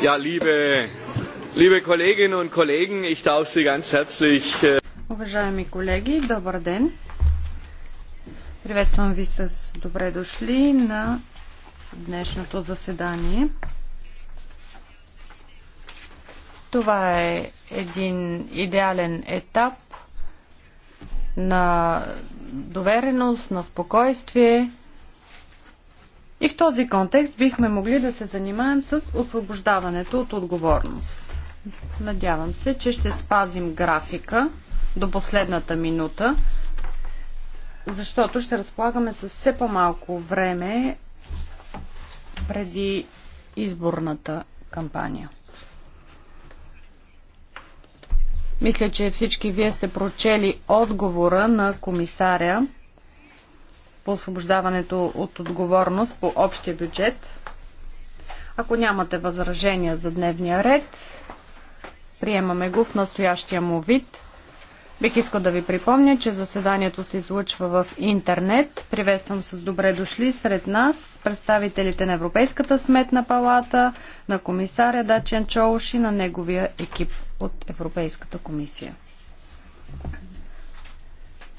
Ja, liebe, liebe Kolleginnen und Kollegen, ich darf Sie ganz herzlich. Äh, Уважаеми колеги, добър ден! Приветствам ви с добре дошли на днешното заседание. Това е един идеален етап на довереност, на спокойствие. И в този контекст бихме могли да се занимаем с освобождаването от отговорност. Надявам се, че ще спазим графика до последната минута, защото ще разполагаме с все по-малко време преди изборната кампания. Мисля, че всички вие сте прочели отговора на комисаря по освобождаването от отговорност по общия бюджет. Ако нямате възражения за дневния ред, приемаме го в настоящия му вид. Бих искал да ви припомня, че заседанието се излъчва в интернет. Приветствам с добре дошли сред нас представителите на Европейската сметна палата, на комисаря Дачен Чолш и на неговия екип от Европейската комисия.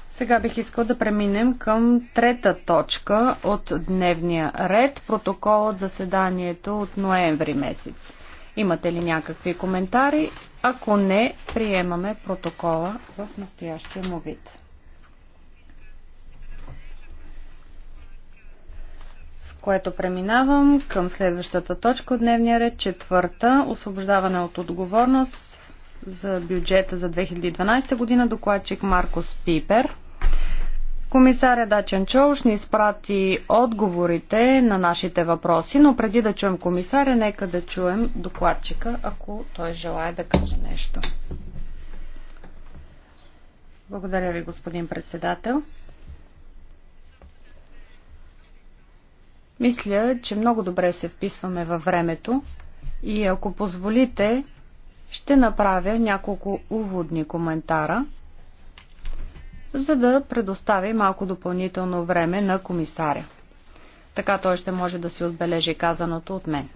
Сега бих искал да преминем към трета точка от дневния ред, протокол от заседанието от ноември месец. Имате ли някакви коментари? Ако не, приемаме протокола в настоящия му вид. С което преминавам към следващата точка от дневния ред, четвърта, освобождаване от отговорност за бюджета за 2012 година, докладчик Маркос Пипер. Комисаря Дачен Чоуш ни изпрати отговорите на нашите въпроси, но преди да чуем комисаря, нека да чуем докладчика, ако той желая да каже нещо. Благодаря ви, господин председател. Мисля, че много добре се вписваме във времето и ако позволите, ще направя няколко уводни коментара – за да предостави малко допълнително време на комисаря. Така той ще може да си отбележи казаното от мен.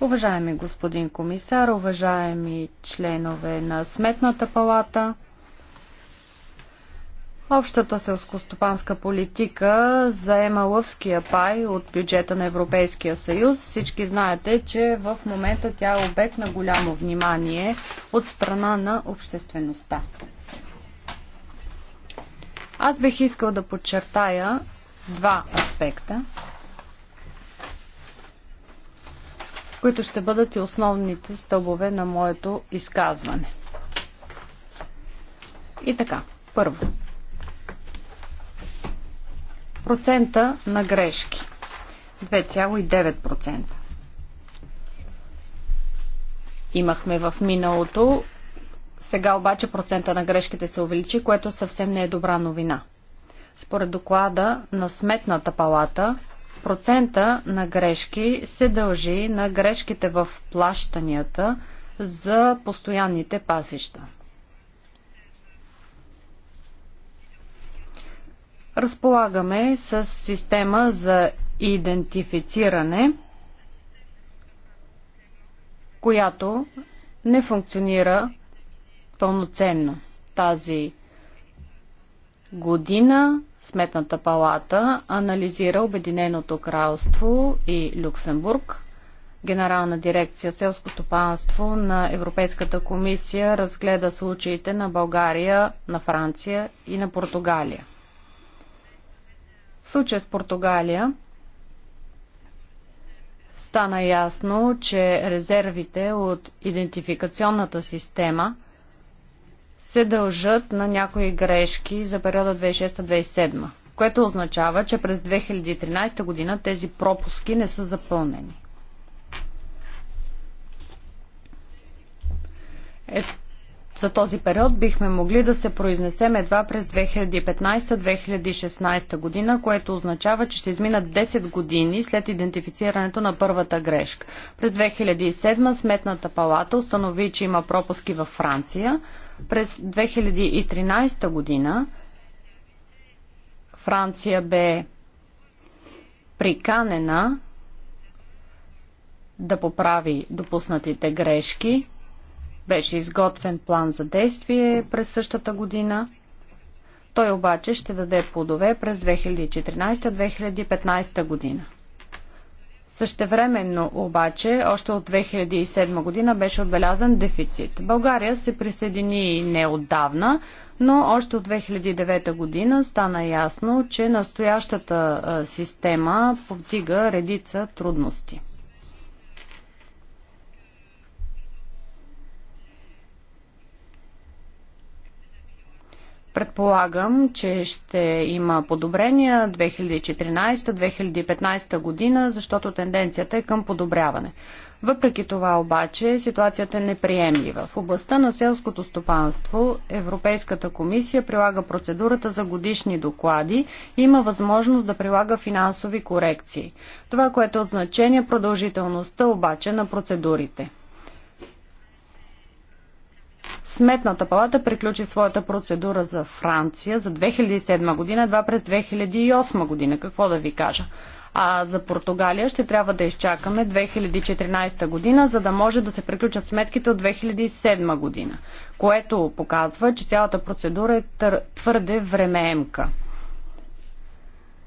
Уважаеми господин комисар, уважаеми членове на Сметната палата, Общата селскостопанска политика заема лъвския пай от бюджета на Европейския съюз. Всички знаете, че в момента тя е обект на голямо внимание от страна на обществеността. Аз бих искал да подчертая два аспекта, които ще бъдат и основните стълбове на моето изказване. И така, първо. Процента на грешки. 2,9%. Имахме в миналото сега обаче процента на грешките се увеличи, което съвсем не е добра новина. Според доклада на Сметната палата, процента на грешки се дължи на грешките в плащанията за постоянните пасища. Разполагаме с система за идентифициране, която не функционира пълноценно. Тази година Сметната палата анализира Обединеното кралство и Люксембург. Генерална дирекция селско стопанство на Европейската комисия разгледа случаите на България, на Франция и на Португалия. В случая с Португалия стана ясно, че резервите от идентификационната система – се дължат на някои грешки за периода 2006-2007, което означава, че през 2013 година тези пропуски не са запълнени. Е, за този период бихме могли да се произнесем едва през 2015-2016 година, което означава, че ще изминат 10 години след идентифицирането на първата грешка. През 2007 Сметната палата установи, че има пропуски във Франция, през 2013 година Франция бе приканена да поправи допуснатите грешки. Беше изготвен план за действие през същата година. Той обаче ще даде плодове през 2014-2015 година. Същевременно обаче, още от 2007 година беше отбелязан дефицит. България се присъедини неотдавна, но още от 2009 година стана ясно, че настоящата система повдига редица трудности. Предполагам, че ще има подобрения 2014-2015 година, защото тенденцията е към подобряване. Въпреки това обаче ситуацията е неприемлива. В областта на селското стопанство Европейската комисия прилага процедурата за годишни доклади и има възможност да прилага финансови корекции. Това, което е от значение, е продължителността обаче на процедурите. Сметната палата приключи своята процедура за Франция за 2007 година, едва през 2008 година. Какво да ви кажа? А за Португалия ще трябва да изчакаме 2014 година, за да може да се приключат сметките от 2007 година, което показва, че цялата процедура е твърде времеемка.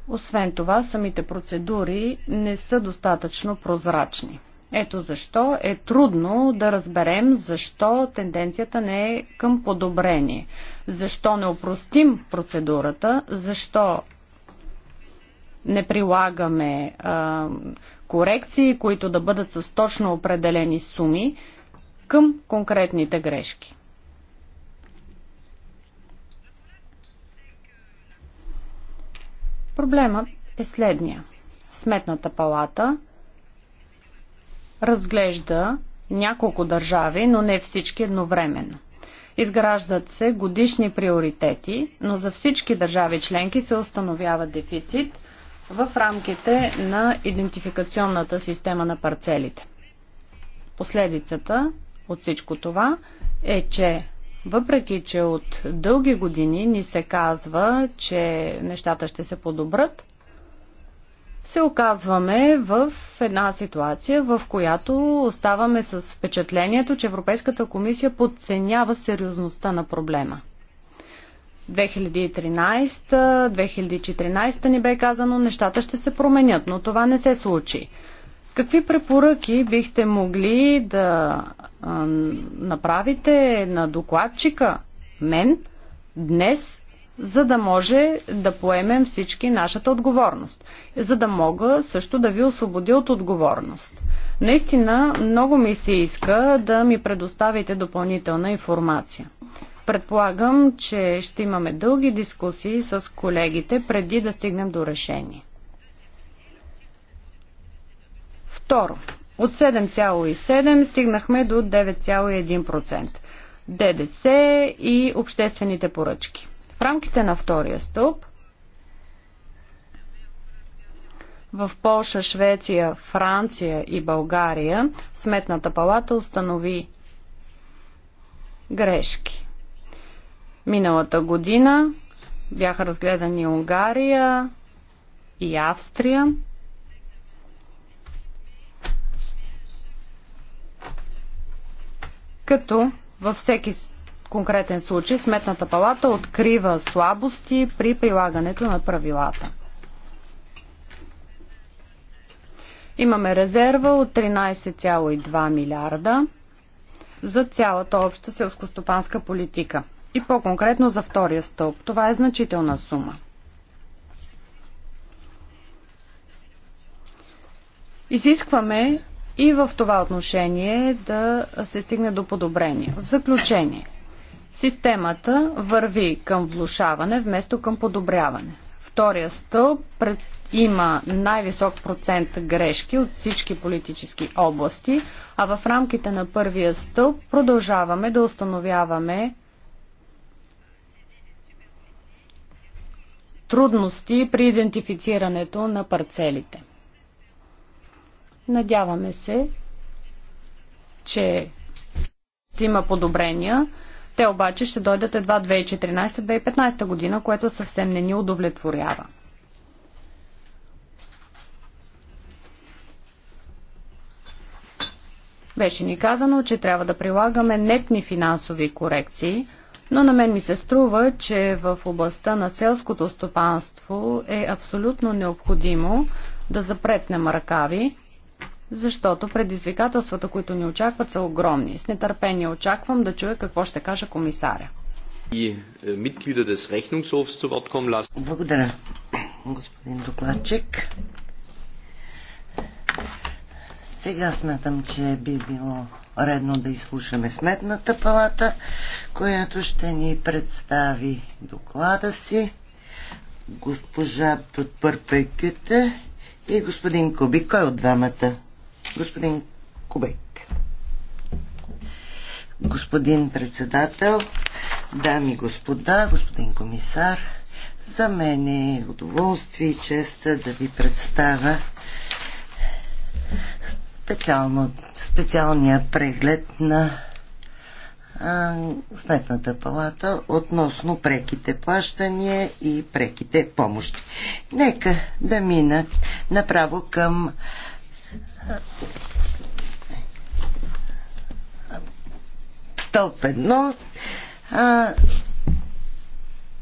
Освен това, самите процедури не са достатъчно прозрачни. Ето защо е трудно да разберем защо тенденцията не е към подобрение. Защо не упростим процедурата, защо не прилагаме а, корекции, които да бъдат с точно определени суми към конкретните грешки. Проблемът е следния. Сметната палата – разглежда няколко държави, но не всички едновременно. Изграждат се годишни приоритети, но за всички държави членки се установява дефицит в рамките на идентификационната система на парцелите. Последицата от всичко това е, че въпреки, че от дълги години ни се казва, че нещата ще се подобрат, се оказваме в една ситуация, в която оставаме с впечатлението, че Европейската комисия подценява сериозността на проблема. 2013-2014 ни бе казано, нещата ще се променят, но това не се случи. Какви препоръки бихте могли да а, направите на докладчика мен днес за да може да поемем всички нашата отговорност, за да мога също да ви освободя от отговорност. Наистина много ми се иска да ми предоставите допълнителна информация. Предполагам, че ще имаме дълги дискусии с колегите преди да стигнем до решение. Второ, от 7,7 стигнахме до 9,1%. ДДС и обществените поръчки. В рамките на втория стълб в Польша, Швеция, Франция и България Сметната палата установи грешки. Миналата година бяха разгледани Унгария и Австрия. Като във всеки конкретен случай Сметната палата открива слабости при прилагането на правилата. Имаме резерва от 13,2 милиарда за цялата обща селскостопанска политика и по-конкретно за втория стълб. Това е значителна сума. Изискваме и в това отношение да се стигне до подобрение. В заключение, Системата върви към влушаване вместо към подобряване. Втория стълб пред има най-висок процент грешки от всички политически области, а в рамките на първия стълб продължаваме да установяваме трудности при идентифицирането на парцелите. Надяваме се, че има подобрения. Те обаче ще дойдат едва 2014-2015 година, което съвсем не ни удовлетворява. Беше ни казано, че трябва да прилагаме нетни финансови корекции, но на мен ми се струва, че в областта на селското стопанство е абсолютно необходимо да запретнем ръкави защото предизвикателствата, които ни очакват, са огромни. С нетърпение очаквам да чуя какво ще каже комисаря. Е, Благодаря, господин докладчик. Сега смятам, че би било редно да изслушаме Сметната палата, която ще ни представи доклада си. Госпожа Пърпекюте и господин Куби, кой от двамата? Господин Кубек. Господин председател, дами и господа, господин комисар, за мен е удоволствие и честа да ви представя специално, специалния преглед на а, Сметната палата относно преките плащания и преките помощи. Нека да мина направо към стълб едно. А,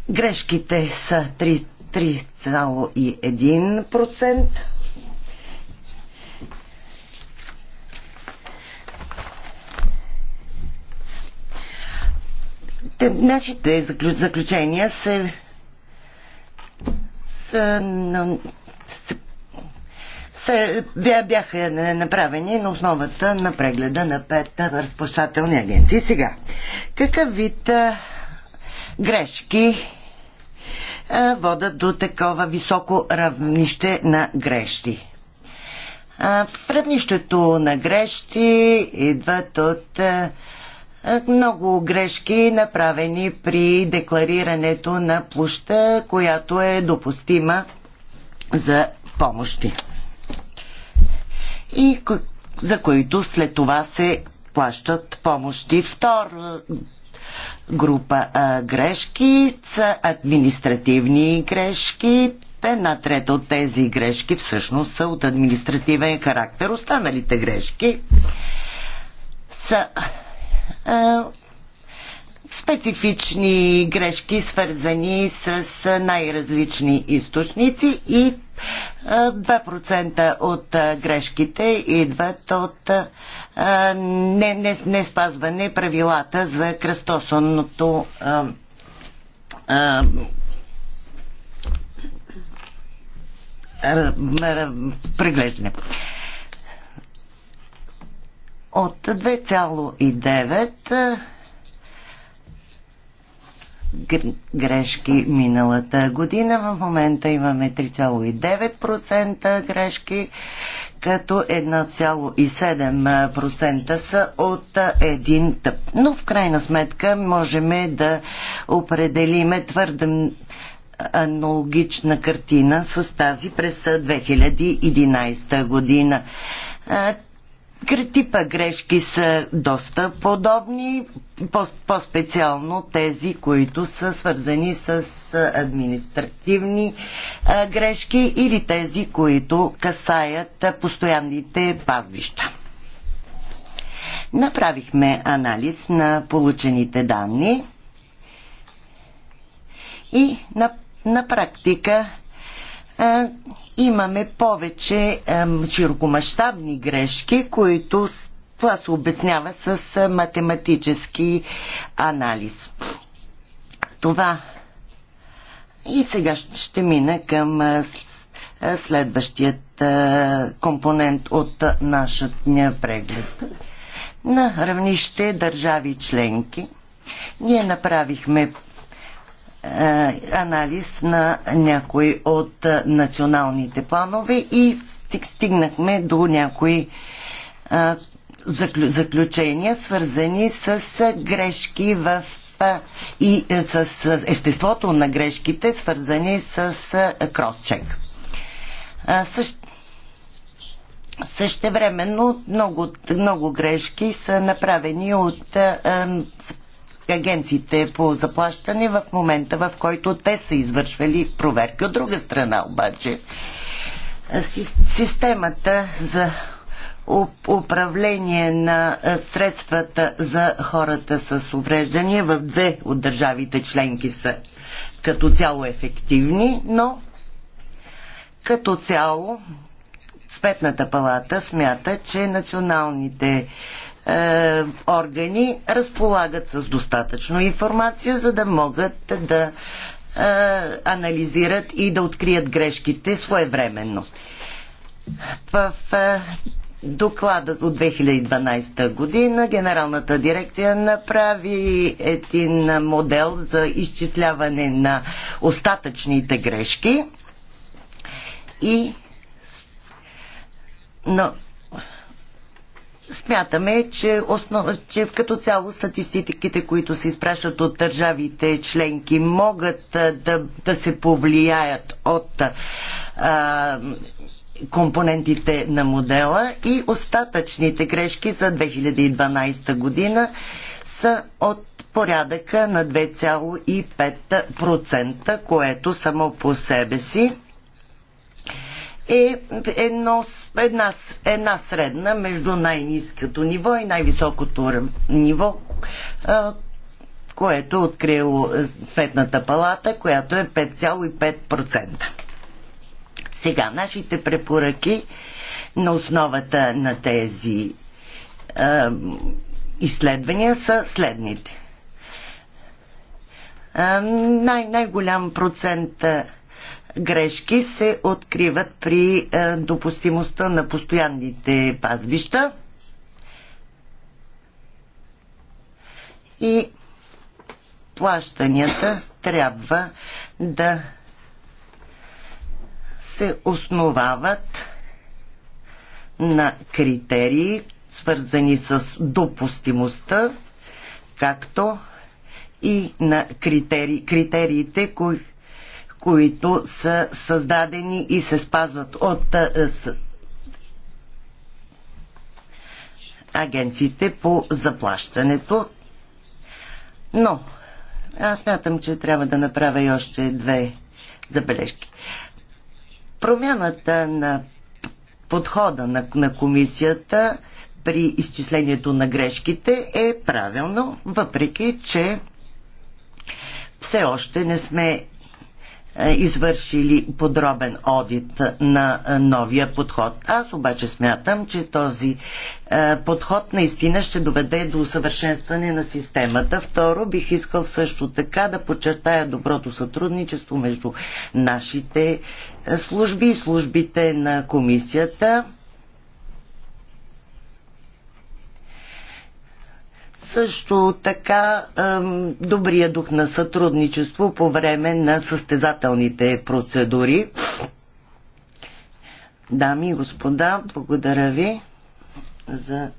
грешките са 3,1%. Нашите заключения се, са, се бяха направени на основата на прегледа на пет разплащателни агенции. Сега, какъв вид грешки водат до такова високо равнище на грешки? В равнището на грешки идват от много грешки, направени при декларирането на площа, която е допустима за помощи и за които след това се плащат помощи. Втора група а, грешки са административни грешки. Една трета от тези грешки всъщност са от административен характер. Останалите грешки са специфични грешки, свързани с най-различни източници и 2% от грешките идват от не, не, не спазване правилата за кръстосонното преглеждане. От 2,9 грешки миналата година. В момента имаме 3,9% грешки, като 1,7% са от един тъп. Но в крайна сметка можем да определиме твърде аналогична картина с тази през 2011 година типа грешки са доста подобни, по-специално тези, които са свързани с административни грешки или тези, които касаят постоянните пазбища. Направихме анализ на получените данни и на, на практика имаме повече широкомащабни грешки, които това се обяснява с математически анализ. Това. И сега ще мина към следващият компонент от нашия преглед. На равнище държави членки ние направихме е, анализ на някои от е, националните планове и стигнахме до някои е, заключения, свързани с грешки в и с естеството на грешките, свързани с кросчек. Също времено много, много грешки са направени от агенциите по заплащане в момента, в който те са извършвали проверки. От друга страна обаче, системата за управление на средствата за хората с увреждания в две от държавите членки са като цяло ефективни, но като цяло Сметната палата смята, че националните е, органи разполагат с достатъчно информация, за да могат да е, анализират и да открият грешките своевременно. В е, доклада от 2012 година Генералната дирекция направи един модел за изчисляване на остатъчните грешки и но Смятаме, че, основ... че като цяло статистиките, които се изпращат от държавите членки, могат да, да се повлияят от а, компонентите на модела и остатъчните грешки за 2012 година са от порядъка на 2,5%, което само по себе си е едно, една, една средна между най-низкото ниво и най-високото ниво, което е открило е, Светната палата, която е 5,5%. Сега, нашите препоръки на основата на тези а, изследвания са следните. Е, най- най-голям процент грешки се откриват при е, допустимостта на постоянните пазбища. И плащанията трябва да се основават на критерии, свързани с допустимостта, както и на критериите, които които са създадени и се спазват от агенциите по заплащането. Но аз мятам, че трябва да направя и още две забележки. Промяната на подхода на, на комисията при изчислението на грешките е правилно, въпреки че все още не сме е, извършили подробен одит на е, новия подход. Аз обаче смятам, че този е, подход наистина ще доведе до усъвършенстване на системата. Второ, бих искал също така да подчертая доброто сътрудничество между нашите служби и службите на комисията също така добрия дух на сътрудничество по време на състезателните процедури. Дами и господа, благодаря ви за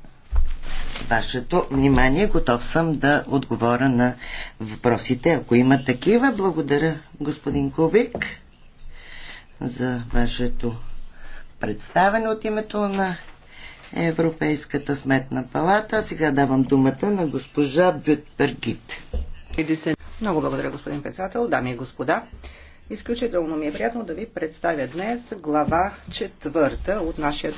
вашето внимание. Готов съм да отговоря на въпросите, ако има такива. Благодаря, господин Кубик, за вашето представяне от името на Европейската сметна палата. Сега давам думата на госпожа Бютбергит. Много благодаря, господин председател, дами и господа. Изключително ми е приятно да ви представя днес глава четвърта от нашия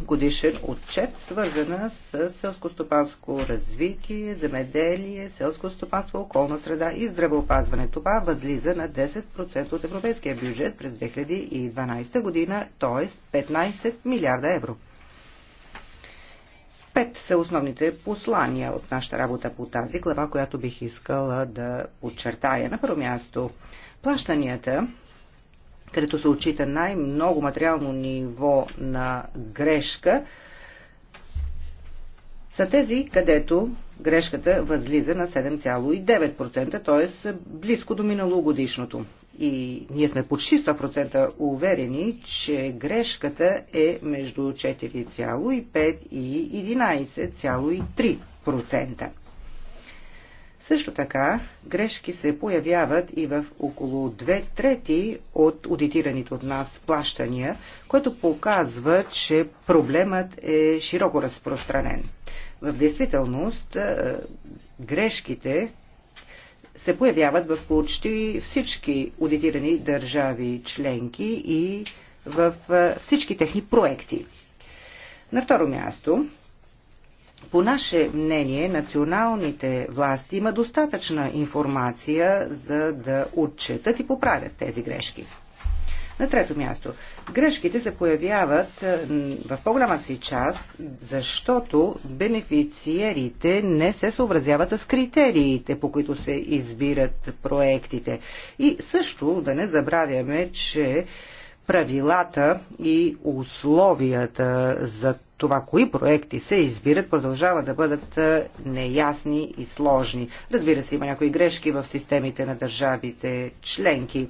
годишен отчет, свързана с селско-стопанско развитие, земеделие, селско-стопанство, околна среда и здравеопазване. Това възлиза на 10% от европейския бюджет през 2012 година, т.е. 15 милиарда евро. Пет са основните послания от нашата работа по тази глава, която бих искала да подчертая. На първо място, плащанията, където се отчита най-много материално ниво на грешка, са тези, където грешката възлиза на 7,9%, т.е. близко до миналогодишното. И ние сме почти 100% уверени, че грешката е между 4,5 и 11,3%. Също така, грешки се появяват и в около две трети от аудитираните от нас плащания, което показва, че проблемът е широко разпространен. В действителност, е, грешките, се появяват в почти всички аудитирани държави членки и в всички техни проекти. На второ място, по наше мнение, националните власти има достатъчна информация за да отчетат и поправят тези грешки. На трето място, грешките се появяват е, в по-голямата си част, защото бенефициерите не се съобразяват с критериите, по които се избират проектите. И също да не забравяме, че правилата и условията за това, кои проекти се избират, продължават да бъдат е, неясни и сложни. Разбира се, има някои грешки в системите на държавите членки.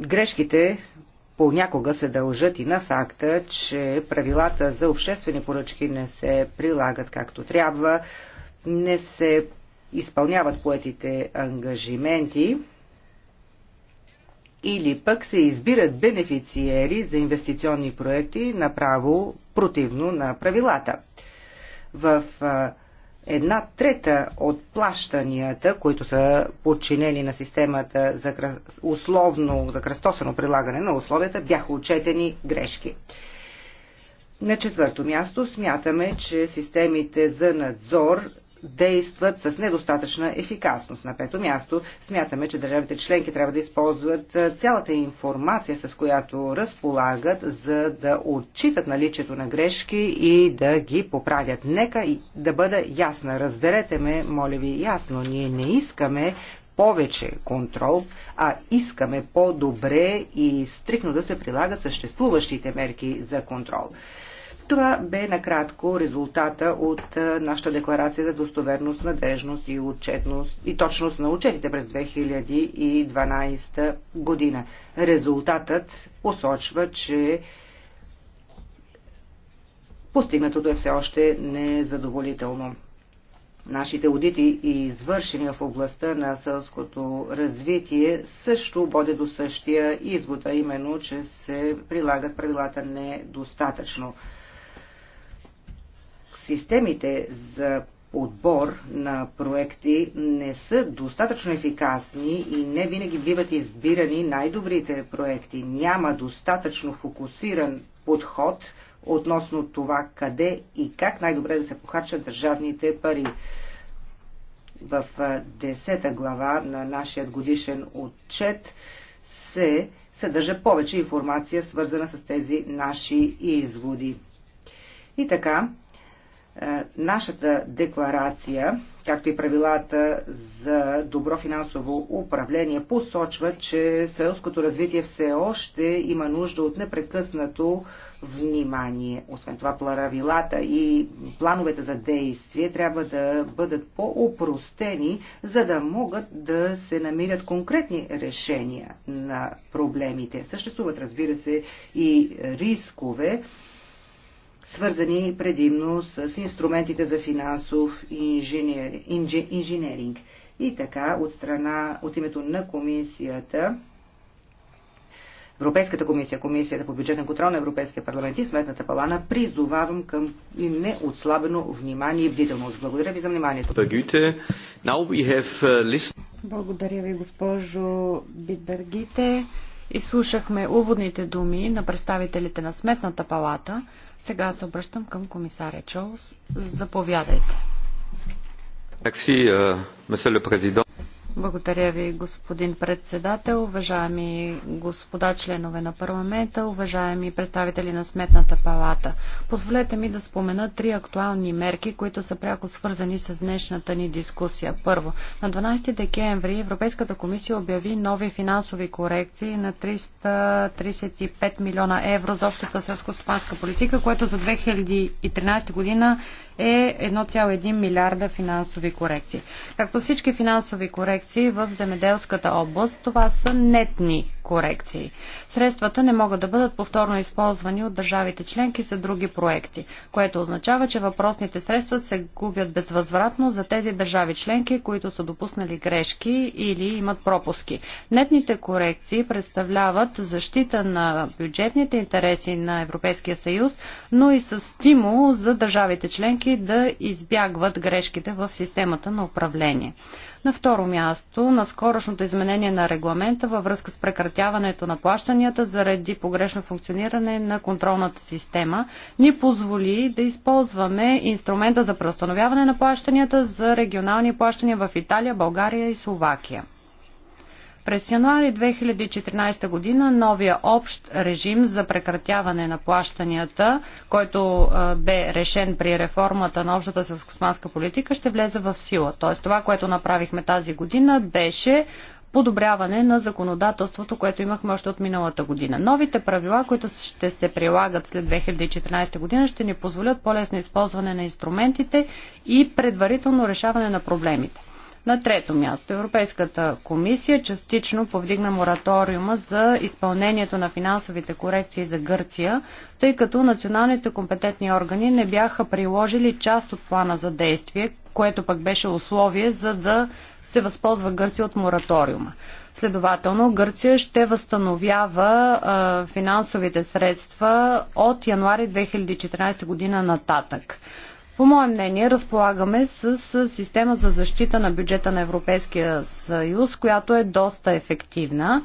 Грешките понякога се дължат и на факта, че правилата за обществени поръчки не се прилагат както трябва, не се изпълняват поетите ангажименти или пък се избират бенефициери за инвестиционни проекти направо противно на правилата. В една трета от плащанията, които са подчинени на системата за условно, за кръстосано прилагане на условията, бяха отчетени грешки. На четвърто място смятаме, че системите за надзор действат с недостатъчна ефикасност. На пето място смятаме, че държавите членки трябва да използват цялата информация, с която разполагат, за да отчитат наличието на грешки и да ги поправят. Нека да бъда ясна. Разберете ме, моля ви, ясно. Ние не искаме повече контрол, а искаме по-добре и стрикно да се прилагат съществуващите мерки за контрол. Това бе накратко резултата от нашата декларация за достоверност, надежност и отчетност и точност на учетите през 2012 година. Резултатът посочва, че постигнатото е все още незадоволително. Нашите аудити и извършения в областта на селското развитие също води до същия извод, а именно, че се прилагат правилата недостатъчно системите за отбор на проекти не са достатъчно ефикасни и не винаги биват избирани най-добрите проекти. Няма достатъчно фокусиран подход относно това къде и как най-добре да се похарчат държавните пари. В 10 глава на нашия годишен отчет се съдържа повече информация, свързана с тези наши изводи. И така, е, нашата декларация, както и правилата за добро финансово управление, посочва, че селското развитие все още има нужда от непрекъснато внимание. Освен това, правилата и плановете за действие трябва да бъдат по-упростени, за да могат да се намерят конкретни решения на проблемите. Съществуват, разбира се, и рискове, свързани предимно с инструментите за финансов инженер, инжи, инженеринг. И така, от страна, от името на комисията, Европейската комисия, Комисията по бюджетен контрол на Европейския парламент и Сметната палана призовавам към неотслабено внимание и бдителност. Благодаря ви за вниманието. Uh, Благодаря ви, госпожо Битбергите. Изслушахме уводните думи на представителите на Сметната палата. Сега се обръщам към комисаря Чоус Заповядайте. Merci, euh, благодаря ви, господин председател, уважаеми господа членове на парламента, уважаеми представители на Сметната палата. Позволете ми да спомена три актуални мерки, които са пряко свързани с днешната ни дискусия. Първо, на 12 декември Европейската комисия обяви нови финансови корекции на 335 милиона евро за общата селско-стопанска политика, което за 2013 година е 1,1 милиарда финансови корекции. Както всички финансови корекции в земеделската област, това са нетни корекции. Средствата не могат да бъдат повторно използвани от държавите членки за други проекти, което означава, че въпросните средства се губят безвъзвратно за тези държави членки, които са допуснали грешки или имат пропуски. Нетните корекции представляват защита на бюджетните интереси на Европейския съюз, но и с стимул за държавите членки да избягват грешките в системата на управление. На второ място, на скорошното изменение на регламента във връзка с прекратяването на плащанията заради погрешно функциониране на контролната система ни позволи да използваме инструмента за преустановяване на плащанията за регионални плащания в Италия, България и Словакия. През януари 2014 година новия общ режим за прекратяване на плащанията, който бе решен при реформата на общата селскостопанска политика, ще влезе в сила. Тоест това, което направихме тази година, беше подобряване на законодателството, което имахме още от миналата година. Новите правила, които ще се прилагат след 2014 година, ще ни позволят по-лесно използване на инструментите и предварително решаване на проблемите. На трето място, Европейската комисия частично повдигна мораториума за изпълнението на финансовите корекции за Гърция, тъй като националните компетентни органи не бяха приложили част от плана за действие, което пък беше условие за да се възползва Гърция от мораториума. Следователно, Гърция ще възстановява а, финансовите средства от януари 2014 година нататък. По мое мнение, разполагаме с система за защита на бюджета на Европейския съюз, която е доста ефективна.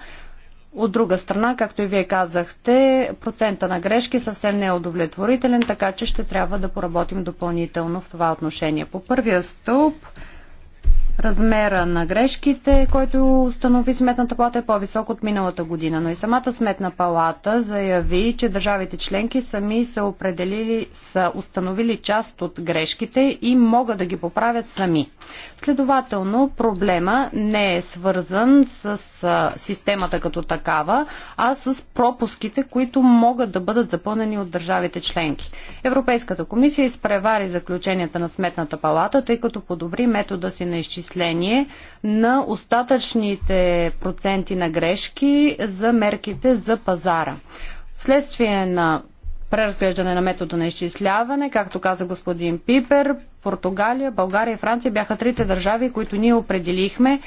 От друга страна, както и вие казахте, процента на грешки е съвсем не е удовлетворителен, така че ще трябва да поработим допълнително в това отношение. По първия стълб размера на грешките, който установи сметната палата е по-висок от миналата година, но и самата сметна палата заяви, че държавите членки сами са определили, са установили част от грешките и могат да ги поправят сами. Следователно, проблема не е свързан с системата като такава, а с пропуските, които могат да бъдат запълнени от държавите членки. Европейската комисия изпревари заключенията на сметната палата, тъй като подобри метода си на изчисление изчисление на остатъчните проценти на грешки за мерките за пазара. Вследствие на преразглеждане на метода на изчисляване, както каза господин Пипер, Португалия, България и Франция бяха трите държави, които ние определихме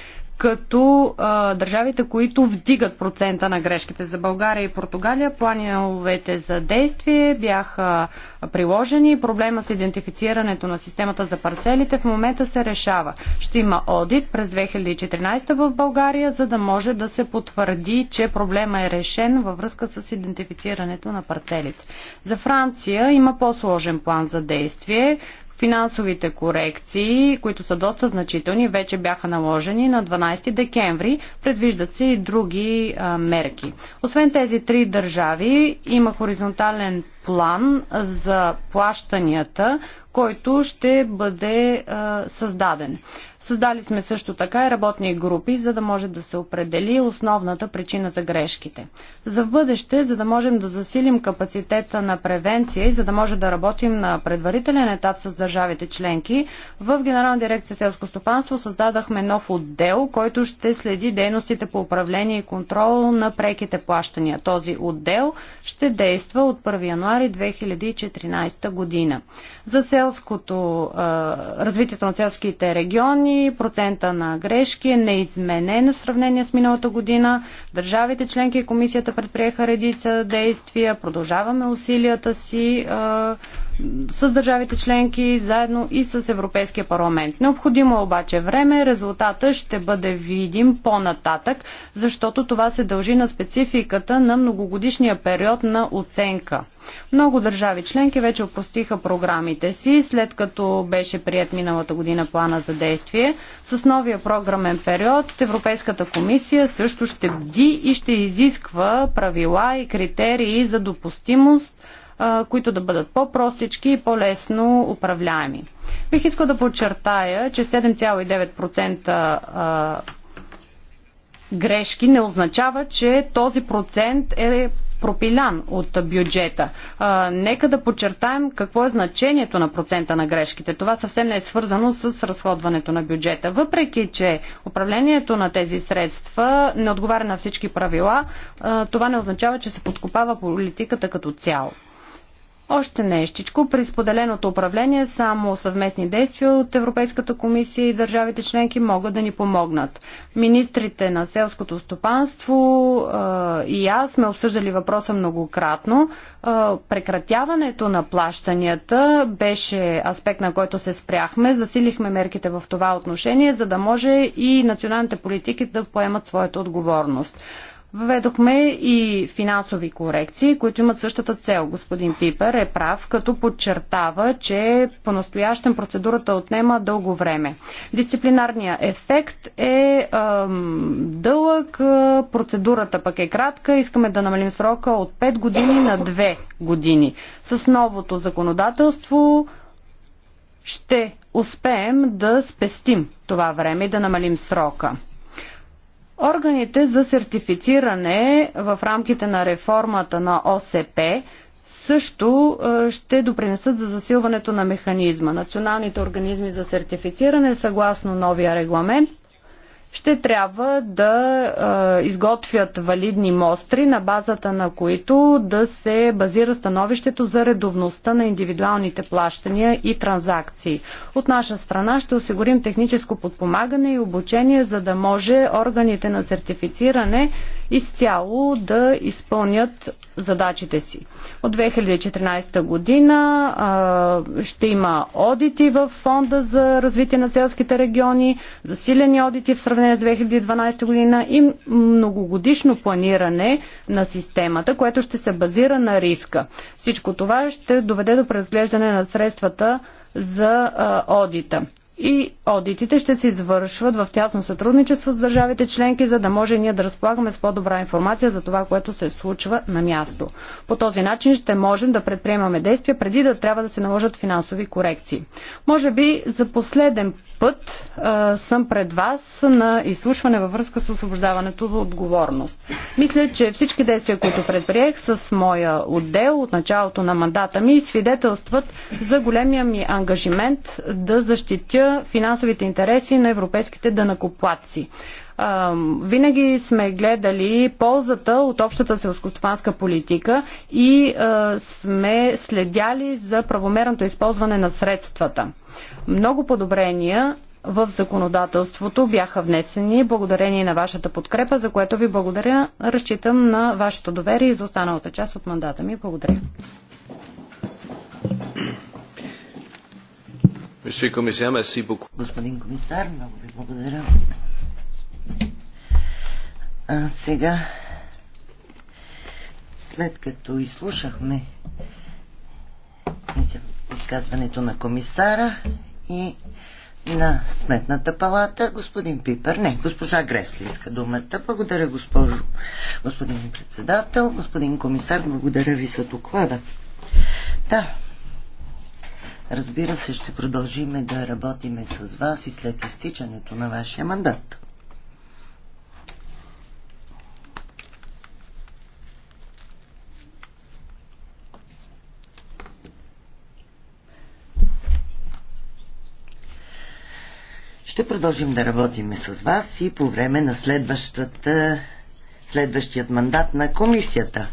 като а, държавите, които вдигат процента на грешките за България и Португалия, плановете за действие бяха приложени. Проблема с идентифицирането на системата за парцелите в момента се решава. Ще има одит през 2014 в България, за да може да се потвърди, че проблема е решен във връзка с идентифицирането на парцелите. За Франция има по-сложен план за действие. Финансовите корекции, които са доста значителни, вече бяха наложени на 12 декември. Предвиждат се и други а, мерки. Освен тези три държави, има хоризонтален план за плащанията, който ще бъде а, създаден. Създали сме също така и работни групи, за да може да се определи основната причина за грешките. За в бъдеще, за да можем да засилим капацитета на превенция и за да може да работим на предварителен етап с държавите членки, в Генерална дирекция селско стопанство създадахме нов отдел, който ще следи дейностите по управление и контрол на преките плащания. Този отдел ще действа от 1 януари 2014 година. За селското, развитието на селските региони години, процента на грешки е неизменен в сравнение с миналата година. Държавите членки и комисията предприеха редица действия, продължаваме усилията си с държавите членки, заедно и с Европейския парламент. Необходимо е обаче време, резултата ще бъде видим по-нататък, защото това се дължи на спецификата на многогодишния период на оценка. Много държави членки вече опустиха програмите си, след като беше прият миналата година плана за действие. С новия програмен период Европейската комисия също ще бди и ще изисква правила и критерии за допустимост, които да бъдат по-простички и по-лесно управляеми. Бих искал да подчертая, че 7,9% грешки не означава, че този процент е пропилян от бюджета. А, нека да подчертаем какво е значението на процента на грешките. Това съвсем не е свързано с разходването на бюджета. Въпреки, че управлението на тези средства не отговаря на всички правила, а, това не означава, че се подкопава политиката като цяло. Още нещичко. При споделеното управление само съвместни действия от Европейската комисия и държавите членки могат да ни помогнат. Министрите на селското стопанство е, и аз сме обсъждали въпроса многократно. Е, прекратяването на плащанията беше аспект, на който се спряхме. Засилихме мерките в това отношение, за да може и националните политики да поемат своята отговорност. Въведохме и финансови корекции, които имат същата цел. Господин Пипер е прав, като подчертава, че по-настоящен процедурата отнема дълго време. Дисциплинарният ефект е ам, дълъг, процедурата пък е кратка. Искаме да намалим срока от 5 години на 2 години. С новото законодателство ще успеем да спестим това време и да намалим срока. Органите за сертифициране в рамките на реформата на ОСП също е, ще допринесат за засилването на механизма. Националните организми за сертифициране, съгласно новия регламент, ще трябва да изготвят валидни мостри, на базата на които да се базира становището за редовността на индивидуалните плащания и транзакции. От наша страна ще осигурим техническо подпомагане и обучение, за да може органите на сертифициране изцяло да изпълнят задачите си. От 2014 година а, ще има одити в Фонда за развитие на селските региони, засилени одити в сравнение с 2012 година и многогодишно планиране на системата, което ще се базира на риска. Всичко това ще доведе до преразглеждане на средствата за а, одита и одитите ще се извършват в тясно сътрудничество с държавите членки, за да може ние да разполагаме с по-добра информация за това, което се случва на място. По този начин ще можем да предприемаме действия преди да трябва да се наложат финансови корекции. Може би за последен път а, съм пред вас на изслушване във връзка с освобождаването в отговорност. Мисля, че всички действия, които предприех с моя отдел от началото на мандата ми, свидетелстват за големия ми ангажимент да защитя финансовите интереси на европейските дънакоплаци винаги сме гледали ползата от общата селскостопанска политика и сме следяли за правомерното използване на средствата. Много подобрения в законодателството бяха внесени благодарение на вашата подкрепа, за което ви благодаря. Разчитам на вашето доверие и за останалата част от мандата ми. Благодаря. Господин комисар, много ви благодаря. А сега, след като изслушахме изказването на комисара и на Сметната палата, господин Пипер, не, госпожа Гресли иска думата. Благодаря, госпожо, господин председател, господин комисар, благодаря ви за доклада. Да, разбира се, ще продължиме да работиме с вас и след изтичането на вашия мандат. Ще продължим да работим с вас и по време на следващата, следващият мандат на комисията.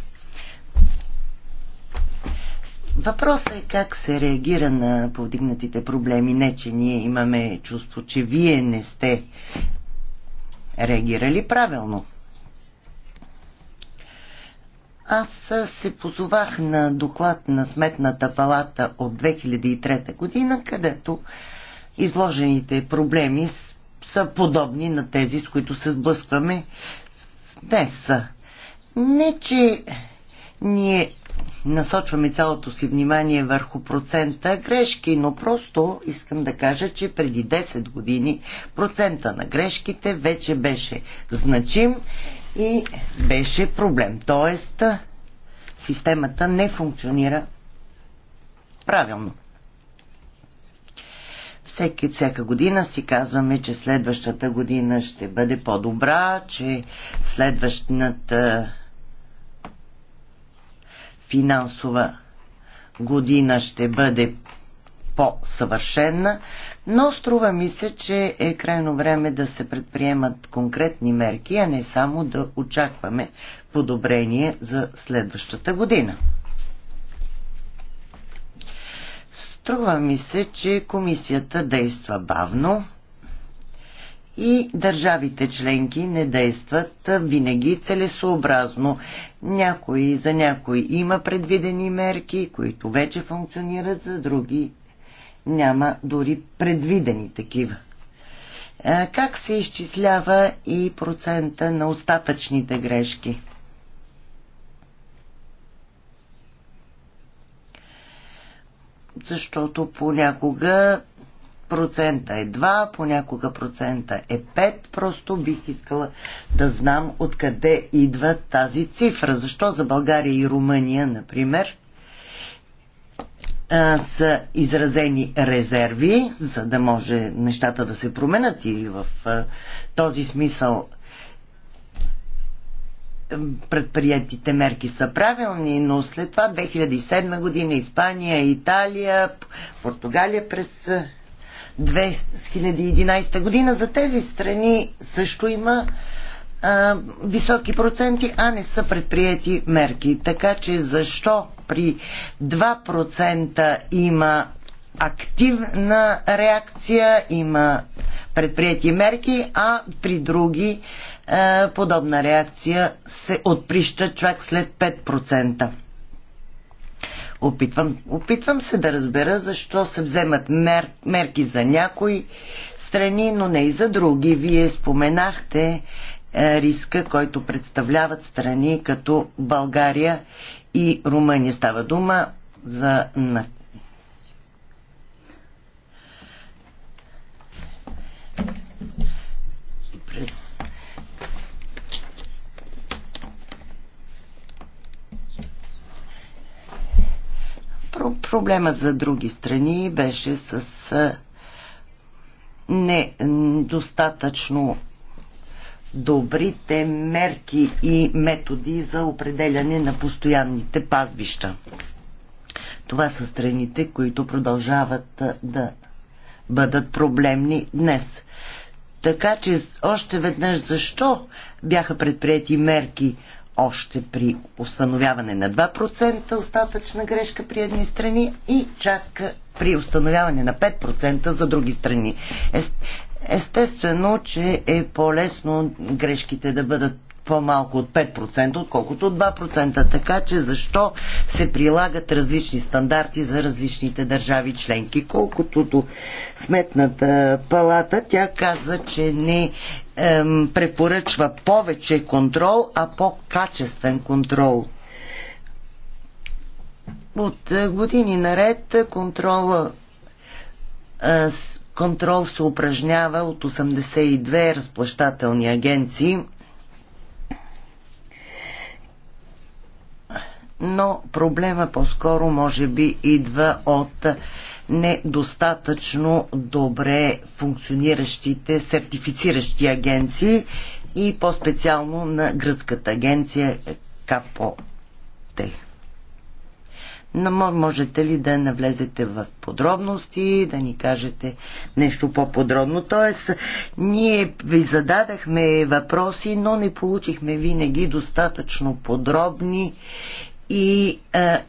Въпросът е как се реагира на повдигнатите проблеми. Не, че ние имаме чувство, че вие не сте реагирали правилно. Аз се позовах на доклад на Сметната палата от 2003 година, където изложените проблеми са подобни на тези, с които се сблъскваме днес. Не, че ние насочваме цялото си внимание върху процента грешки, но просто искам да кажа, че преди 10 години процента на грешките вече беше значим и беше проблем. Тоест, системата не функционира правилно всеки, всяка година си казваме, че следващата година ще бъде по-добра, че следващата финансова година ще бъде по-съвършена, но струва ми се, че е крайно време да се предприемат конкретни мерки, а не само да очакваме подобрение за следващата година. Струва ми се, че комисията действа бавно и държавите членки не действат винаги целесообразно. Някои за някои има предвидени мерки, които вече функционират, за други няма дори предвидени такива. Е, как се изчислява и процента на остатъчните грешки? защото понякога процента е 2, понякога процента е 5. Просто бих искала да знам откъде идва тази цифра. Защо за България и Румъния, например, са изразени резерви, за да може нещата да се променят и в този смисъл предприятите мерки са правилни, но след това 2007 година Испания, Италия, Португалия през 2011 година за тези страни също има а, високи проценти, а не са предприяти мерки. Така че защо при 2% има активна реакция, има предприяти мерки, а при други е, подобна реакция се отприща чак след 5%. Опитвам, опитвам се да разбера защо се вземат мер, мерки за някои страни, но не и за други. Вие споменахте е, риска, който представляват страни като България и Румъния. Става дума за през Проблема за други страни беше с недостатъчно добрите мерки и методи за определяне на постоянните пазбища. Това са страните, които продължават да бъдат проблемни днес. Така че още веднъж защо бяха предприяти мерки още при установяване на 2% остатъчна грешка при едни страни и чак при установяване на 5% за други страни. Естествено, че е по-лесно грешките да бъдат по-малко от 5%, отколкото от 2%. Така че защо се прилагат различни стандарти за различните държави членки? Колкото до сметната палата, тя каза, че не препоръчва повече контрол, а по-качествен контрол. От е, години наред контрола е, контрол се упражнява от 82 разплащателни агенции, но проблема по-скоро може би идва от недостатъчно добре функциониращите сертифициращи агенции и по-специално на гръцката агенция КПОТ. Можете ли да навлезете в подробности, да ни кажете нещо по-подробно? Тоест, ние ви зададахме въпроси, но не получихме винаги достатъчно подробни и е,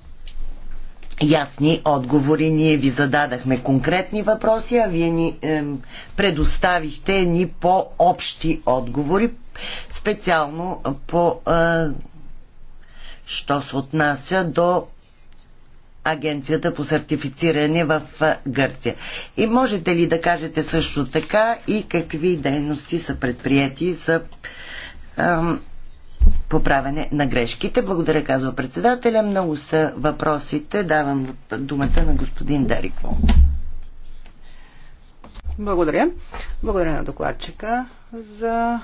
ясни отговори. Ние ви зададахме конкретни въпроси, а вие ни е, предоставихте ни по-общи отговори, специално по е, що се отнася до Агенцията по сертифициране в е, Гърция. И можете ли да кажете също така и какви дейности са предприяти за поправене на грешките. Благодаря, казва председателя. Много са въпросите. Давам думата на господин Дарико. Благодаря. Благодаря на докладчика за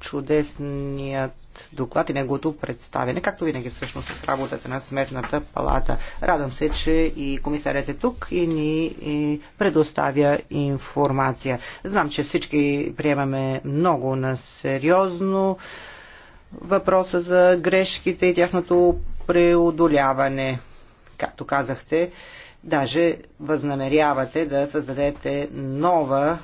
чудесният доклад и неговото представяне, както винаги всъщност с работата на Сметната палата. Радвам се, че и комисарят е тук и ни и предоставя информация. Знам, че всички приемаме много на сериозно въпроса за грешките и тяхното преодоляване. Както казахте, даже възнамерявате да създадете нова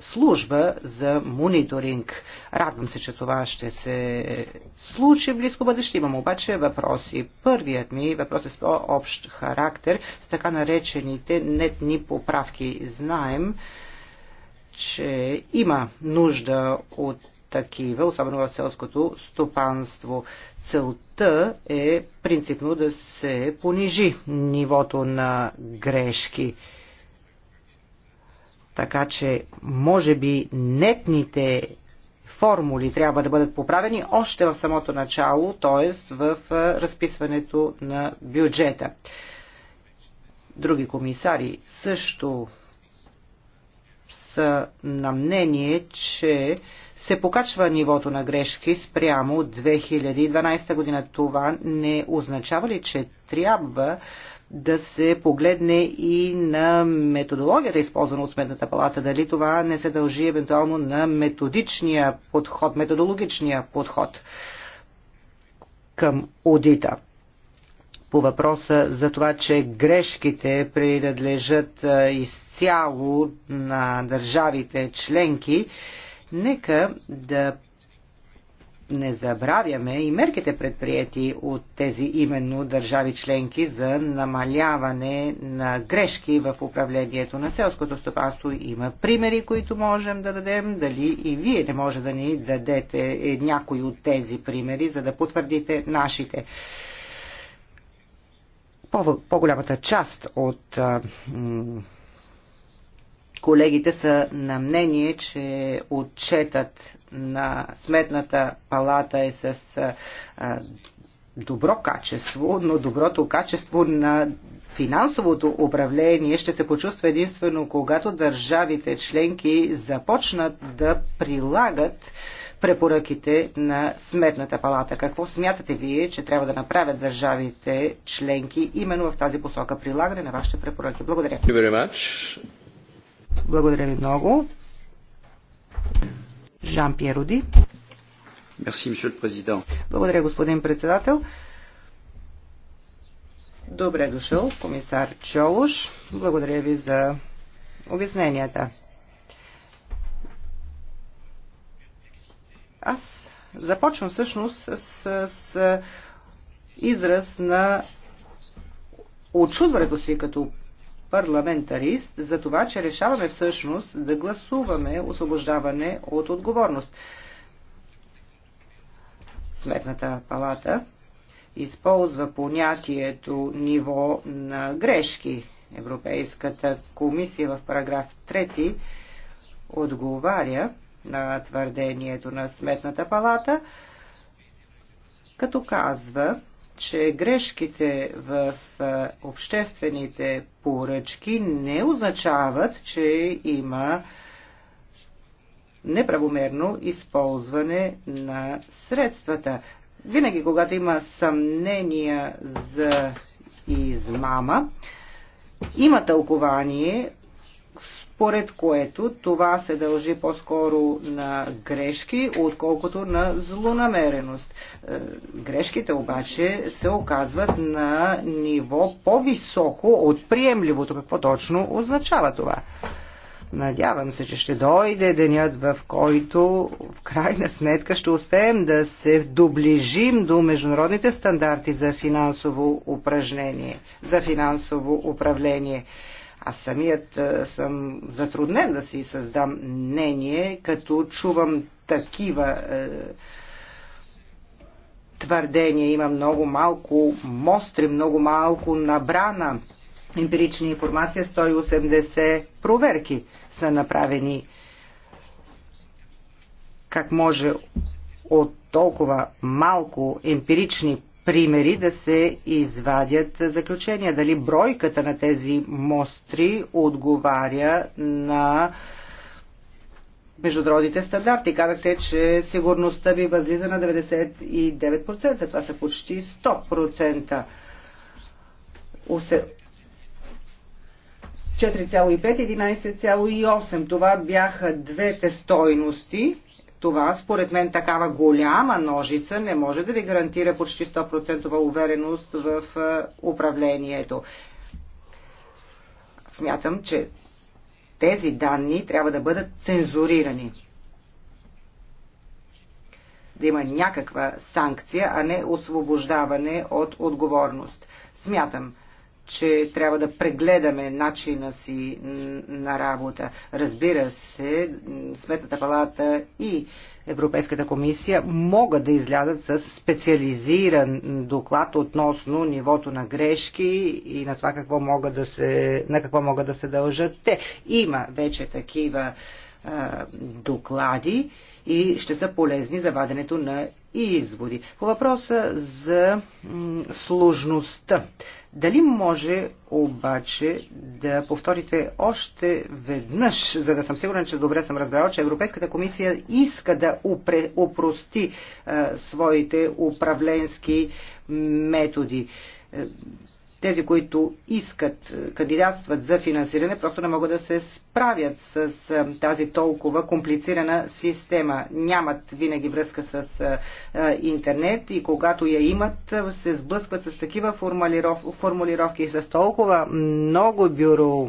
служба за мониторинг. Радвам се, че това ще се случи в близко бъдеще. Имам обаче въпроси. Първият ми въпрос е с по-общ характер с така наречените нетни поправки. Знаем, че има нужда от такива, особено в селското стопанство. Целта е принципно да се понижи нивото на грешки. Така че, може би, нетните формули трябва да бъдат поправени още в самото начало, т.е. в разписването на бюджета. Други комисари също са на мнение, че се покачва нивото на грешки спрямо 2012 година. Това не означава ли, че трябва да се погледне и на методологията, използвана от Сметната палата. Дали това не се дължи евентуално на методичния подход, методологичния подход към аудита по въпроса за това, че грешките принадлежат изцяло на държавите членки, нека да не забравяме и мерките предприяти от тези именно държави членки за намаляване на грешки в управлението на селското стопанство. Има примери, които можем да дадем. Дали и вие не може да ни дадете някои от тези примери, за да потвърдите нашите. По-голямата част от Колегите са на мнение, че отчетът на Сметната палата е с добро качество, но доброто качество на финансовото управление ще се почувства единствено когато държавите членки започнат да прилагат препоръките на Сметната палата. Какво смятате вие, че трябва да направят държавите членки именно в тази посока прилагане на вашите препоръки? Благодаря. Благодаря ви много. Жан Пьероди. Благодаря, господин председател. Добре дошъл, комисар Чолуш. Благодаря ви за обясненията. Аз започвам всъщност с, с, израз на очудването си като парламентарист за това, че решаваме всъщност да гласуваме освобождаване от отговорност. Сметната палата използва понятието ниво на грешки. Европейската комисия в параграф 3 отговаря на твърдението на Сметната палата, като казва, че грешките в обществените поръчки не означават, че има неправомерно използване на средствата. Винаги, когато има съмнения за измама, има тълкование, с според което това се дължи по-скоро на грешки, отколкото на злонамереност. Е, грешките обаче се оказват на ниво по-високо от приемливото. Какво точно означава това? Надявам се, че ще дойде денят, в който в крайна сметка ще успеем да се доближим до международните стандарти за финансово упражнение, за финансово управление. Аз самият съм затруднен да си създам мнение, като чувам такива твърдения. Има много малко мостри, много малко набрана емпирична информация. 180 проверки са направени. Как може от толкова малко емпирични примери да се извадят заключения. Дали бройката на тези мостри отговаря на международните стандарти. Казахте, че сигурността ви възлиза на 99%. Това са почти 100%. 4,5-11,8. Това бяха двете стойности това, според мен, такава голяма ножица не може да ви гарантира почти 100% увереност в управлението. Смятам, че тези данни трябва да бъдат цензурирани. Да има някаква санкция, а не освобождаване от отговорност. Смятам, че трябва да прегледаме начина си на работа. Разбира се, Сметната палата и Европейската комисия могат да излядат с специализиран доклад относно нивото на грешки и на това какво могат да се, на какво могат да се дължат те. Има вече такива а, доклади и ще са полезни за ваденето на и изводи. По въпроса за сложността. Дали може обаче да повторите още веднъж, за да съм сигурен, че добре съм разбрал, че Европейската комисия иска да упре, упрости а, своите управленски методи е, тези, които искат, е, кандидатстват за финансиране, просто не могат да се справят с е, тази толкова комплицирана система. Нямат винаги връзка с е, интернет и когато я имат, се сблъскват с такива формулировки и с толкова много бюро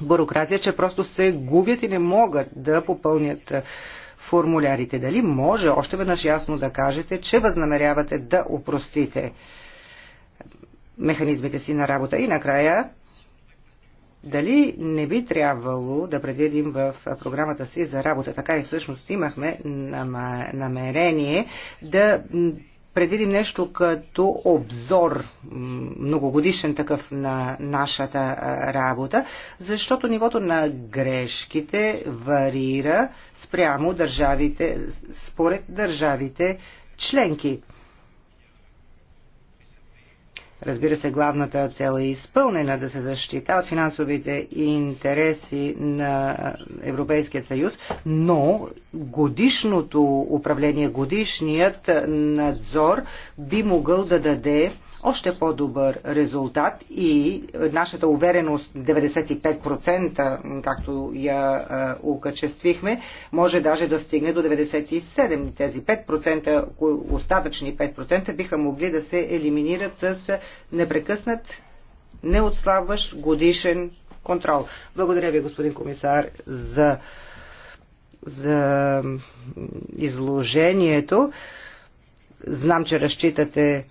бюрокрация, че просто се губят и не могат да попълнят формулярите. Дали може още веднъж ясно да кажете, че възнамерявате да упростите? механизмите си на работа. И накрая, дали не би трябвало да предвидим в програмата си за работа, така и всъщност имахме намерение да предвидим нещо като обзор, многогодишен такъв на нашата работа, защото нивото на грешките варира спрямо държавите, според държавите членки. Разбира се, главната цел е изпълнена да се защитават финансовите интереси на Европейския съюз, но годишното управление, годишният надзор би могъл да даде още по-добър резултат и нашата увереност 95%, както я окачествихме, може даже да стигне до 97%. Тези 5%, остатъчни 5% биха могли да се елиминират с непрекъснат, неотслабващ годишен контрол. Благодаря ви, господин комисар, за, за изложението. Знам, че разчитате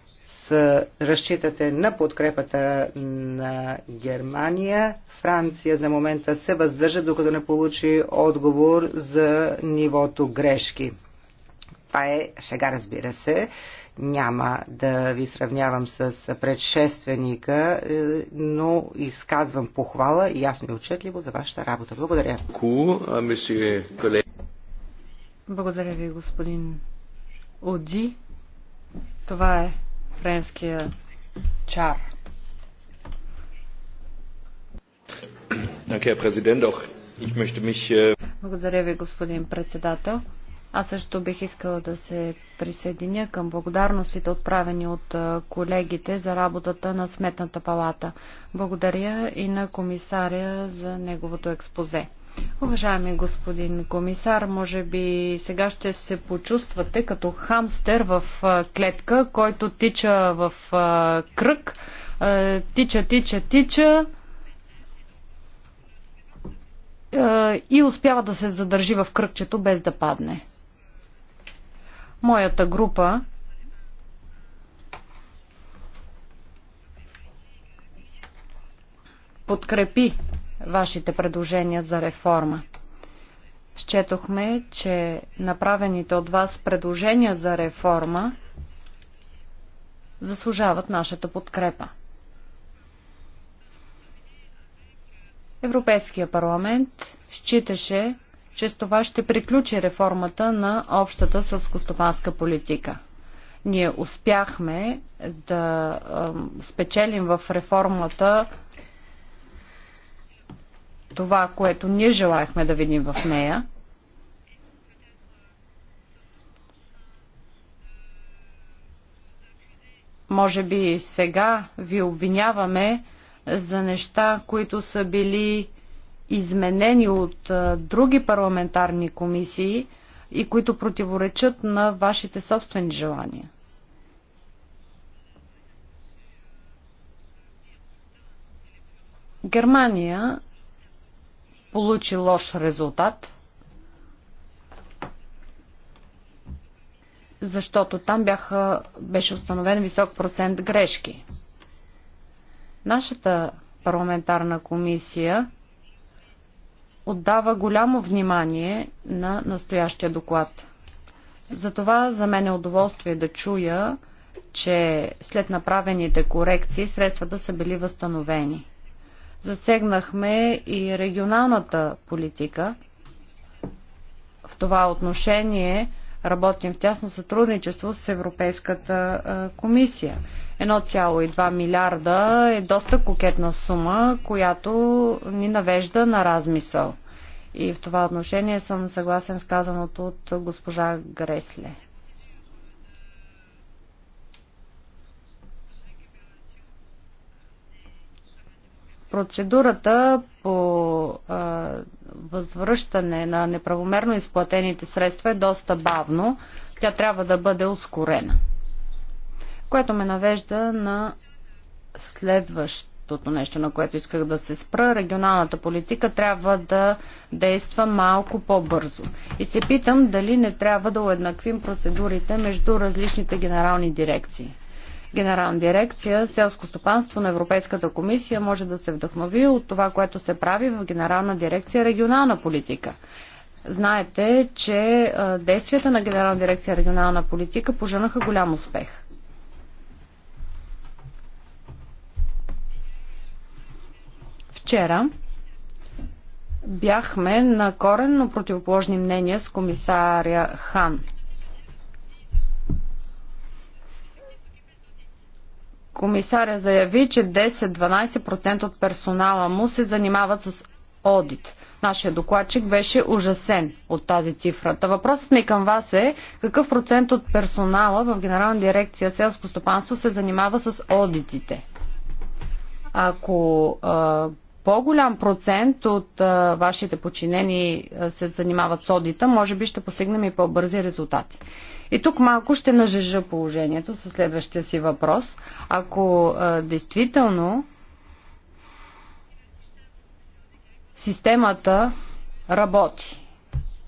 е, разчитате на подкрепата на Германия. Франция за момента се въздържа, докато не получи отговор за нивото грешки. Това е шега, разбира се. Няма да ви сравнявам с предшественика, е, но изказвам похвала ясно и отчетливо за вашата работа. Благодаря. Благодаря ви, господин Оди. Това е френския чар. Äh, Благодаря ви, господин председател. Аз също бих искала да се присъединя към благодарностите, отправени от колегите за работата на Сметната палата. Благодаря и на комисаря за неговото експозе. Уважаеми господин комисар, може би сега ще се почувствате като хамстер в клетка, който тича в кръг. Тича, тича, тича и успява да се задържи в кръгчето без да падне. Моята група подкрепи вашите предложения за реформа. Счетохме, че направените от вас предложения за реформа заслужават нашата подкрепа. Европейския парламент считаше, че с това ще приключи реформата на общата сълскостопанска политика. Ние успяхме да спечелим в реформата това, което ние желаяхме да видим в нея. Може би сега ви обвиняваме за неща, които са били изменени от други парламентарни комисии и които противоречат на вашите собствени желания. Германия получи лош резултат, защото там бяха, беше установен висок процент грешки. Нашата парламентарна комисия отдава голямо внимание на настоящия доклад. Затова за мен е удоволствие да чуя, че след направените корекции средствата са били възстановени. Засегнахме и регионалната политика. В това отношение работим в тясно сътрудничество с Европейската комисия. 1,2 милиарда е доста кокетна сума, която ни навежда на размисъл. И в това отношение съм съгласен с казаното от госпожа Гресле. Процедурата по а, възвръщане на неправомерно изплатените средства е доста бавно. Тя трябва да бъде ускорена. Което ме навежда на следващото нещо, на което исках да се спра. Регионалната политика трябва да действа малко по-бързо. И се питам дали не трябва да уеднаквим процедурите между различните генерални дирекции. Генерална дирекция Селско стопанство на Европейската комисия може да се вдъхнови от това, което се прави в Генерална дирекция Регионална политика. Знаете, че действията на Генерална дирекция Регионална политика поженаха голям успех. Вчера бяхме на коренно противоположни мнения с комисаря Хан – комисаря заяви, че 10-12% от персонала му се занимават с одит. Нашия докладчик беше ужасен от тази цифра. Та въпросът ми към вас е какъв процент от персонала в Генерална дирекция селско стопанство се занимава с одитите? Ако по-голям процент от а, вашите подчинени а, се занимават с одита, може би ще постигнем и по-бързи резултати. И тук малко ще нажежа положението със следващия си въпрос. Ако а, действително системата работи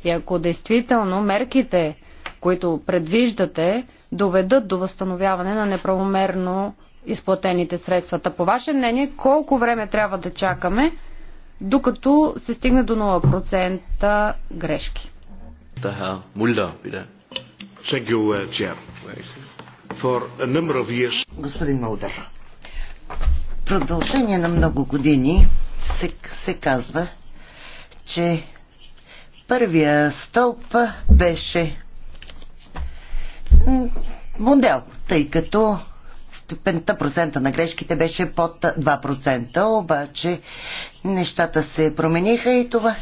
и ако действително мерките, които предвиждате, доведат до възстановяване на неправомерно изплатените средствата. По ваше мнение, колко време трябва да чакаме, докато се стигне до 0% грешки? Мулда, Thank you, uh, Господин продължение на много години се, се казва, че първия стълб беше модел, тъй като степента процента на грешките беше под 2%, обаче нещата се промениха и това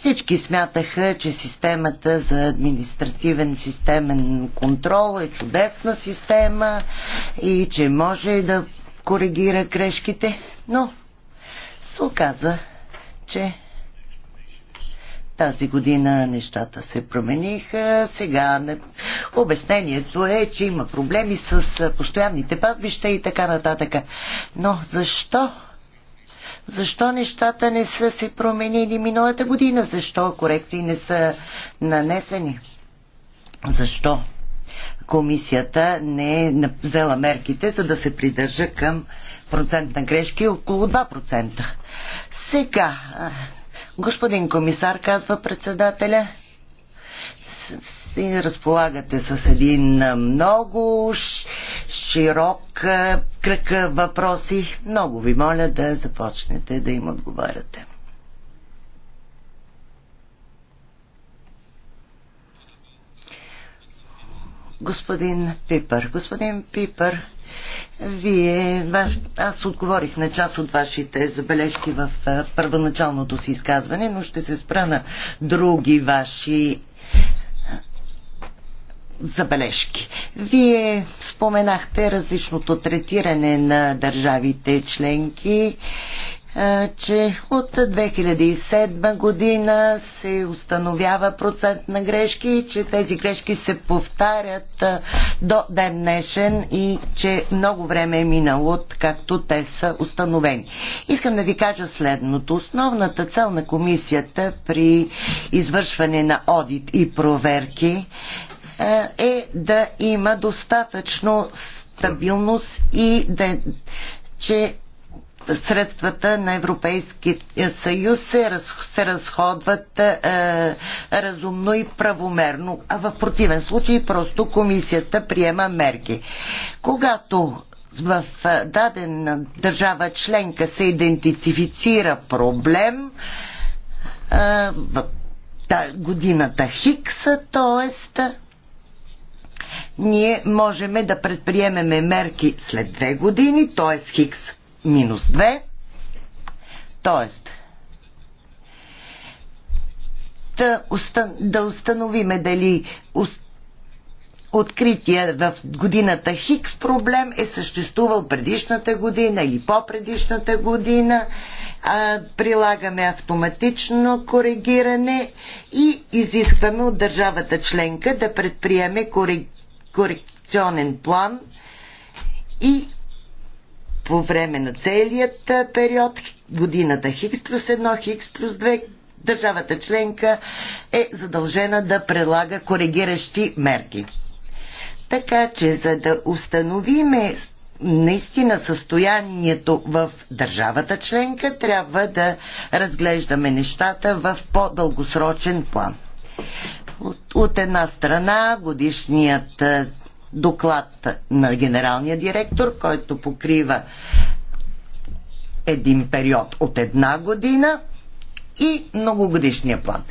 всички смятаха, че системата за административен системен контрол е чудесна система и че може да коригира грешките, но се оказа, че тази година нещата се промениха. Сега обяснението е, че има проблеми с постоянните пазбища и така нататък. Но защо защо нещата не са се променили миналата година? Защо корекции не са нанесени? Защо комисията не е взела мерките, за да се придържа към процент на грешки около 2%? Сега, господин комисар, казва председателя, си разполагате с един много широк кръг въпроси. Много ви моля да започнете да им отговаряте. господин Пипър. Господин Пипър, вие, аз отговорих на част от вашите забележки в първоначалното си изказване, но ще се спра на други ваши забележки. Вие споменахте различното третиране на държавите членки, че от 2007 година се установява процент на грешки и че тези грешки се повтарят до ден днешен и че много време е минало, както те са установени. Искам да ви кажа следното. Основната цел на комисията при извършване на одит и проверки е, е да има достатъчно стабилност и да, че средствата на Европейския съюз се, раз, се разходват е, разумно и правомерно, а в противен случай просто комисията приема мерки. Когато в дадена държава членка се идентифицира проблем, е, в годината Хикса, т.е ние можем да предприемеме мерки след две години, т.е. хикс минус 2, т.е. да установиме дали открития в годината Хикс проблем е съществувал предишната година или по-предишната година. А, прилагаме автоматично коригиране и изискваме от държавата членка да предприеме кори корекционен план и по време на целият период, годината Хикс плюс 1, Хикс плюс 2, държавата членка е задължена да прилага коригиращи мерки. Така че, за да установиме наистина състоянието в държавата членка, трябва да разглеждаме нещата в по-дългосрочен план. От, от една страна годишният е, доклад на генералния директор, който покрива един период от една година и многогодишния план.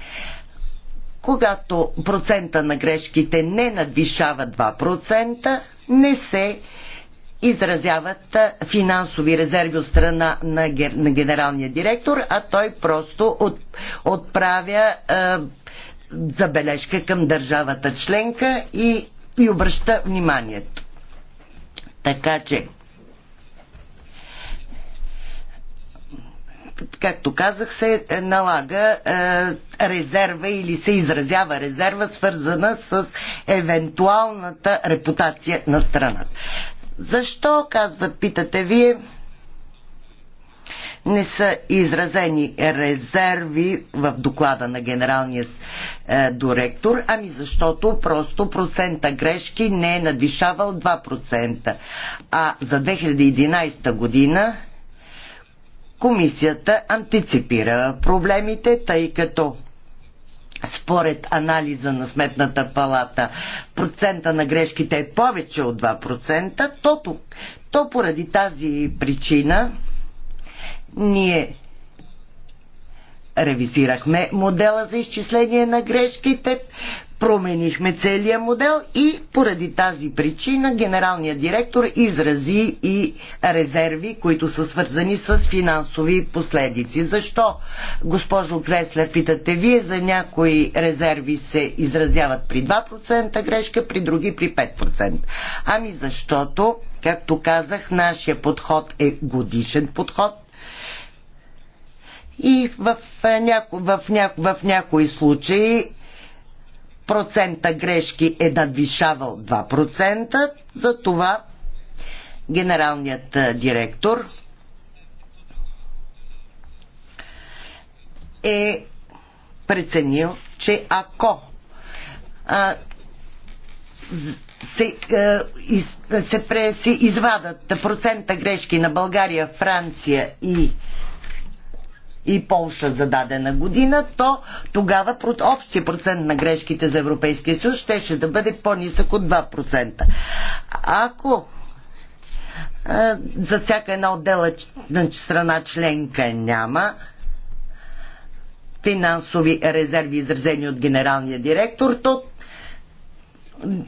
Когато процента на грешките не надвишава 2%, не се изразяват е, финансови резерви от страна на, генералния директор, а той просто от, отправя е, забележка към държавата членка и, и обръща вниманието. Така че, както казах, се налага е, резерва или се изразява резерва, свързана с евентуалната репутация на страната. Защо, казват, питате вие, не са изразени резерви в доклада на генералния е, директор, ами защото просто процента грешки не е надвишавал 2%. А за 2011 година комисията антиципира проблемите, тъй като според анализа на Сметната палата процента на грешките е повече от 2%, то, то поради тази причина ние ревизирахме модела за изчисление на грешките, променихме целия модел и поради тази причина генералният директор изрази и резерви, които са свързани с финансови последици. Защо, госпожо Креслер, питате вие, за някои резерви се изразяват при 2% грешка, при други при 5%? Ами защото, както казах, нашия подход е годишен подход, и в, е, няко, в, няко, в някои случаи процента грешки е надвишавал 2%, за това генералният е, директор е преценил, че ако а, е, се, а, из, се, пре, се извадат процента грешки на България, Франция и и Полша за дадена година, то тогава общия процент на грешките за Европейския съюз щеше да бъде по-нисък от 2%. Ако за всяка една отдела страна членка няма финансови резерви, изразени от генералния директор, то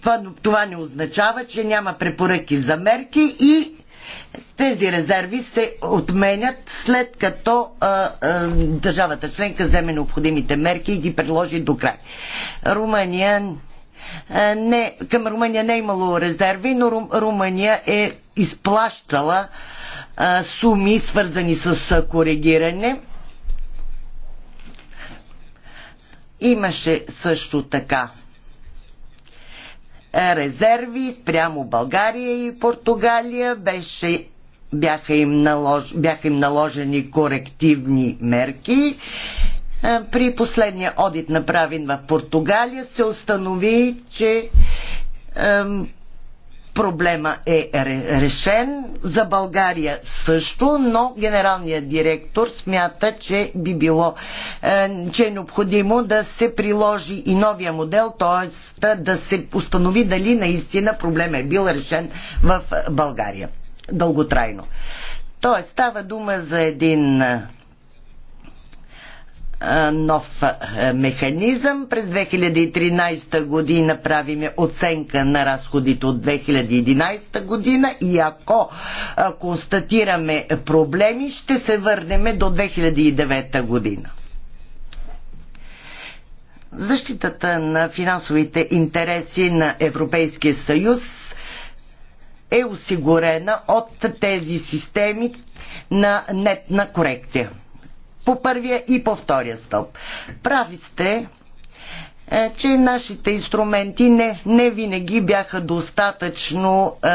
това, това не означава, че няма препоръки за мерки и тези резерви се отменят след като а, а, държавата членка вземе необходимите мерки и ги предложи до край. Румъния не, към Румъния не е имало резерви, но Рум, Румъния е изплащала а, суми, свързани с а, коригиране. Имаше също така резерви спрямо България и Португалия. Беше, бяха, им налож, бяха им наложени корективни мерки. При последния одит, направен в Португалия, се установи, че проблема е решен. За България също, но генералният директор смята, че би било, е, че е необходимо да се приложи и новия модел, т.е. да се установи дали наистина проблема е бил решен в България дълготрайно. Тоест става дума за един нов механизъм. През 2013 година правиме оценка на разходите от 2011 година и ако констатираме проблеми, ще се върнем до 2009 година. Защитата на финансовите интереси на Европейския съюз е осигурена от тези системи на нетна корекция по първия и по втория стълб. Прави сте, е, че нашите инструменти не, не винаги бяха достатъчно е,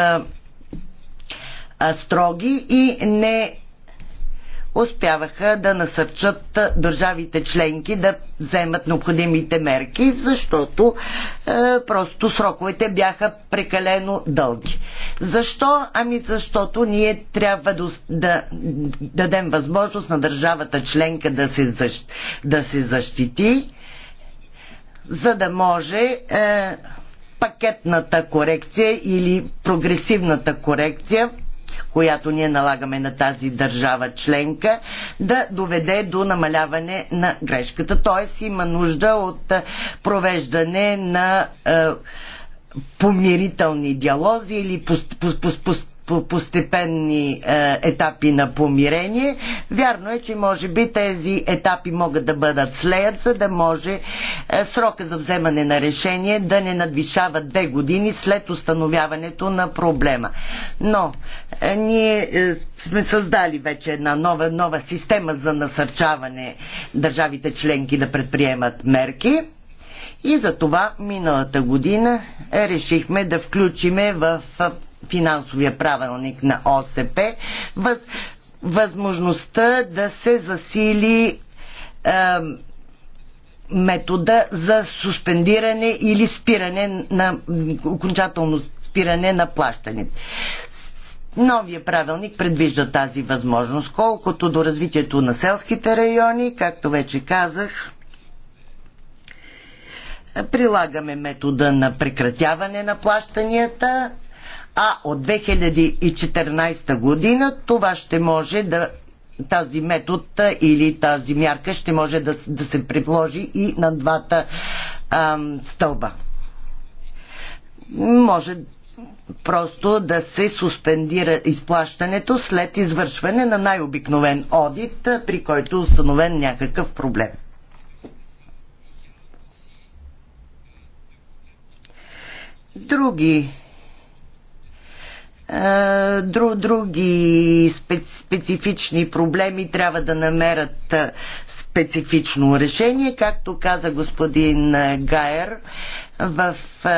а, строги и не успяваха да насърчат държавите членки да вземат необходимите мерки, защото е, просто сроковете бяха прекалено дълги. Защо? Ами защото ние трябва да, да дадем възможност на държавата членка да се, защ, да се защити, за да може. Е, пакетната корекция или прогресивната корекция която ние налагаме на тази държава членка, да доведе до намаляване на грешката. Т.е. има нужда от провеждане на помирителни диалози или по постепенни е, етапи на помирение. Вярно е, че може би тези етапи могат да бъдат слеят, за да може е, срока за вземане на решение да не надвишава две години след установяването на проблема. Но е, ние сме създали вече една нова, нова система за насърчаване държавите членки да предприемат мерки. И за това миналата година решихме да включиме в финансовия правилник на ОСП, въз, възможността да се засили е, метода за суспендиране или спиране на окончателно спиране на плащането. Новия правилник предвижда тази възможност, колкото до развитието на селските райони, както вече казах, прилагаме метода на прекратяване на плащанията а от 2014 година това ще може да тази метод или тази мярка ще може да, да се предложи и на двата ам, стълба. Може просто да се суспендира изплащането след извършване на най-обикновен одит, при който е установен някакъв проблем. Други е, друг, други специфични проблеми трябва да намерят е, специфично решение. Както каза господин Гайер, в е,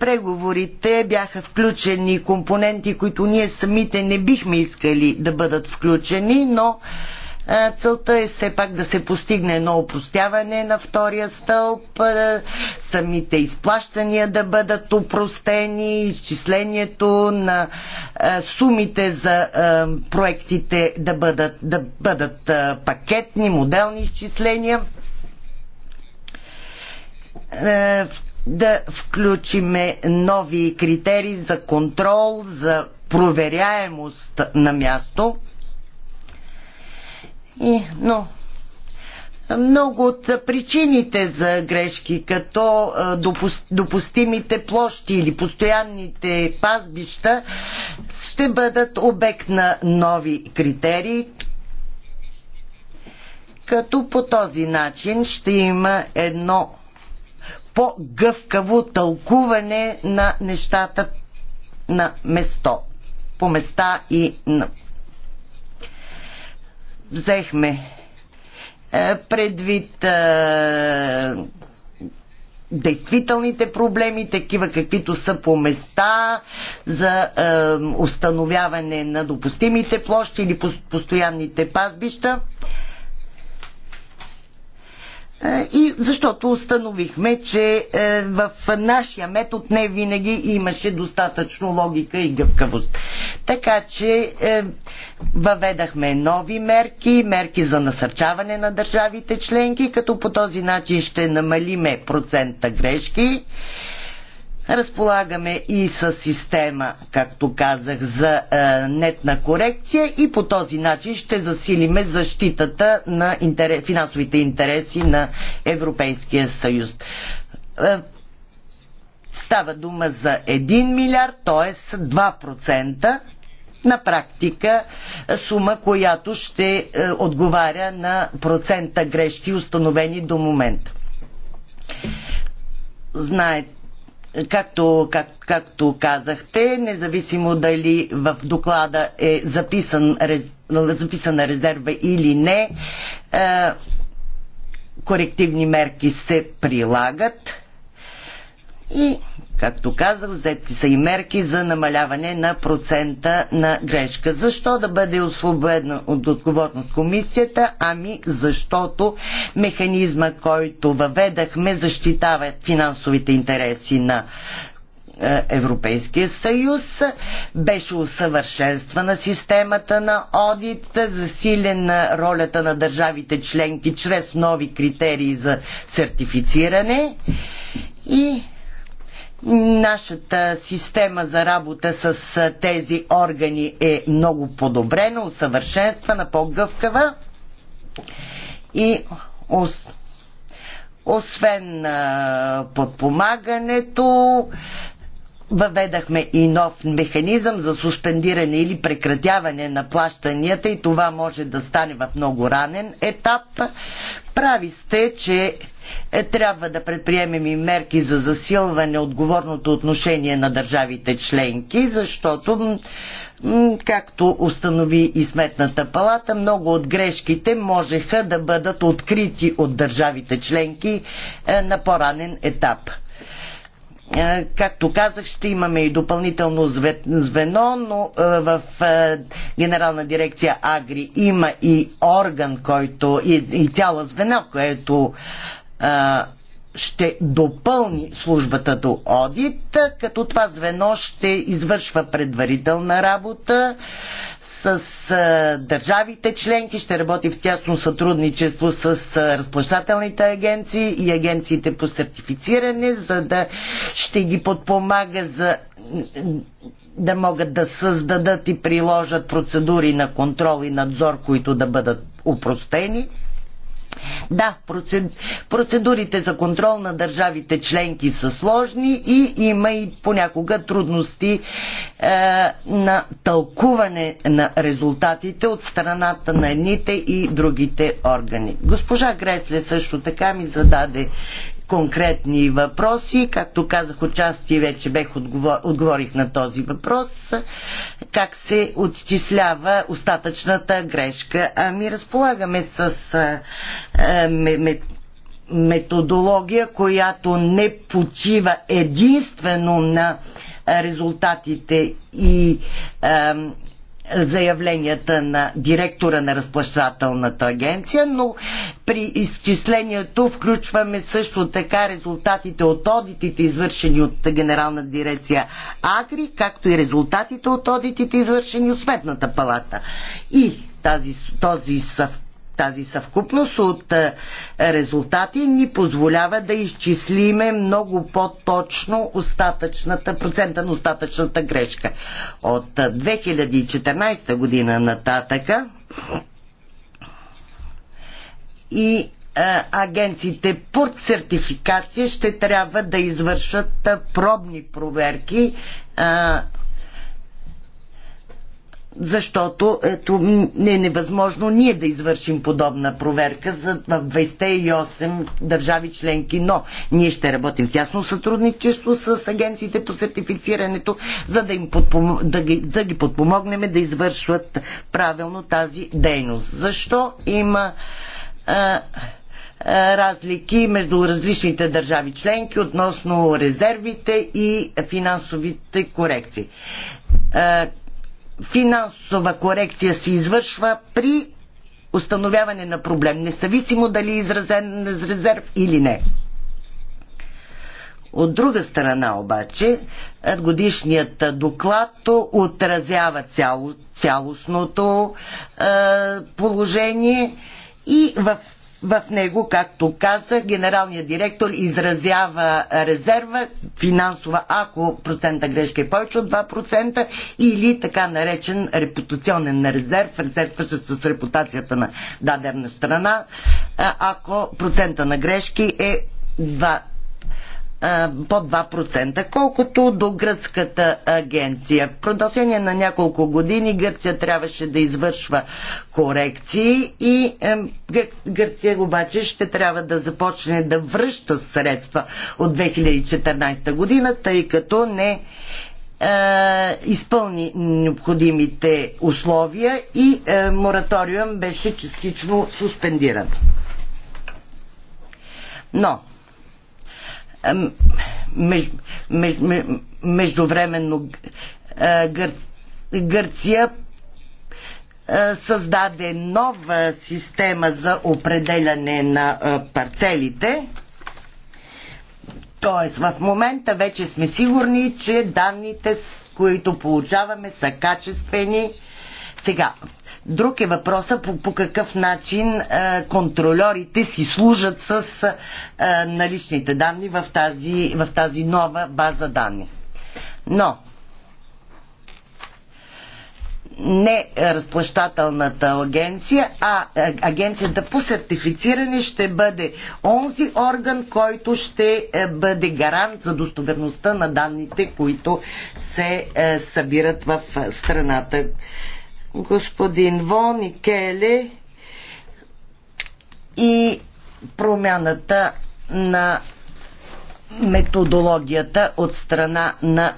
преговорите бяха включени компоненти, които ние самите не бихме искали да бъдат включени, но Целта е все пак да се постигне едно опростяване на втория стълб, самите изплащания да бъдат упростени, изчислението на сумите за проектите да бъдат, да бъдат пакетни, моделни изчисления да включиме нови критерии за контрол, за проверяемост на място. И, но много от причините за грешки, като допустимите площи или постоянните пазбища, ще бъдат обект на нови критерии, като по този начин ще има едно по-гъвкаво тълкуване на нещата на место, по места и на взехме е, предвид е, действителните проблеми, такива каквито са по места за а, е, установяване на допустимите площи или постоянните пазбища. Е, и защото установихме, че е, в нашия метод не винаги имаше достатъчно логика и гъвкавост. Така че е, въведахме нови мерки, мерки за насърчаване на държавите членки, като по този начин ще намалиме процента грешки Разполагаме и с система, както казах, за е, нетна корекция и по този начин ще засилиме защитата на интерес, финансовите интереси на Европейския съюз. Е, става дума за 1 милиард, т.е. 2% на практика е, сума, която ще е, отговаря на процента грешки, установени до момента. Знаете, както, как, както казахте, независимо дали в доклада е записан, рез, записана резерва или не, е, корективни мерки се прилагат и Както казах, взети са и мерки за намаляване на процента на грешка. Защо да бъде освободена от отговорност комисията? Ами защото механизма, който въведахме, защитава финансовите интереси на е, Европейския съюз. Беше усъвършенствана системата на одит, засилена ролята на държавите членки чрез нови критерии за сертифициране и Нашата система за работа с тези органи е много подобрена, усъвършенствана, по-гъвкава и ос... освен а, подпомагането, въведахме и нов механизъм за суспендиране или прекратяване на плащанията и това може да стане в много ранен етап. Прави сте, че е, трябва да предприемем и мерки за засилване отговорното отношение на държавите членки, защото както установи и Сметната палата, много от грешките можеха да бъдат открити от държавите членки е, на по-ранен етап. Е, както казах, ще имаме и допълнително звено, но в Генерална дирекция Агри има и орган, който и, и цяло звено, което ще допълни службата до одит, като това звено ще извършва предварителна работа с а, държавите членки, ще работи в тясно сътрудничество с а, разплащателните агенции и агенциите по сертифициране, за да ще ги подпомага за да могат да създадат и приложат процедури на контрол и надзор, които да бъдат упростени да, процедурите за контрол на държавите членки са сложни и има и понякога трудности е, на тълкуване на резултатите от страната на едните и другите органи. Госпожа Гресле също така ми зададе конкретни въпроси. Както казах, отчасти вече бех отговор... отговорих на този въпрос. Как се отчислява остатъчната грешка? Ами разполагаме с а, ме, ме, методология, която не почива единствено на резултатите и а, заявленията на директора на разплащателната агенция, но при изчислението включваме също така резултатите от одитите, извършени от Генерална дирекция Агри, както и резултатите от одитите, извършени от Сметната палата. И тази, този съвпад тази съвкупност от е, резултати ни позволява да изчислиме много по-точно остатъчната, процента на остатъчната грешка. От 2014 е, година нататъка и е, агенциите по сертификация ще трябва да извършат пробни проверки защото ето, не е невъзможно ние да извършим подобна проверка за, в 28 държави членки, но ние ще работим в тясно сътрудничество с агенциите по сертифицирането, за да, им подпом... да, ги, да ги подпомогнем да извършват правилно тази дейност. Защо има а, а, разлики между различните държави членки относно резервите и финансовите корекции? А, финансова корекция се извършва при установяване на проблем, независимо дали е изразен резерв или не. От друга страна обаче, годишният доклад отразява цяло, цялостното е, положение и в в него, както каза, генералният директор изразява резерва финансова, ако процента грешка е повече от 2% или така наречен репутационен резерв, резерв с репутацията на дадена страна, ако процента на грешки е 2% по 2%. Колкото до гръцката агенция. В продължение на няколко години Гърция трябваше да извършва корекции и е, Гърция обаче ще трябва да започне да връща средства от 2014 година, тъй като не е, изпълни необходимите условия и е, мораториум беше частично суспендиран. Но меж, меж, междувременно Гър, Гърция създаде нова система за определяне на парцелите. Тоест, в момента вече сме сигурни, че данните, които получаваме, са качествени. Сега, Друг е въпроса по, по какъв начин а, е, контролерите си служат с а, е, наличните данни в тази, в тази нова база данни. Но не разплащателната агенция, а е, агенцията по сертифициране ще бъде онзи орган, който ще бъде гарант за достоверността на данните, които се събират в страната господин Вон и Келе и промяната на методологията от страна на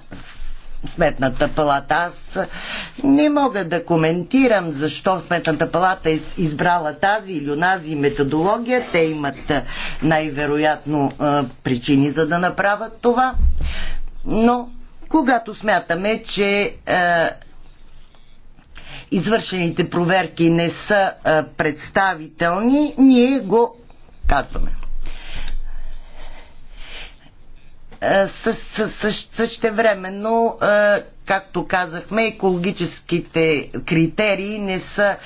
Сметната палата. Аз не мога да коментирам защо Сметната палата е избрала тази или онази методология. Те имат най-вероятно причини за да направят това. Но когато смятаме, че извършените проверки не са представителни, ние го казваме. Същевременно, както казахме, екологическите критерии не са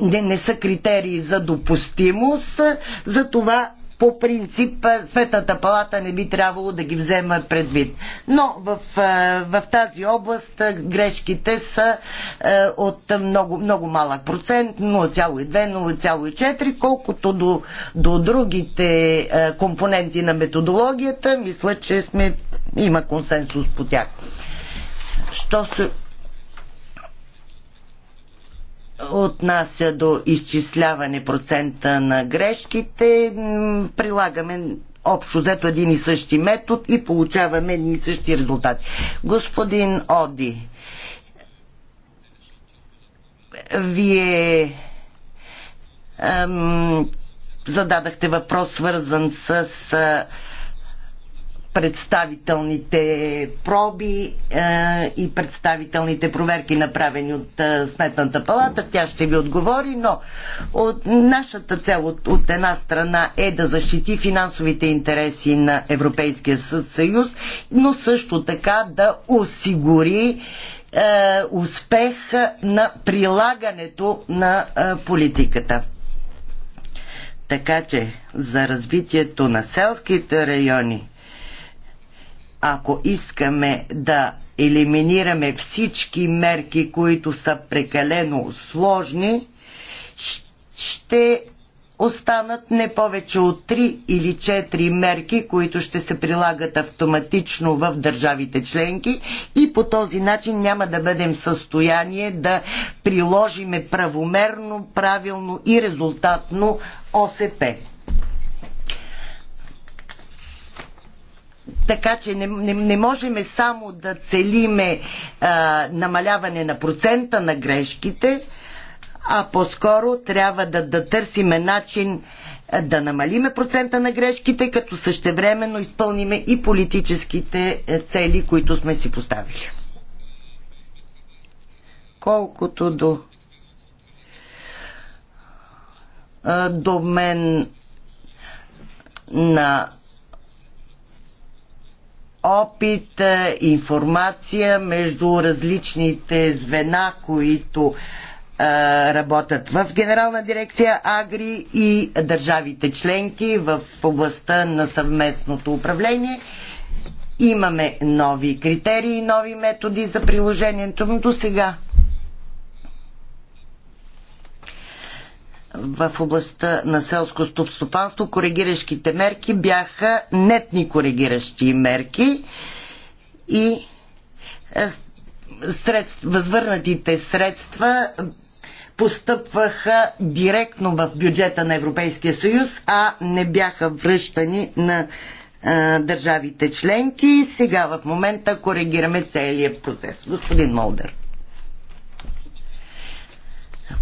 не, не са критерии за допустимост, за това по принцип Светата палата не би трябвало да ги взема предвид. Но в, в тази област грешките са от много, много малък процент, 0,2-0,4, колкото до, до другите компоненти на методологията, мисля, че сме, има консенсус по тях. Що се отнася до изчисляване процента на грешките, прилагаме общо взето един и същи метод и получаваме едни и същи резултати. Господин Оди, вие ем, зададахте въпрос свързан с е, представителните проби е, и представителните проверки, направени от е, Сметната палата. Тя ще ви отговори, но от нашата цел от, от една страна е да защити финансовите интереси на Европейския съюз, но също така да осигури е, успех на прилагането на е, политиката. Така че за развитието на селските райони ако искаме да елиминираме всички мерки, които са прекалено сложни, ще останат не повече от 3 или 4 мерки, които ще се прилагат автоматично в държавите членки и по този начин няма да бъдем в състояние да приложиме правомерно, правилно и резултатно ОСП. Така че не, не, не можем само да целиме а, намаляване на процента на грешките, а по-скоро трябва да, да търсиме начин да намалиме процента на грешките, като същевременно изпълниме и политическите цели, които сме си поставили. Колкото до до мен на опит, информация между различните звена, които работят в Генерална дирекция Агри и държавите членки в областта на съвместното управление. Имаме нови критерии, нови методи за приложението, но до сега в областта на селското стопанство коригиращите мерки бяха нетни коригиращи мерки и е, средств, възвърнатите средства постъпваха директно в бюджета на Европейския съюз, а не бяха връщани на а, е, държавите членки. Сега в момента коригираме целият процес. Господин Молдер.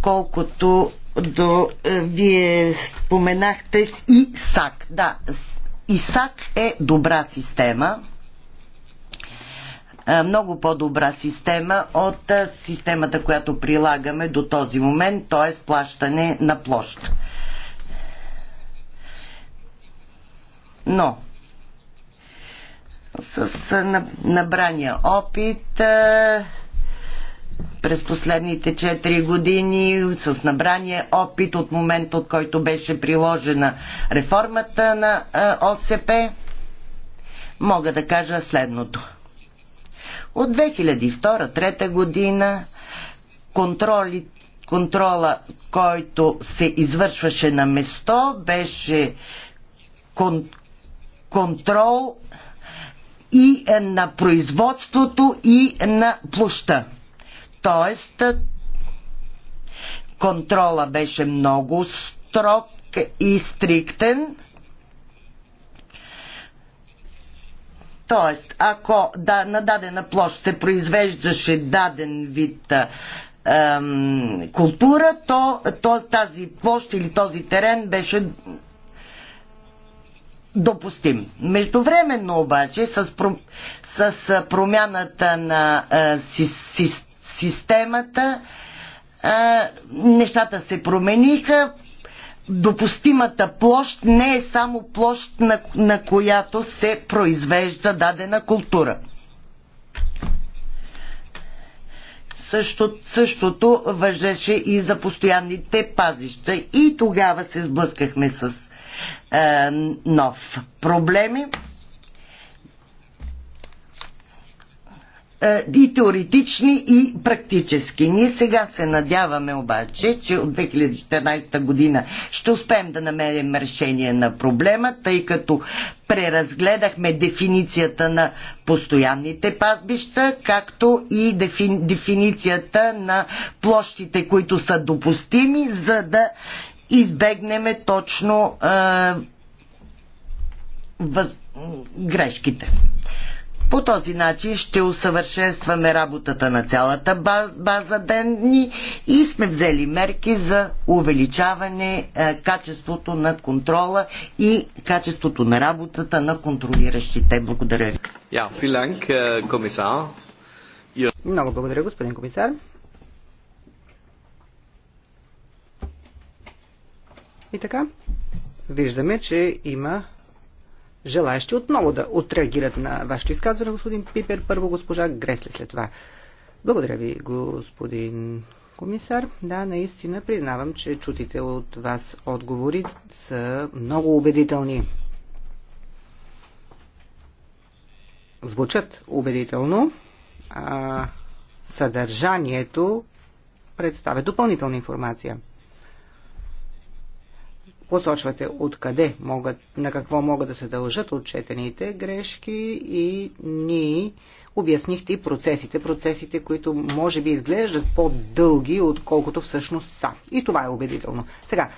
Колкото до, е, вие споменахте с ИСАК. Да, ИСАК е добра система, е, много по-добра система от е, системата, която прилагаме до този момент, т.е. плащане на площ. Но с набрания опит през последните 4 години с набрания опит от момента, от който беше приложена реформата на ОСП, мога да кажа следното. От 2002-2003 година контроли, контрола, който се извършваше на место, беше кон, контрол и е, на производството и на площа. Тоест, контрола беше много строг и стриктен. Тоест, ако да, на дадена площ се произвеждаше даден вид ем, култура, то, то тази площ или този терен беше допустим. Междувременно обаче с, про, с промяната на е, си, си, системата. Нещата се промениха. Допустимата площ не е само площ, на, на която се произвежда дадена култура. също, същото въжеше и за постоянните пазища. И тогава се сблъскахме с е, нов проблеми. Е, и теоретични, и практически. Ние сега се надяваме обаче, че от 2014 година ще успеем да намерим решение на проблема, тъй като преразгледахме дефиницията на постоянните пазбища, както и дефи, дефиницията на площите, които са допустими, за да избегнеме точно е, въз, грешките. По този начин ще усъвършенстваме работата на цялата база данни и сме взели мерки за увеличаване е, качеството на контрола и качеството на работата на контролиращите. Благодаря ви. комисар. Äh, Много благодаря, господин комисар. И така, виждаме, че има желаящи отново да отреагират на вашето изказване, господин Пипер. Първо госпожа Гресли след това. Благодаря ви, господин комисар. Да, наистина признавам, че чутите от вас отговори са много убедителни. Звучат убедително, а съдържанието представя допълнителна информация посочвате откъде могат, на какво могат да се дължат отчетените грешки и ни обяснихте и процесите, процесите, които може би изглеждат по-дълги, отколкото всъщност са. И това е убедително. Сега,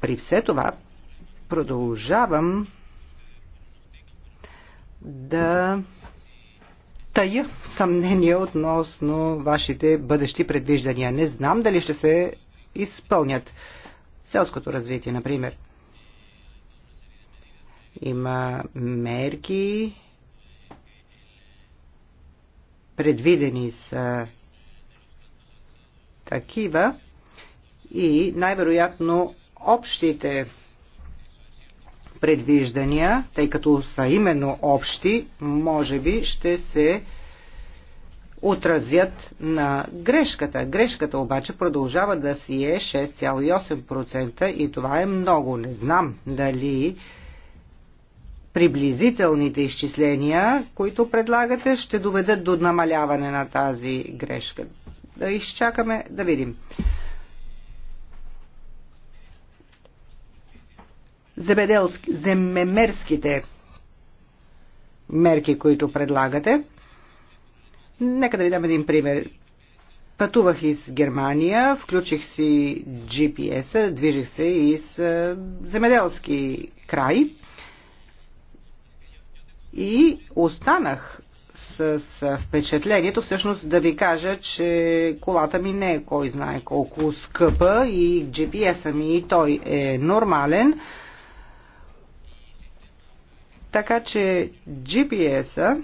при все това продължавам да тая съмнение относно вашите бъдещи предвиждания. Не знам дали ще се изпълнят селското развитие, например. Има мерки, предвидени са такива и най-вероятно общите предвиждания, тъй като са именно общи, може би ще се отразят на грешката. Грешката обаче продължава да си е 6,8% и това е много. Не знам дали приблизителните изчисления, които предлагате, ще доведат до намаляване на тази грешка. Да изчакаме, да видим. Земемерските мерки, които предлагате – Нека да ви дам един пример. Пътувах из Германия, включих си GPS-а, движих се из земеделски край и останах с, с впечатлението всъщност да ви кажа, че колата ми не е кой знае колко скъпа и GPS-а ми и той е нормален. Така че GPS-а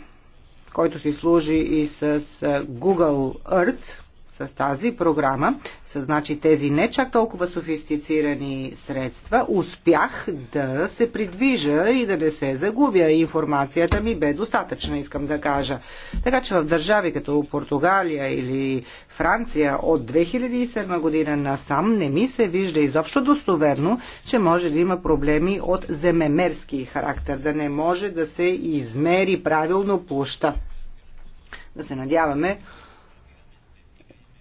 който си служи и с Google Earth, с тази програма, с значи, тези не чак толкова софистицирани средства, успях да се придвижа и да не се загубя. Информацията ми бе достатъчна, искам да кажа. Така че в държави като Португалия или Франция от 2007 година насам не ми се вижда изобщо достоверно, че може да има проблеми от земемерски характер, да не може да се измери правилно площа. Да се надяваме,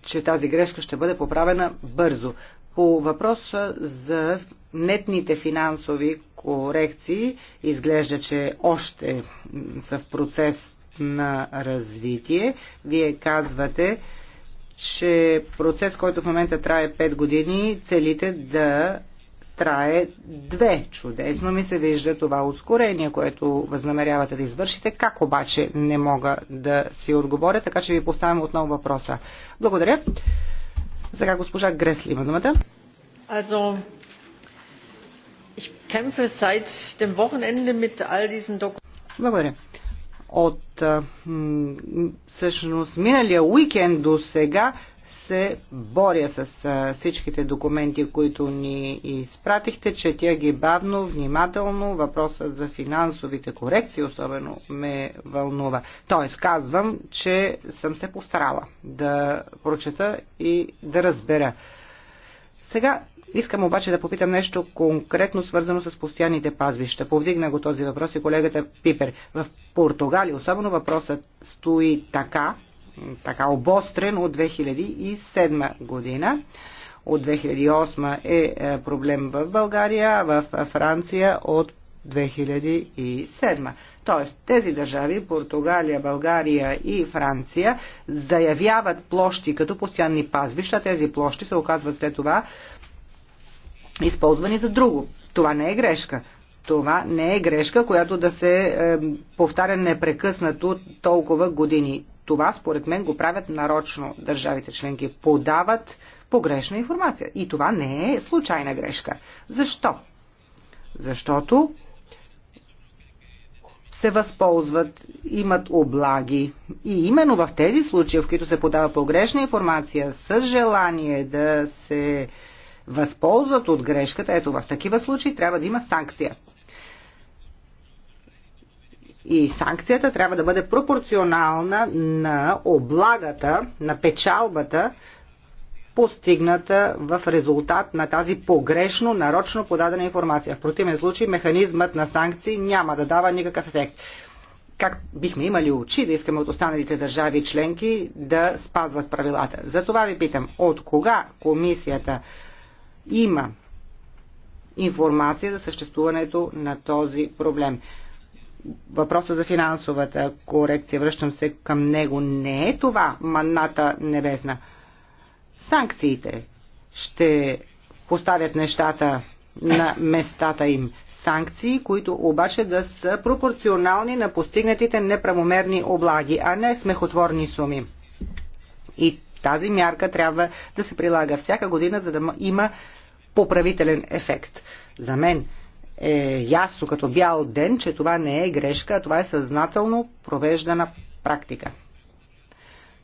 че тази грешка ще бъде поправена бързо. По въпроса за нетните финансови корекции, изглежда, че още са в процес на развитие. Вие казвате, че процес, който в момента трае 5 години, целите да трае две. Чудесно ми се вижда това ускорение, което възнамерявате да извършите. Как обаче не мога да си отговоря, така че ви поставям отново въпроса. Благодаря. Сега госпожа Гресли има думата. Also, ich kämpfe seit dem Wochenende mit all diesen Благодаря. От всъщност миналия уикенд до сега се боря с всичките документи, които ни изпратихте. Четя ги бавно, внимателно. Въпросът за финансовите корекции особено ме вълнува. Тоест, казвам, че съм се постарала да прочета и да разбера. Сега искам обаче да попитам нещо конкретно свързано с постоянните пазвища. Повдигна го този въпрос и колегата Пипер. В Португалия особено въпросът стои така, така обострен от 2007 година. От 2008 е, е проблем в България, а в Франция от 2007. Тоест, тези държави, Португалия, България и Франция, заявяват площи като постоянни пазбища. Тези площи се оказват след това използвани за друго. Това не е грешка. Това не е грешка, която да се е, повтаря непрекъснато толкова години това според мен го правят нарочно. Държавите членки подават погрешна информация. И това не е случайна грешка. Защо? Защото се възползват, имат облаги. И именно в тези случаи, в които се подава погрешна информация с желание да се възползват от грешката, ето в такива случаи трябва да има санкция. И санкцията трябва да бъде пропорционална на облагата, на печалбата, постигната в резултат на тази погрешно, нарочно подадена информация. В противен случай механизмът на санкции няма да дава никакъв ефект. Как бихме имали очи да искаме от останалите държави членки да спазват правилата? За това ви питам, от кога комисията има информация за съществуването на този проблем? въпроса за финансовата корекция, връщам се към него, не е това манната небесна. Санкциите ще поставят нещата на местата им. Санкции, които обаче да са пропорционални на постигнатите неправомерни облаги, а не смехотворни суми. И тази мярка трябва да се прилага всяка година, за да има поправителен ефект. За мен е ясно като бял ден, че това не е грешка, а това е съзнателно провеждана практика.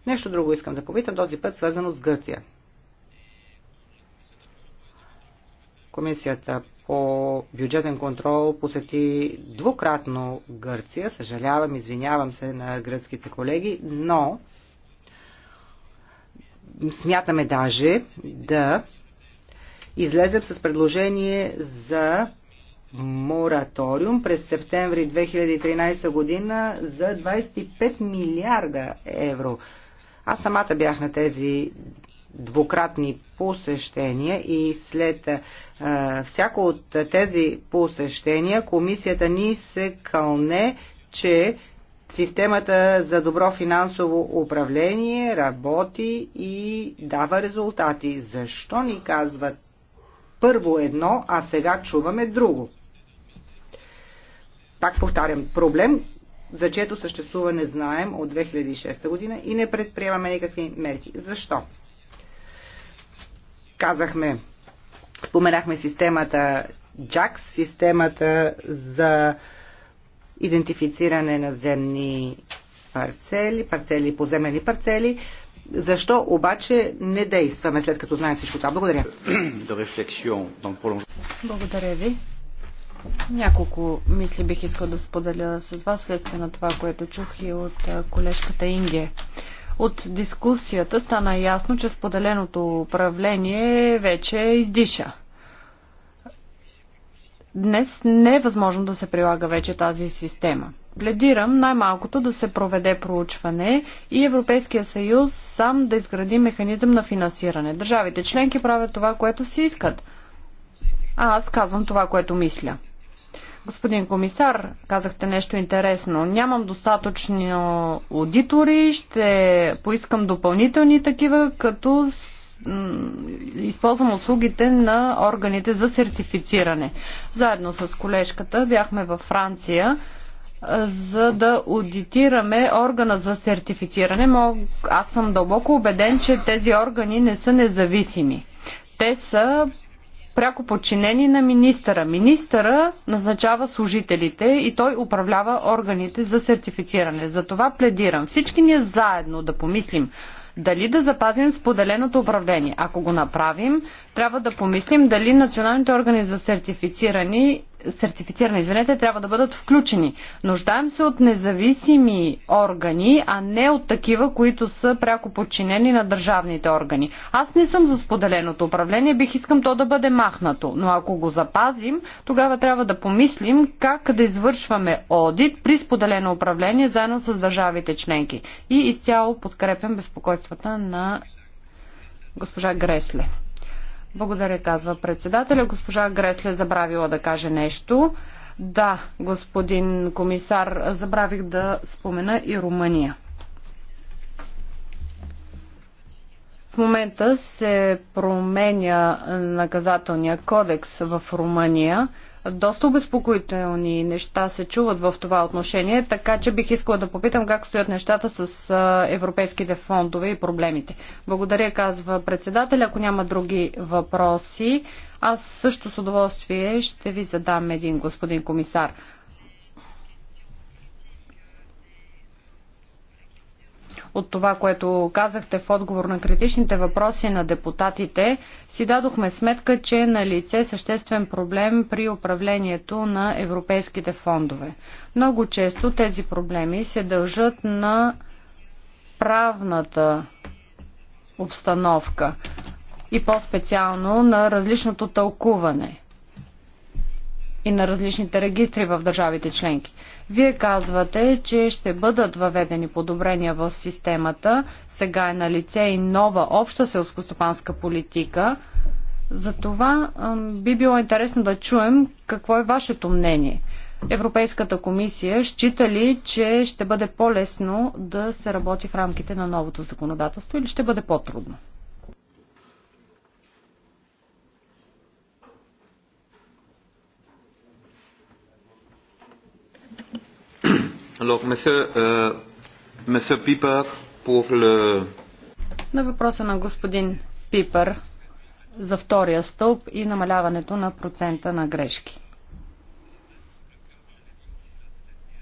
Нещо друго искам да попитам, този път свързано с Гърция. Комисията по бюджетен контрол посети двукратно Гърция. Съжалявам, извинявам се на гръцките колеги, но смятаме даже да излезем с предложение за мораториум през септември 2013 година за 25 милиарда евро. Аз самата бях на тези двукратни посещения и след а, всяко от тези посещения комисията ни се кълне, че Системата за добро финансово управление работи и дава резултати. Защо ни казват първо едно, а сега чуваме друго? пак повтарям, проблем, за чето съществуване знаем от 2006 година и не предприемаме никакви мерки. Защо? Казахме, споменахме системата JAX, системата за идентифициране на земни парцели, парцели, поземени парцели. Защо обаче не действаме след като знаем всичко това? Благодаря. Благодаря ви. Няколко мисли бих искал да споделя с вас, следствие на това, което чух и от колежката Инге. От дискусията стана ясно, че споделеното управление вече издиша. Днес не е възможно да се прилага вече тази система. Пледирам най-малкото да се проведе проучване и Европейския съюз сам да изгради механизъм на финансиране. Държавите членки правят това, което си искат. А аз казвам това, което мисля. Господин комисар, казахте нещо интересно. Нямам достатъчно аудитори, ще поискам допълнителни такива, като използвам услугите на органите за сертифициране. Заедно с колежката бяхме във Франция за да аудитираме органа за сертифициране. Аз съм дълбоко убеден, че тези органи не са независими. Те са пряко подчинени на министъра. Министъра назначава служителите и той управлява органите за сертифициране. За това пледирам всички ние заедно да помислим дали да запазим споделеното управление. Ако го направим, трябва да помислим дали националните органи за сертифициране сертифицирани извинете, трябва да бъдат включени. Нуждаем се от независими органи, а не от такива, които са пряко подчинени на държавните органи. Аз не съм за споделеното управление, бих искам то да бъде махнато, но ако го запазим, тогава трябва да помислим как да извършваме одит при споделено управление заедно с държавите членки. И изцяло подкрепям безпокойствата на госпожа Гресле. Благодаря, казва председателя. Госпожа Гресле забравила да каже нещо. Да, господин комисар, забравих да спомена и Румъния. В момента се променя наказателния кодекс в Румъния доста обезпокоителни неща се чуват в това отношение, така че бих искала да попитам как стоят нещата с европейските фондове и проблемите. Благодаря, казва председателя. Ако няма други въпроси, аз също с удоволствие ще ви задам един господин комисар. от това, което казахте в отговор на критичните въпроси на депутатите, си дадохме сметка, че е на лице съществен проблем при управлението на европейските фондове. Много често тези проблеми се дължат на правната обстановка и по-специално на различното тълкуване и на различните регистри в държавите членки. Вие казвате, че ще бъдат въведени подобрения в системата. Сега е на лице и нова обща селскостопанска политика. За това би било интересно да чуем какво е вашето мнение. Европейската комисия счита ли, че ще бъде по-лесно да се работи в рамките на новото законодателство или ще бъде по-трудно? Alors, monsieur, euh, monsieur Piper, pour le... На въпроса на господин Пипър за втория стълб и намаляването на процента на грешки.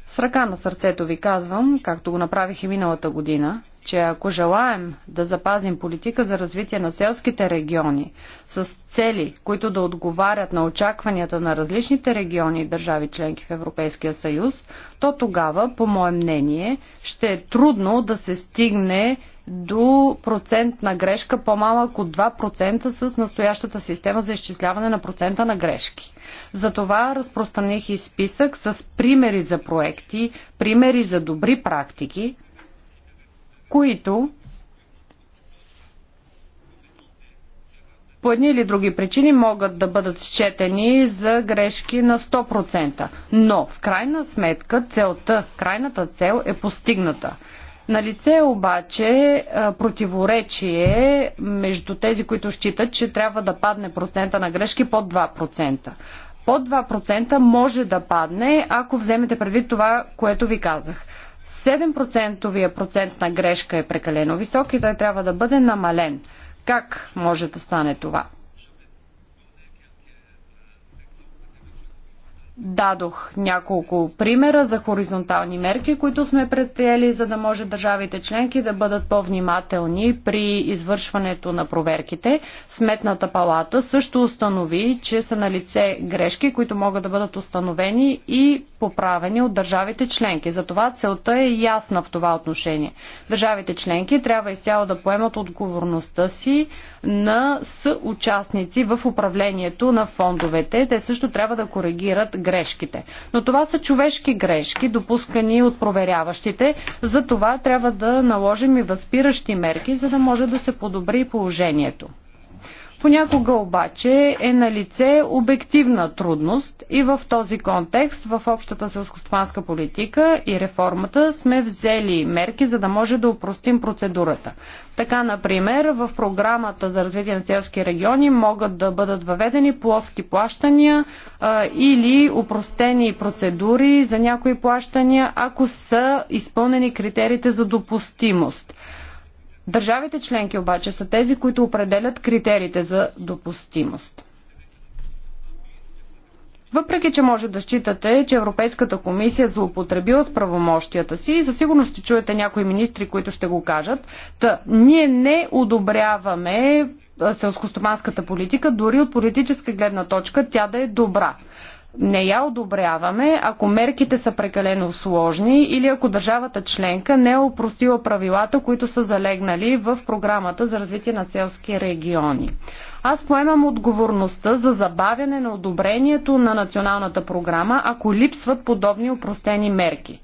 С ръка на сърцето ви казвам, както го направих и миналата година, че ако желаем да запазим политика за развитие на селските региони с цели, които да отговарят на очакванията на различните региони и държави членки в Европейския съюз, то тогава, по мое мнение, ще е трудно да се стигне до процент на грешка по-малък от 2% с настоящата система за изчисляване на процента на грешки. Затова разпространих и списък с примери за проекти, примери за добри практики, които по едни или други причини могат да бъдат счетени за грешки на 100%. Но в крайна сметка целта, крайната цел е постигната. На лице обаче е, противоречие между тези, които считат, че трябва да падне процента на грешки под 2%. Под 2% може да падне, ако вземете предвид това, което ви казах. 7% процент на грешка е прекалено висок и той трябва да бъде намален. Как може да стане това? Дадох няколко примера за хоризонтални мерки, които сме предприели, за да може държавите членки да бъдат по-внимателни при извършването на проверките. Сметната палата също установи, че са на лице грешки, които могат да бъдат установени и поправени от държавите членки. Затова целта е ясна в това отношение. Държавите членки трябва изцяло да поемат отговорността си на съучастници в управлението на фондовете. Те също трябва да коригират грешките. Но това са човешки грешки, допускани от проверяващите. Затова трябва да наложим и възпиращи мерки, за да може да се подобри положението. Понякога обаче е на лице обективна трудност и в този контекст в общата селскостопанска политика и реформата сме взели мерки, за да може да упростим процедурата. Така, например, в програмата за развитие на селски региони могат да бъдат въведени плоски плащания а, или упростени процедури за някои плащания, ако са изпълнени критериите за допустимост. Държавите членки обаче са тези, които определят критериите за допустимост. Въпреки, че може да считате, че Европейската комисия е злоупотребила с правомощията си, и за сигурност ще чуете някои министри, които ще го кажат, та ние не одобряваме селскостоманската политика, дори от политическа гледна точка тя да е добра не я одобряваме, ако мерките са прекалено сложни или ако държавата членка не е опростила правилата, които са залегнали в програмата за развитие на селски региони. Аз поемам отговорността за забавяне на одобрението на националната програма, ако липсват подобни опростени мерки.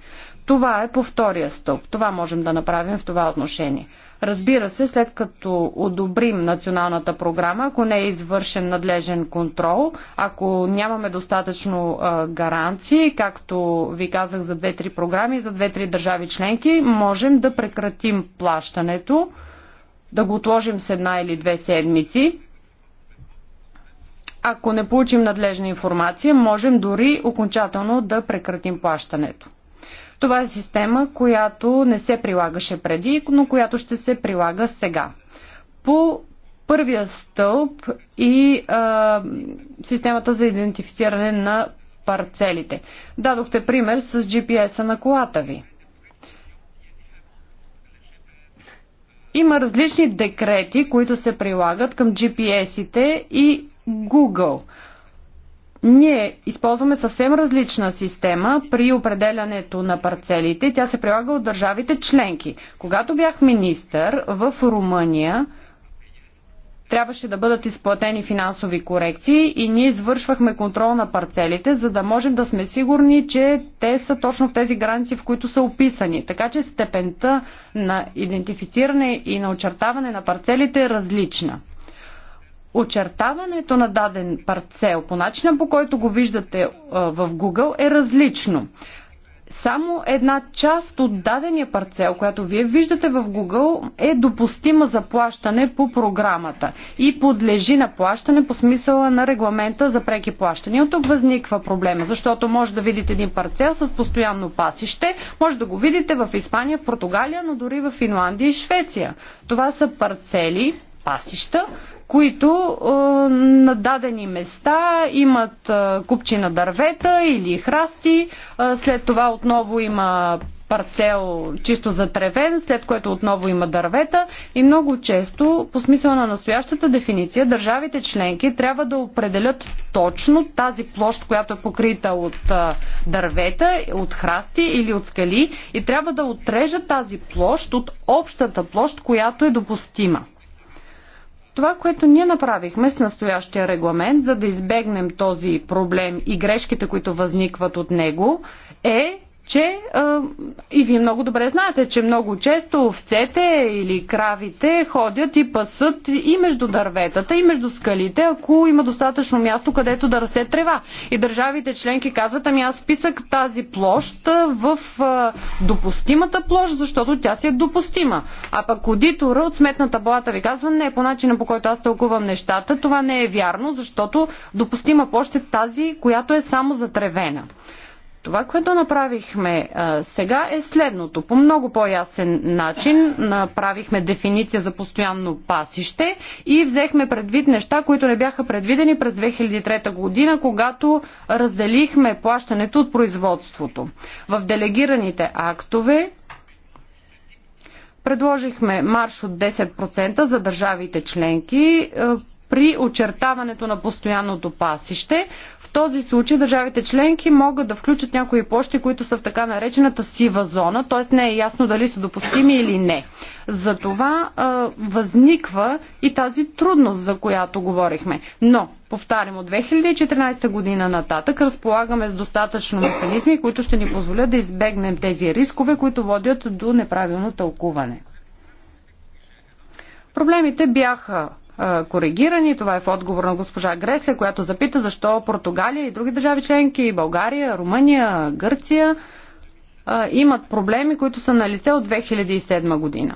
Това е по втория стълб. Това можем да направим в това отношение. Разбира се, след като одобрим националната програма, ако не е извършен надлежен контрол, ако нямаме достатъчно гаранции, както ви казах за две-три програми, за две-три държави членки, можем да прекратим плащането, да го отложим с една или две седмици. Ако не получим надлежна информация, можем дори окончателно да прекратим плащането. Това е система, която не се прилагаше преди, но която ще се прилага сега. По първия стълб и а, системата за идентифициране на парцелите. Дадохте пример с GPS-а на колата ви. Има различни декрети, които се прилагат към GPS-ите и Google. Ние използваме съвсем различна система при определянето на парцелите. Тя се прилага от държавите членки. Когато бях министър в Румъния, трябваше да бъдат изплатени финансови корекции и ние извършвахме контрол на парцелите, за да можем да сме сигурни, че те са точно в тези граници, в които са описани. Така че степента на идентифициране и на очертаване на парцелите е различна очертаването на даден парцел по начина по който го виждате в Google е различно. Само една част от дадения парцел, която вие виждате в Google, е допустима за плащане по програмата и подлежи на плащане по смисъла на регламента за преки плащания. От тук възниква проблема, защото може да видите един парцел с постоянно пасище, може да го видите в Испания, в Португалия, но дори в Финландия и Швеция. Това са парцели, пасища, които е, на дадени места имат е, купчи на дървета или храсти, е, след това отново има парцел чисто затревен, след което отново има дървета и много често по смисъл на настоящата дефиниция държавите членки трябва да определят точно тази площ, която е покрита от дървета, от храсти или от скали и трябва да отрежат тази площ от общата площ, която е допустима. Това, което ние направихме с настоящия регламент, за да избегнем този проблем и грешките, които възникват от него, е че а, и вие много добре знаете, че много често овцете или кравите ходят и пасат и между дърветата, и между скалите, ако има достатъчно място, където да расте трева. И държавите членки казват, ами аз писах тази площ в а, допустимата площ, защото тя си е допустима. А пък аудитора от сметната палата ви казва, не, по начина по който аз тълкувам нещата, това не е вярно, защото допустима площ е тази, която е само затревена. Това, което направихме а, сега е следното. По много по-ясен начин направихме дефиниция за постоянно пасище и взехме предвид неща, които не бяха предвидени през 2003 година, когато разделихме плащането от производството. В делегираните актове предложихме марш от 10% за държавите членки при очертаването на постоянното пасище, в този случай държавите членки могат да включат някои площи, които са в така наречената сива зона, т.е. не е ясно дали са допустими или не. Затова а, възниква и тази трудност, за която говорихме. Но, повтарям, от 2014 година нататък разполагаме с достатъчно механизми, които ще ни позволят да избегнем тези рискове, които водят до неправилно тълкуване. Проблемите бяха коригирани. Това е в отговор на госпожа Гресле, която запита защо Португалия и други държави членки, България, Румъния, Гърция имат проблеми, които са на лице от 2007 година.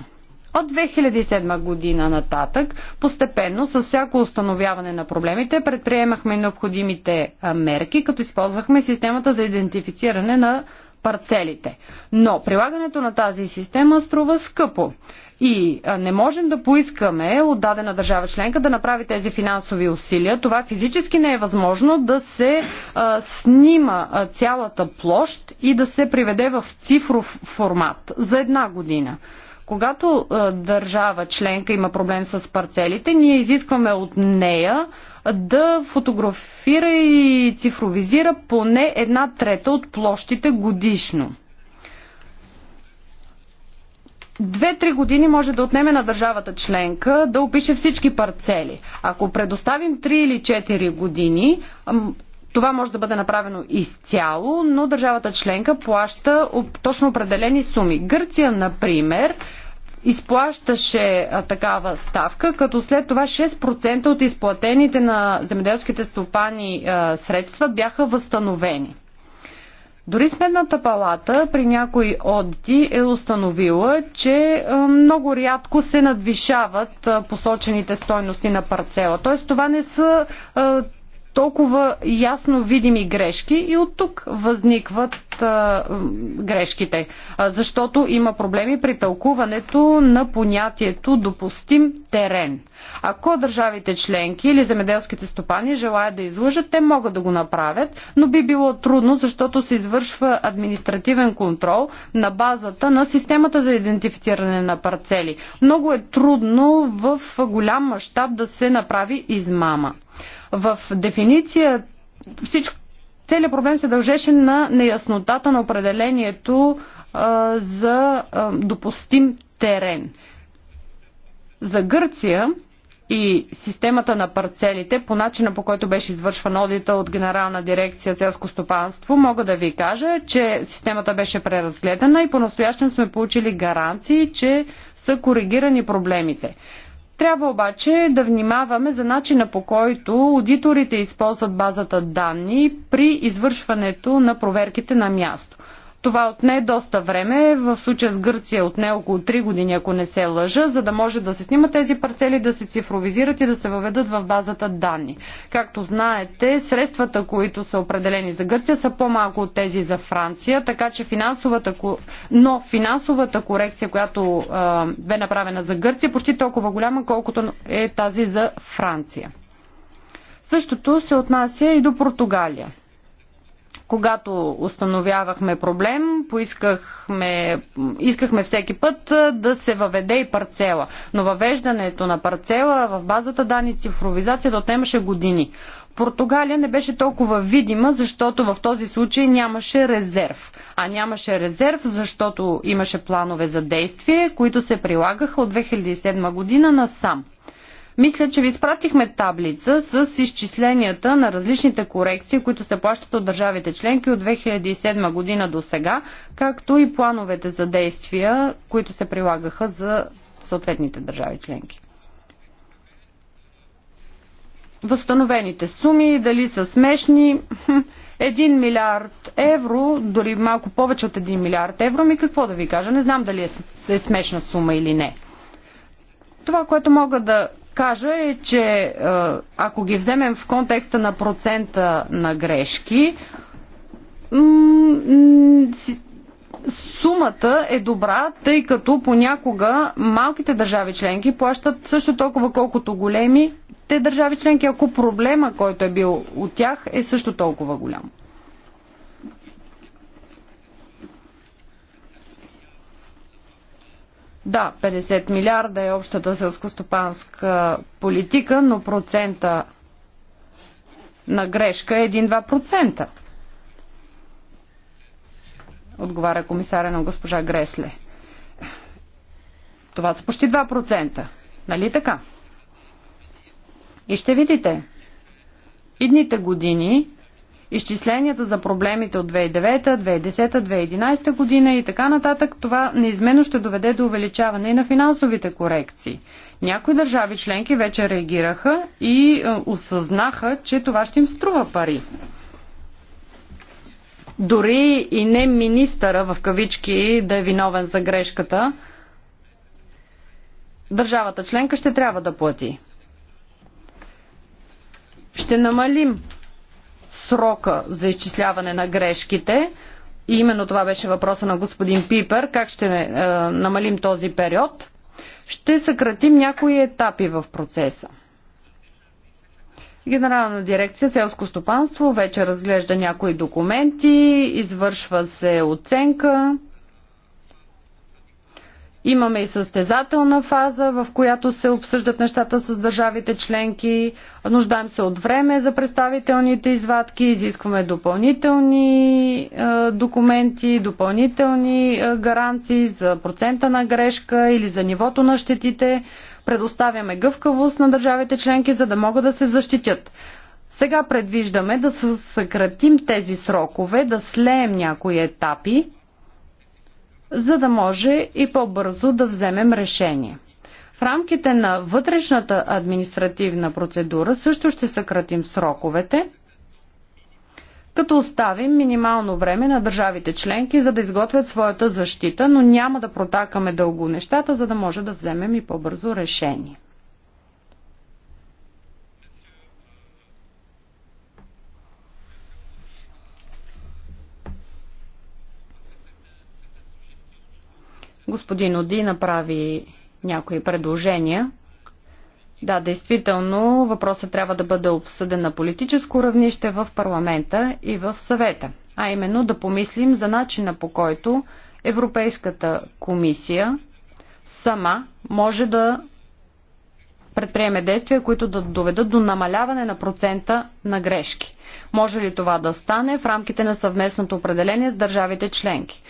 От 2007 година нататък, постепенно, с всяко установяване на проблемите, предприемахме необходимите мерки, като използвахме системата за идентифициране на парцелите. Но прилагането на тази система струва скъпо. И не можем да поискаме от дадена държава членка да направи тези финансови усилия. Това физически не е възможно да се а, снима а, цялата площ и да се приведе в цифров формат за една година. Когато а, държава членка има проблем с парцелите, ние изискваме от нея да фотографира и цифровизира поне една трета от площите годишно. Две-три години може да отнеме на държавата членка да опише всички парцели. Ако предоставим 3 или 4 години, това може да бъде направено изцяло, но държавата членка плаща точно определени суми. Гърция, например, изплащаше такава ставка, като след това 6% от изплатените на земеделските стопани средства бяха възстановени. Дори Сметната палата при някои одити е установила, че е, много рядко се надвишават е, посочените стойности на парцела. Тоест, това не са е, толкова ясно видими грешки и от тук възникват а, грешките. А, защото има проблеми при тълкуването на понятието допустим терен. Ако държавите членки или земеделските стопани желаят да излъжат, те могат да го направят, но би било трудно, защото се извършва административен контрол на базата на системата за идентифициране на парцели. Много е трудно в голям мащаб да се направи измама. В дефиниция всичко, целият проблем се дължеше на неяснотата на определението а, за а, допустим терен. За Гърция и системата на парцелите, по начина по който беше извършван одита от Генерална дирекция селско стопанство, мога да ви кажа, че системата беше преразгледана и по-настоящем сме получили гаранции, че са коригирани проблемите. Трябва обаче да внимаваме за начина по който аудиторите използват базата данни при извършването на проверките на място. Това отне доста време, в случая с Гърция отне около 3 години, ако не се лъжа, за да може да се снимат тези парцели, да се цифровизират и да се въведат в базата данни. Както знаете, средствата, които са определени за Гърция, са по-малко от тези за Франция, така че финансовата, но финансовата корекция, която а, бе направена за Гърция, е почти толкова голяма, колкото е тази за Франция. Същото се отнася и до Португалия когато установявахме проблем, поискахме, искахме всеки път да се въведе и парцела. Но въвеждането на парцела в базата данни цифровизацията отнемаше години. Португалия не беше толкова видима, защото в този случай нямаше резерв. А нямаше резерв, защото имаше планове за действие, които се прилагаха от 2007 година насам. Мисля, че ви изпратихме таблица с изчисленията на различните корекции, които се плащат от държавите членки от 2007 година до сега, както и плановете за действия, които се прилагаха за съответните държави членки. Възстановените суми, дали са смешни, 1 милиард евро, дори малко повече от 1 милиард евро, ми какво да ви кажа, не знам дали е, е смешна сума или не. Това, което мога да кажа е, че е, ако ги вземем в контекста на процента на грешки, сумата е добра, тъй като понякога малките държави членки плащат също толкова колкото големи те държави членки, ако проблема, който е бил от тях, е също толкова голям. Да, 50 милиарда е общата селскостопанска политика, но процента на грешка е 1-2%. Отговаря комисаря на госпожа Гресле. Това са почти 2%. Нали така? И ще видите. Идните години изчисленията за проблемите от 2009, 2010, 2011 година и така нататък, това неизменно ще доведе до увеличаване и на финансовите корекции. Някои държави членки вече реагираха и е, осъзнаха, че това ще им струва пари. Дори и не министъра в кавички да е виновен за грешката, държавата членка ще трябва да плати. Ще намалим срока за изчисляване на грешките. И именно това беше въпроса на господин Пипер. Как ще е, намалим този период? Ще съкратим някои етапи в процеса. Генерална дирекция селско стопанство вече разглежда някои документи, извършва се оценка. Имаме и състезателна фаза, в която се обсъждат нещата с държавите членки. Нуждаем се от време за представителните извадки, изискваме допълнителни е, документи, допълнителни е, гаранции за процента на грешка или за нивото на щетите. Предоставяме гъвкавост на държавите членки, за да могат да се защитят. Сега предвиждаме да съкратим тези срокове, да слеем някои етапи за да може и по-бързо да вземем решение. В рамките на вътрешната административна процедура също ще съкратим сроковете, като оставим минимално време на държавите членки, за да изготвят своята защита, но няма да протакаме дълго нещата, за да може да вземем и по-бързо решение. Господин Оди направи някои предложения. Да, действително, въпросът трябва да бъде обсъден на политическо равнище в парламента и в съвета, а именно да помислим за начина по който Европейската комисия сама може да предприеме действия, които да доведат до намаляване на процента на грешки. Може ли това да стане в рамките на съвместното определение с държавите членки?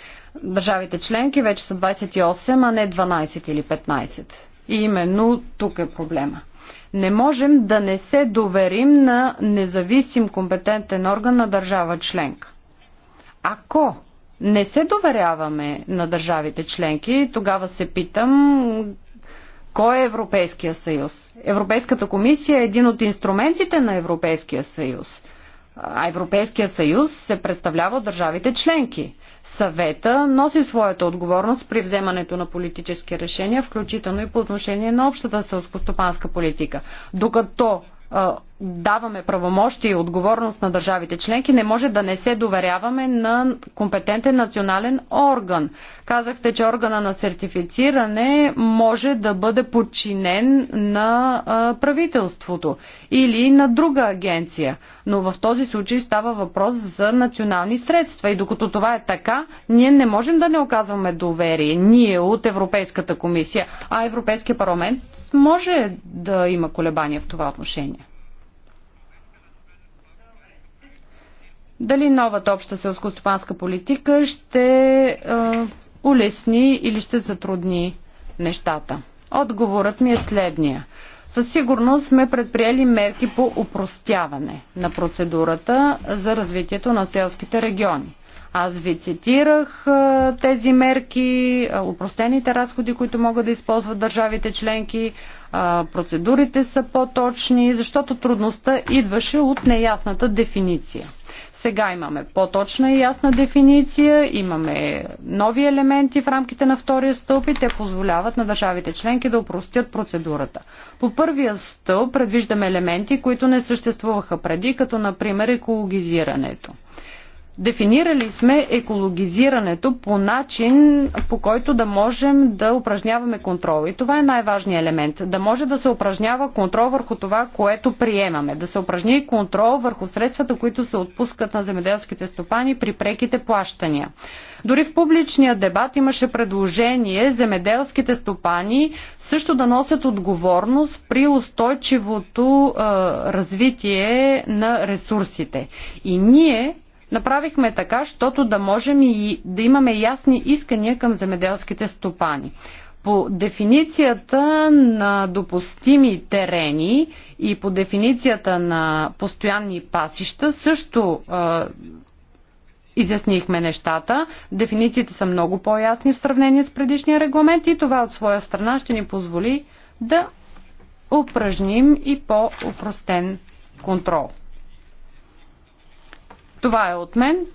Държавите членки вече са 28, а не 12 или 15. И именно тук е проблема. Не можем да не се доверим на независим компетентен орган на държава членка. Ако не се доверяваме на държавите членки, тогава се питам кой е Европейския съюз. Европейската комисия е един от инструментите на Европейския съюз – Европейския съюз се представлява от държавите членки. Съвета носи своята отговорност при вземането на политически решения, включително и по отношение на общата селскостопанска политика. Докато даваме правомощия и отговорност на държавите членки, не може да не се доверяваме на компетентен национален орган. Казахте, че органа на сертифициране може да бъде подчинен на правителството или на друга агенция. Но в този случай става въпрос за национални средства. И докато това е така, ние не можем да не оказваме доверие. Ние от Европейската комисия, а Европейския парламент може да има колебания в това отношение. Дали новата обща селскостопанска политика ще е, улесни или ще затрудни нещата? Отговорът ми е следния. Със сигурност сме предприели мерки по упростяване на процедурата за развитието на селските региони. Аз ви цитирах е, тези мерки, е, упростените разходи, които могат да използват държавите членки, е, процедурите са по-точни, защото трудността идваше от неясната дефиниция. Сега имаме по-точна и ясна дефиниция, имаме нови елементи в рамките на втория стълб и те позволяват на държавите членки да упростят процедурата. По първия стълб предвиждаме елементи, които не съществуваха преди, като например екологизирането. Дефинирали сме екологизирането по начин, по който да можем да упражняваме контрол. И това е най-важният елемент. Да може да се упражнява контрол върху това, което приемаме. Да се упражни контрол върху средствата, които се отпускат на земеделските стопани при преките плащания. Дори в публичния дебат имаше предложение земеделските стопани също да носят отговорност при устойчивото е, развитие на ресурсите. И ние Направихме така, защото да можем и да имаме ясни искания към земеделските стопани. По дефиницията на допустими терени и по дефиницията на постоянни пасища също изяснихме нещата. Дефинициите са много по-ясни в сравнение с предишния регламент и това от своя страна ще ни позволи да упражним и по-упростен контрол. Това е от мен.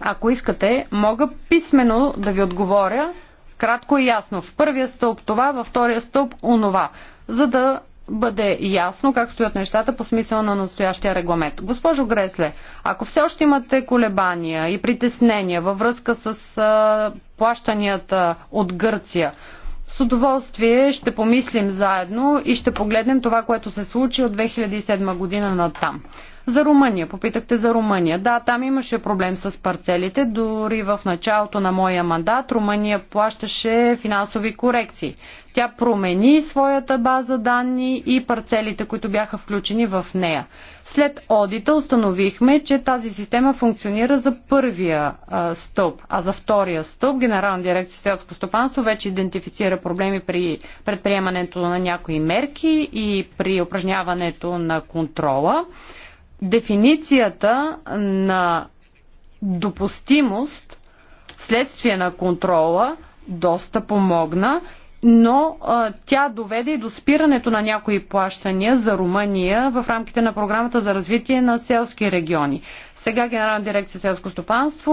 Ако искате, мога писменно да ви отговоря кратко и ясно. В първия стълб това, във втория стълб онова, за да бъде ясно как стоят нещата по смисъл на настоящия регламент. Госпожо Гресле, ако все още имате колебания и притеснения във връзка с а, плащанията от Гърция, с удоволствие ще помислим заедно и ще погледнем това, което се случи от 2007 година на там. За Румъния, попитахте за Румъния. Да, там имаше проблем с парцелите. Дори в началото на моя мандат Румъния плащаше финансови корекции. Тя промени своята база данни и парцелите, които бяха включени в нея. След одита установихме, че тази система функционира за първия а, стълб, а за втория стълб Генерална дирекция селско стопанство вече идентифицира проблеми при предприемането на някои мерки и при упражняването на контрола дефиницията на допустимост следствие на контрола доста помогна, но а, тя доведе и до спирането на някои плащания за Румъния в рамките на програмата за развитие на селски региони. Сега Генерална дирекция селско стопанство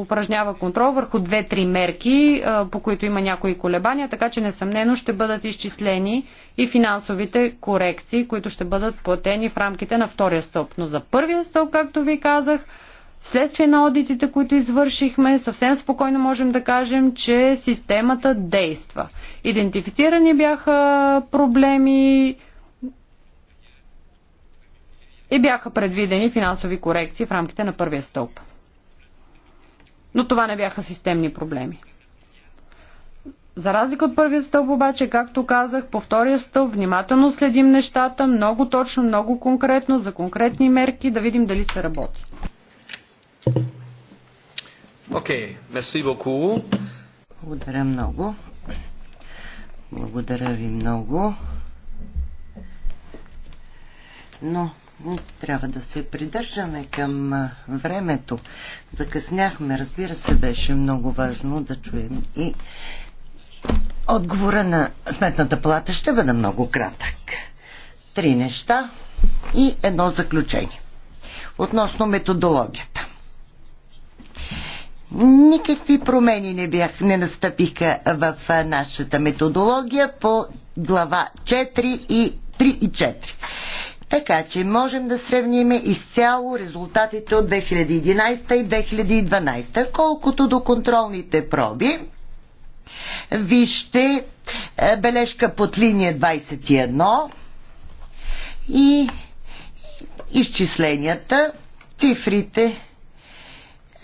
упражнява контрол върху две-три мерки, по които има някои колебания, така че несъмнено ще бъдат изчислени и финансовите корекции, които ще бъдат платени в рамките на втория стълб. Но за първия стълб, както ви казах, Вследствие на одитите, които извършихме, съвсем спокойно можем да кажем, че системата действа. Идентифицирани бяха проблеми, и бяха предвидени финансови корекции в рамките на първия стълб. Но това не бяха системни проблеми. За разлика от първия стълб обаче, както казах, по втория стълб внимателно следим нещата, много точно, много конкретно, за конкретни мерки, да видим дали се работи. Окей, мерси beaucoup. Благодаря много. Благодаря ви много. Но трябва да се придържаме към времето. Закъсняхме, разбира се, беше много важно да чуем и отговора на Сметната палата ще бъде много кратък. Три неща и едно заключение. Относно методологията. Никакви промени не, бях, не настъпиха в нашата методология по глава 4 и 3 и 4. Така че можем да сравним изцяло резултатите от 2011 и 2012. Колкото до контролните проби, вижте е, бележка под линия 21 и изчисленията, цифрите е,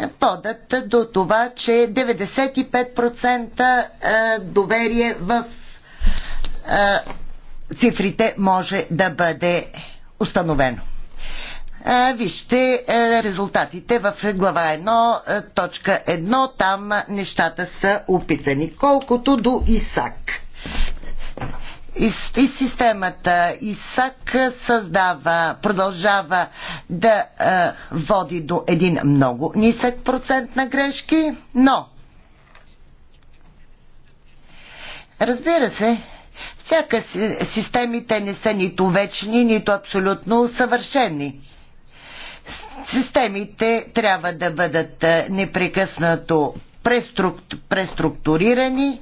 подат до това, че 95% е, доверие в цифрите може да бъде установено. Вижте резултатите в глава 1, точка 1. Там нещата са описани. Колкото до ИСАК. И системата ИСАК създава, продължава да води до един много нисък процент на грешки, но Разбира се, всяка системите не са нито вечни, нито абсолютно съвършени. Системите трябва да бъдат непрекъснато преструктурирани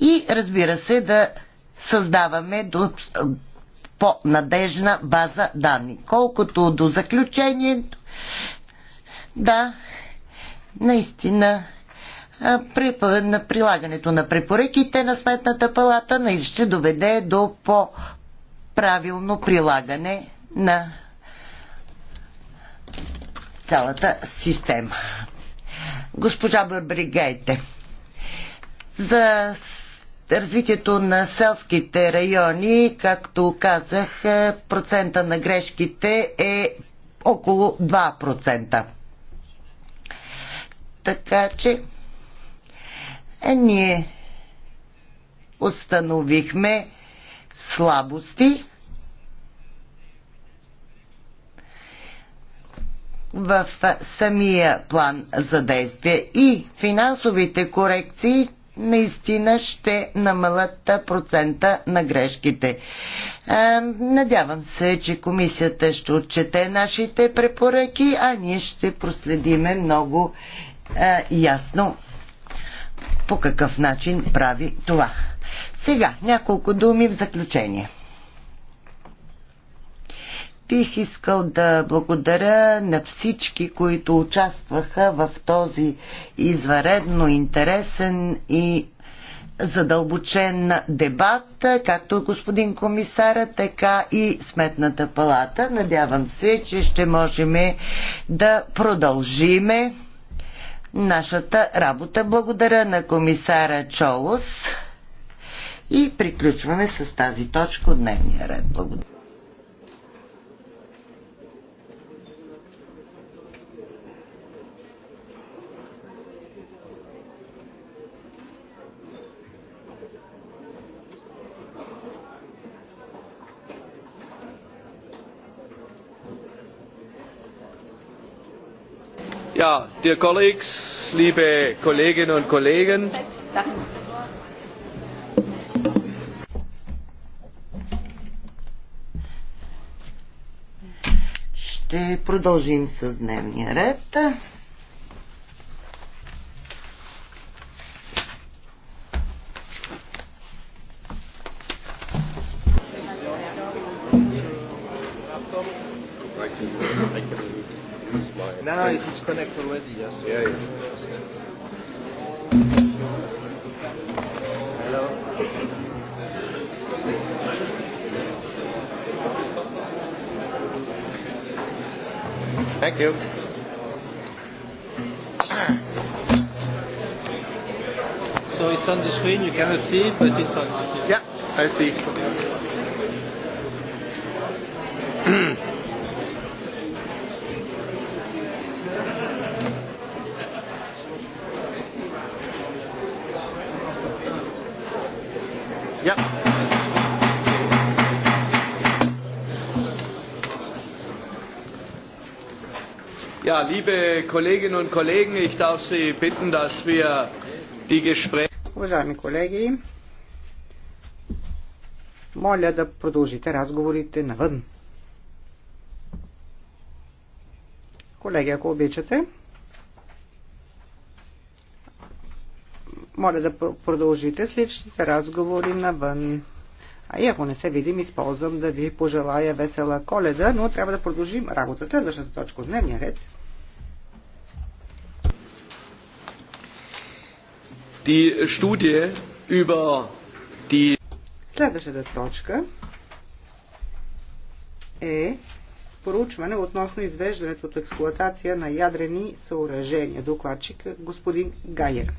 и разбира се да създаваме по-надежна база данни. Колкото до заключението, да, наистина на прилагането на препоръките на Сметната палата не ще доведе до по-правилно прилагане на цялата система. Госпожа Бърбригайте, за развитието на селските райони, както казах, е, процента на грешките е около 2%. Така че е, ние установихме слабости в самия план за действие и финансовите корекции наистина ще намалят процента на грешките. Е, надявам се, че комисията ще отчете нашите препоръки, а ние ще проследиме много е, ясно по какъв начин прави това. Сега няколко думи в заключение. Бих искал да благодаря на всички, които участваха в този изваредно интересен и задълбочен дебат, както господин комисара, така и Сметната палата. Надявам се, че ще можем да продължиме нашата работа. Благодаря на комисара Чолос и приключваме с тази точка от дневния ред. Благодаря. Ja, dear colleagues, liebe Kolleginnen und Kollegen. Ще продължим с дневния ред. Now it is connected already, yes. Yeah, yeah. Hello. Thank you. So it's on the screen, you cannot see it, but it's on. Yeah, I see. Ja, liebe Kolleginnen und Kollegen, ich darf Sie bitten, dass wir die Gespräche. Уважаеми колеги, моля да продължите разговорите навън. Колеги, ако обичате, моля да продължите с личните разговори навън. А и ако не се видим, използвам да ви пожелая весела коледа, но трябва да продължим работата. Следващата точка от дневния ред Die Studie über die Следващата точка е поручване относно извеждането от експлоатация на ядрени съоръжения. Докладчик е господин Гайер.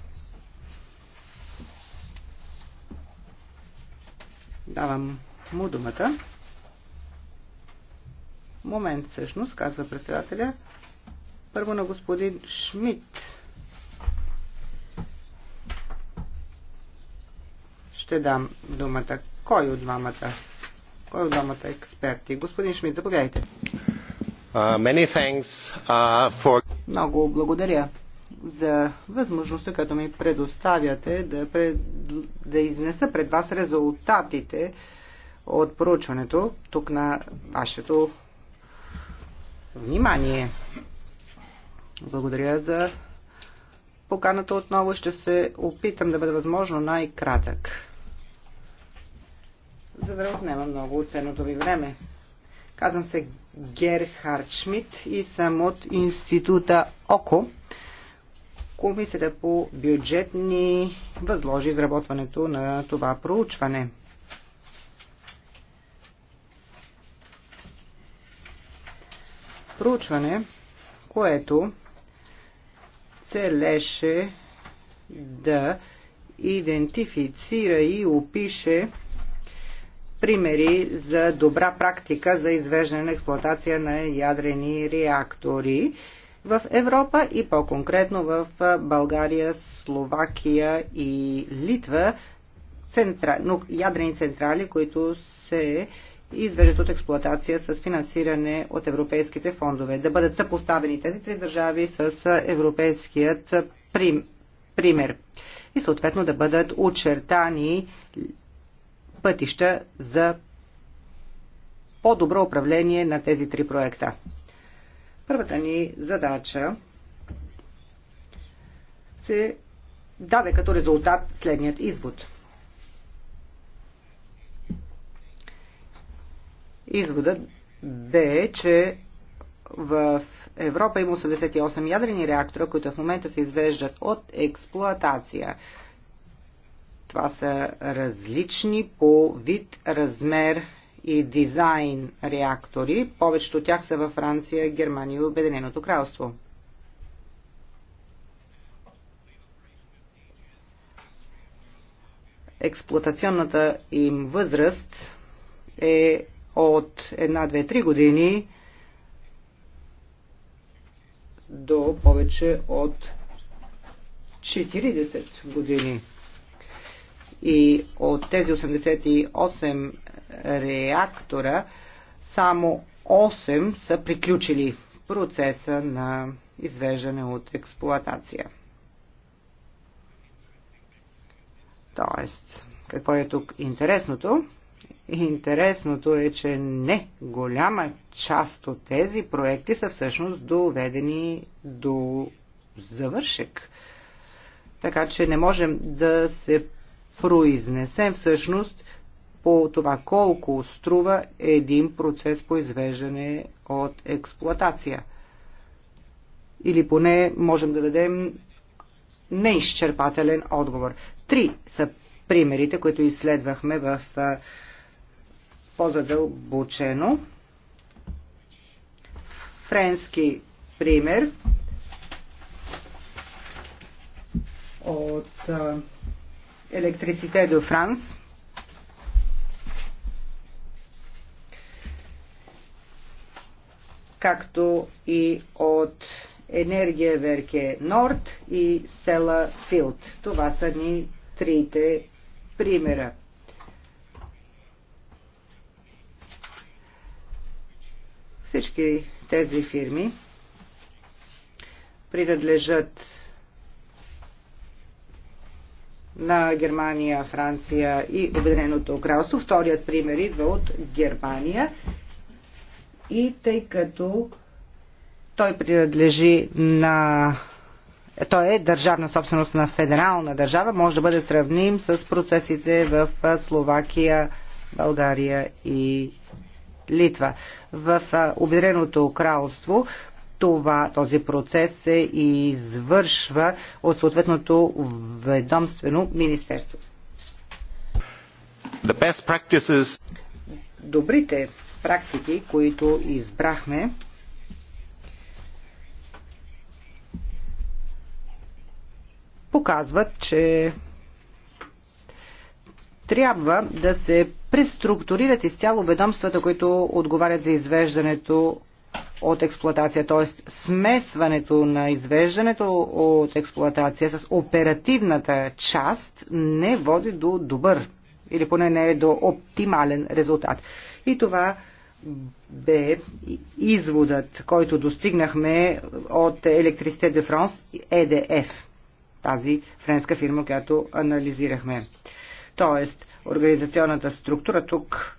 Давам му думата. Момент всъщност, казва председателя. Първо на господин Шмидт. ще дам думата. Кой от двамата? Кой от двамата експерти? Господин Шмидт, заповядайте. Uh, many thanks, uh, for... Много благодаря за възможността, като ми предоставяте да, пред... да изнеса пред вас резултатите от проучването тук на вашето внимание. Благодаря за поканата отново. Ще се опитам да бъда възможно най-кратък за да отнема много от ценното ви време. Казвам се Герхард Шмидт и съм от института ОКО. Комисията по бюджет ни възложи изработването на това проучване. Проучване, което целеше да идентифицира и опише примери за добра практика за извеждане на експлуатация на ядрени реактори в Европа и по-конкретно в България, Словакия и Литва центра... ядрени централи, които се извеждат от експлоатация с финансиране от европейските фондове. Да бъдат съпоставени тези три държави с европейският прим... пример и съответно да бъдат очертани пътища за по-добро управление на тези три проекта. Първата ни задача се даде като резултат следният извод. Изводът бе, че в Европа има 88 ядрени реактора, които в момента се извеждат от експлоатация. Това са различни по вид, размер и дизайн реактори. Повечето от тях са във Франция, Германия и Обединеното кралство. Експлуатационната им възраст е от 1-2-3 години до повече от 40 години и от тези 88 реактора само 8 са приключили процеса на извеждане от експлоатация. Тоест, какво е тук интересното? Интересното е, че не голяма част от тези проекти са всъщност доведени до завършек. Така че не можем да се произнесем всъщност по това колко струва един процес по извеждане от експлоатация. Или поне можем да дадем неизчерпателен отговор. Три са примерите, които изследвахме в по-задълбочено. Френски пример от Електрисите до Франс. както и от Енергия Верке Норд и Села Филд. Това са ни трите примера. Всички тези фирми принадлежат на Германия, Франция и Обединеното кралство. Вторият пример идва от Германия и тъй като той принадлежи на той е държавна собственост на федерална държава, може да бъде сравним с процесите в Словакия, България и Литва. В Обединеното кралство това, този процес се извършва от съответното ведомствено министерство. The best practices... Добрите практики, които избрахме, показват, че трябва да се преструктурират изцяло ведомствата, които отговарят за извеждането от експлуатация, т.е. смесването на извеждането от експлоатация с оперативната част не води до добър или поне не е до оптимален резултат. И това бе изводът, който достигнахме от Електристе де Франс ЕДФ, тази френска фирма, която анализирахме. Тоест, организационната структура тук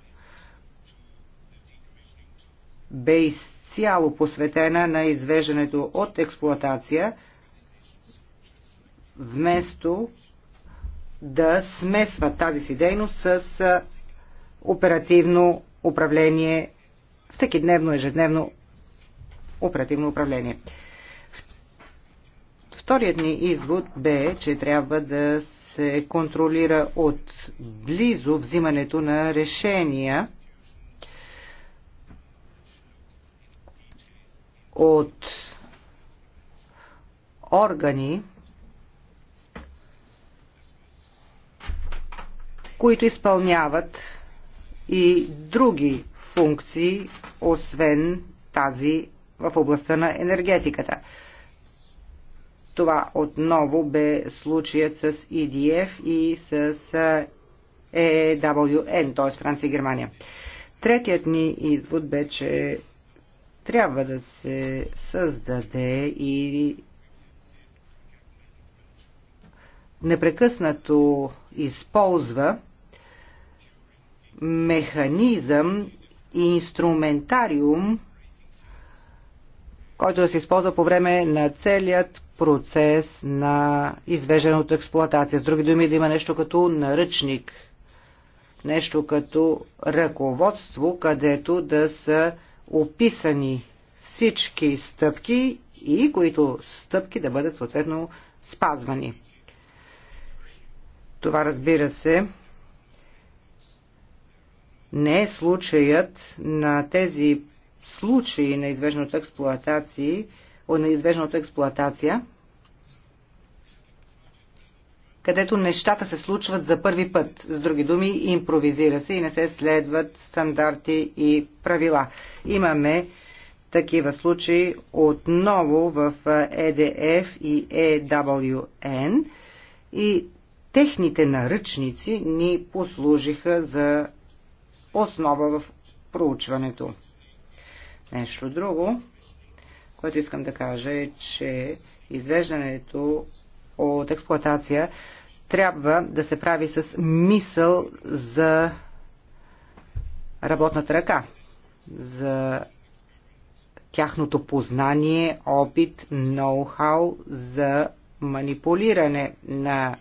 бе из изцяло посветена на извеждането от експлоатация, вместо да смесва тази си дейност с оперативно управление, всеки дневно, ежедневно оперативно управление. Вторият ни извод бе, че трябва да се контролира от близо взимането на решения от органи, които изпълняват и други функции, освен тази в областта на енергетиката. Това отново бе случаят с EDF и с EWN, е, е, е, т.е. Франция и Германия. Третият ни извод бе, че трябва да се създаде и непрекъснато използва механизъм и инструментариум, който да се използва по време на целият процес на извеждане от експлоатация. С други думи да има нещо като наръчник, нещо като ръководство, където да са описани всички стъпки и които стъпки да бъдат съответно спазвани. Това разбира се не е случаят на тези случаи на извежната експлоатации, на извежната експлоатация, където нещата се случват за първи път. С други думи, импровизира се и не се следват стандарти и правила. Имаме такива случаи отново в EDF е и EWN е и техните наръчници ни послужиха за основа в проучването. Нещо друго, което искам да кажа е, че извеждането от експлоатация трябва да се прави с мисъл за работната ръка за тяхното познание, опит, ноу-хау за манипулиране на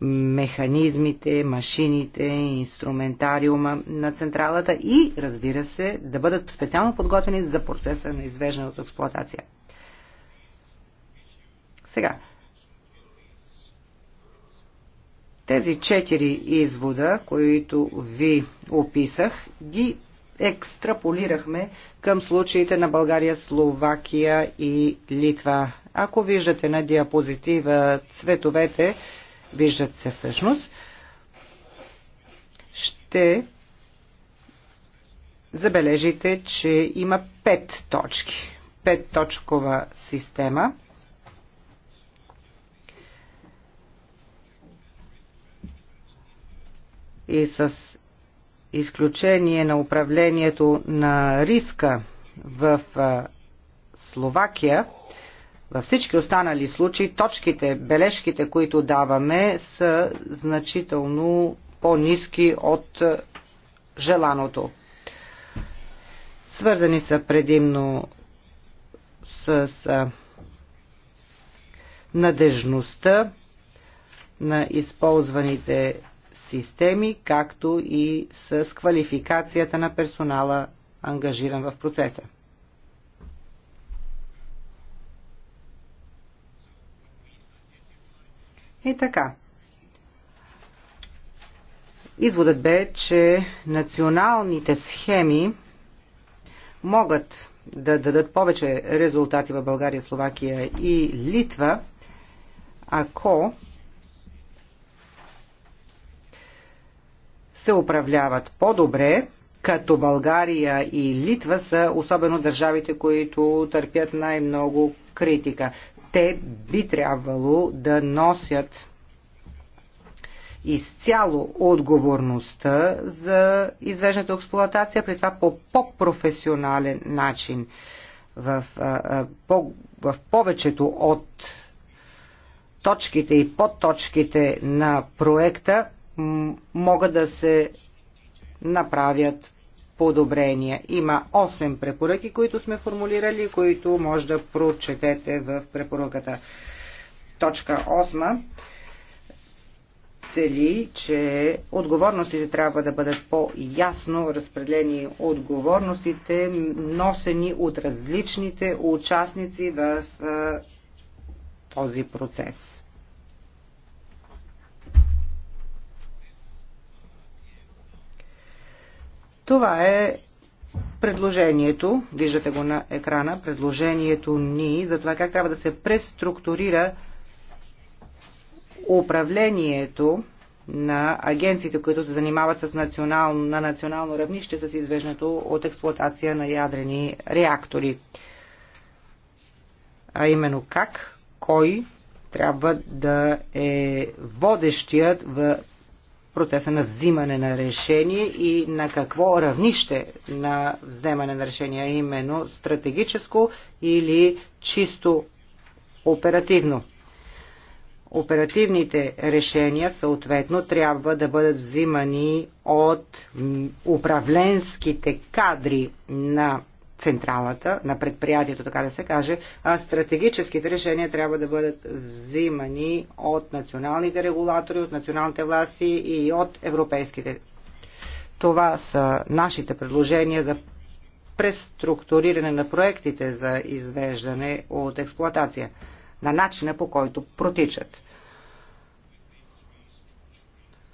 механизмите, машините, инструментариума на централата и, разбира се, да бъдат специално подготвени за процеса на извеждане от експлоатация. Сега, Тези четири извода, които ви описах, ги екстраполирахме към случаите на България, Словакия и Литва. Ако виждате на диапозитива цветовете, виждат се всъщност, ще забележите, че има пет точки. Пет точкова система – и с изключение на управлението на риска в Словакия, във всички останали случаи точките, бележките, които даваме, са значително по-низки от желаното. Свързани са предимно с надежността на използваните системи, както и с квалификацията на персонала, ангажиран в процеса. И така. Изводът бе, че националните схеми могат да дадат повече резултати в България, Словакия и Литва, ако се управляват по-добре, като България и Литва са особено държавите, които търпят най-много критика. Те би трябвало да носят изцяло отговорността за извеждането експлуатация, при това по по-професионален начин. В, а, по, в повечето от точките и подточките на проекта могат да се направят подобрения. Има 8 препоръки, които сме формулирали, които може да прочетете в препоръката. Точка 8 цели, че отговорностите трябва да бъдат по-ясно разпределени отговорностите, носени от различните участници в този процес. Това е предложението, виждате го на екрана, предложението ни за това как трябва да се преструктурира управлението на агенциите, които се занимават с национал, на национално равнище с извеждането от експлуатация на ядрени реактори. А именно как, кой трябва да е водещият в процеса на взимане на решение и на какво равнище на вземане на решение, именно стратегическо или чисто оперативно. Оперативните решения съответно трябва да бъдат взимани от управленските кадри на централата на предприятието, така да се каже, а стратегическите решения трябва да бъдат взимани от националните регулатори, от националните власти и от европейските. Това са нашите предложения за преструктуриране на проектите за извеждане от експлоатация, на начина по който протичат.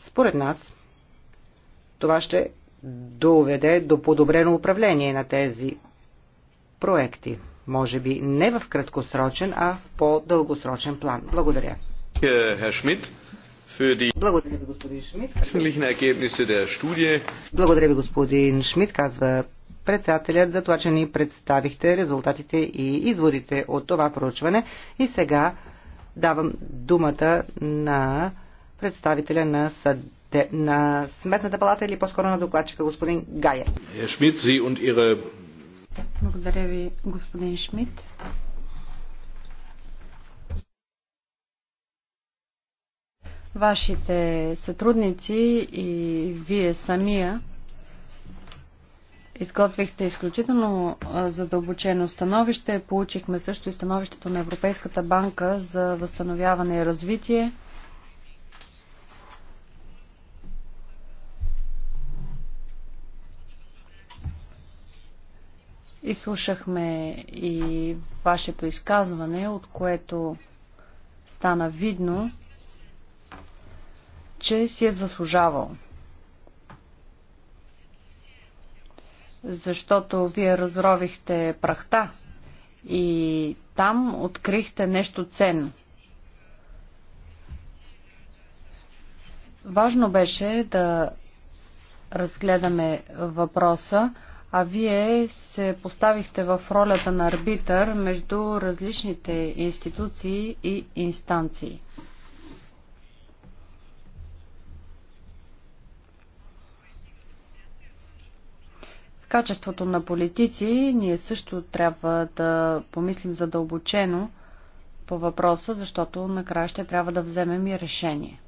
Според нас, това ще доведе до подобрено управление на тези проекти. Може би не в краткосрочен, а в по-дългосрочен план. Благодаря. Благодаря ви, господин Шмидт. Благодаря ви, господин Шмидт, казва председателят, за това, че ни представихте резултатите и изводите от това проучване. И сега давам думата на представителя на съд на Сметната палата или по-скоро на докладчика господин Гая. Шмидт, Sie und Ihre благодаря ви, господин Шмидт. Вашите сътрудници и вие самия изготвихте изключително задълбочено становище. Получихме също и становището на Европейската банка за възстановяване и развитие. Изслушахме и вашето изказване, от което стана видно, че си е заслужавал. Защото вие разровихте прахта и там открихте нещо ценно. Важно беше да разгледаме въпроса, а вие се поставихте в ролята на арбитър между различните институции и инстанции. В качеството на политици ние също трябва да помислим задълбочено по въпроса, защото накрая ще трябва да вземем и решение.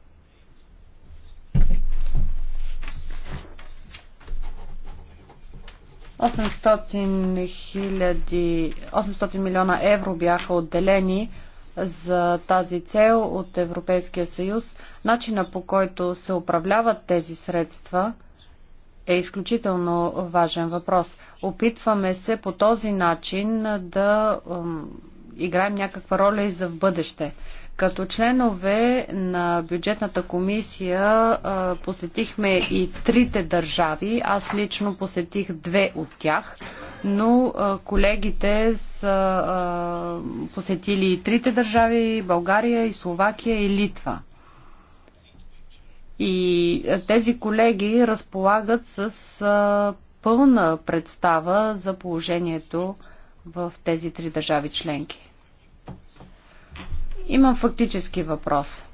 800, милиона евро бяха отделени за тази цел от Европейския съюз. Начина по който се управляват тези средства е изключително важен въпрос. Опитваме се по този начин да играем някаква роля и за в бъдеще. Като членове на бюджетната комисия посетихме и трите държави. Аз лично посетих две от тях, но колегите са посетили и трите държави България, и Словакия, и Литва. И тези колеги разполагат с пълна представа за положението в тези три държави членки. Имам фактически въпрос.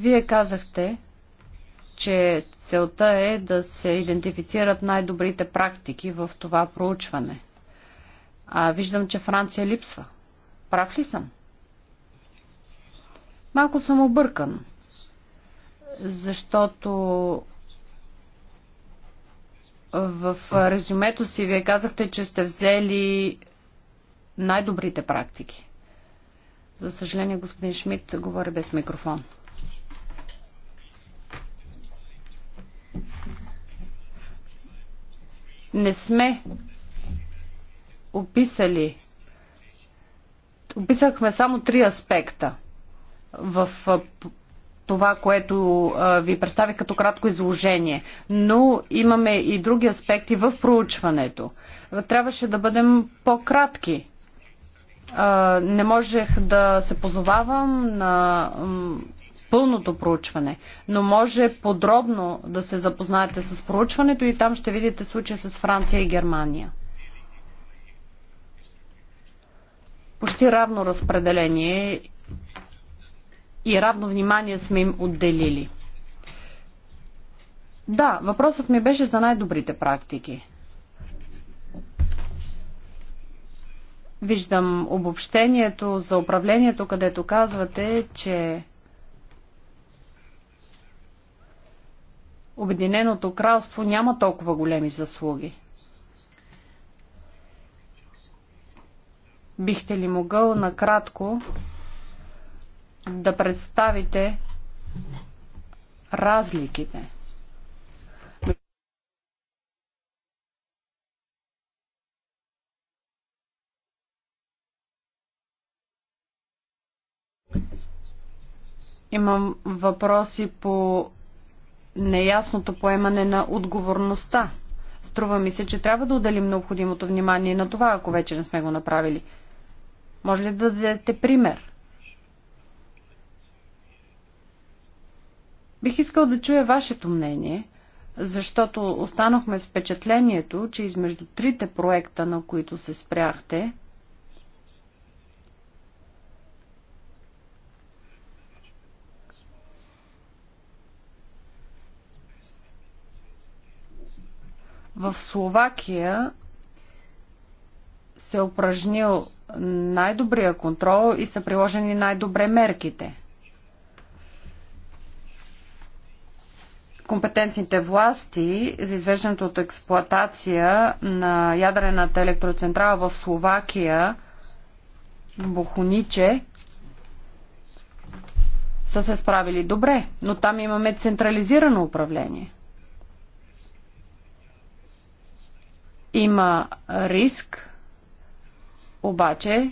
Вие казахте, че целта е да се идентифицират най-добрите практики в това проучване. А виждам, че Франция липсва. Прав ли съм? Малко съм объркан, защото в резюмето си вие казахте, че сте взели най-добрите практики. За съжаление, господин Шмидт говори без микрофон. Не сме описали. Описахме само три аспекта в това, което ви представих като кратко изложение. Но имаме и други аспекти в проучването. Трябваше да бъдем по-кратки не можех да се позовавам на пълното проучване, но може подробно да се запознаете с проучването и там ще видите случая с Франция и Германия. Почти равно разпределение и равно внимание сме им отделили. Да, въпросът ми беше за най-добрите практики. Виждам обобщението за управлението, където казвате, че Обединеното кралство няма толкова големи заслуги. Бихте ли могъл накратко да представите разликите? Имам въпроси по неясното поемане на отговорността. Струва ми се, че трябва да отделим необходимото внимание на това, ако вече не сме го направили. Може ли да дадете пример? Бих искал да чуя вашето мнение, защото останахме с впечатлението, че измежду трите проекта, на които се спряхте, В Словакия се е упражнил най-добрия контрол и са приложени най-добре мерките. компетентните власти за извеждането от експлоатация на ядрената електроцентрала в Словакия Бохуниче са се справили добре, но там имаме централизирано управление. Има риск, обаче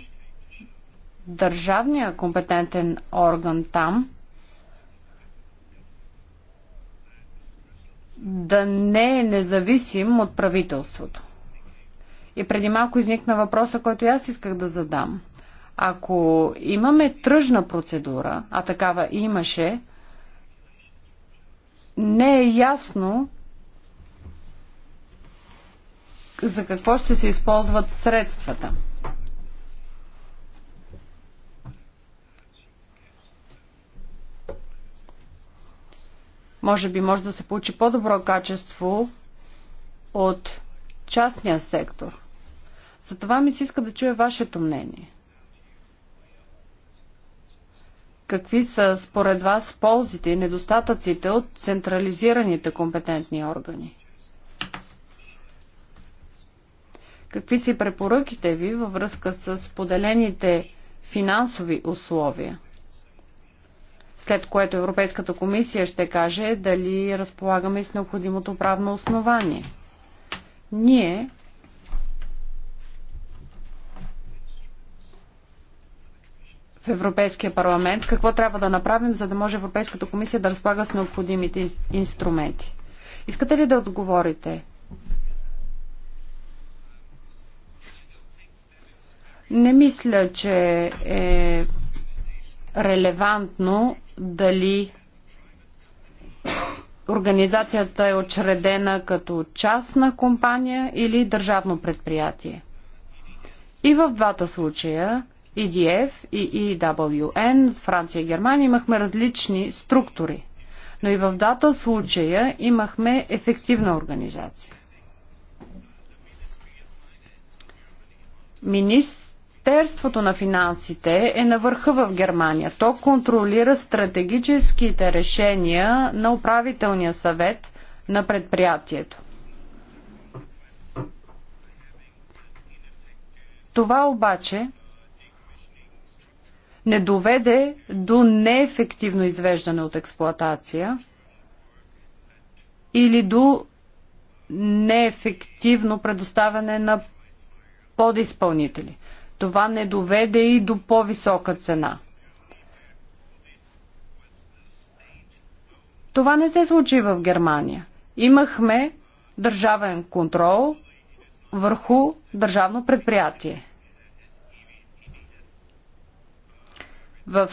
държавния компетентен орган там да не е независим от правителството. И преди малко изникна въпроса, който аз исках да задам. Ако имаме тръжна процедура, а такава имаше, не е ясно за какво ще се използват средствата. Може би може да се получи по-добро качество от частния сектор. Затова ми се иска да чуя вашето мнение. Какви са според вас ползите и недостатъците от централизираните компетентни органи? Какви си препоръките ви във връзка с поделените финансови условия? След което Европейската комисия ще каже дали разполагаме с необходимото правно основание. Ние в Европейския парламент, какво трябва да направим, за да може Европейската комисия да разполага с необходимите инструменти. Искате ли да отговорите Не мисля, че е релевантно дали организацията е очредена като частна компания или държавно предприятие. И в двата случая EDF и EWN, Франция и Германия, имахме различни структури. Но и в двата случая имахме ефективна организация. Министр Министерството на финансите е на върха в Германия. То контролира стратегическите решения на управителния съвет на предприятието. Това обаче не доведе до неефективно извеждане от експлоатация или до неефективно предоставяне на подизпълнители това не доведе и до по-висока цена. Това не се случи в Германия. Имахме държавен контрол върху държавно предприятие. В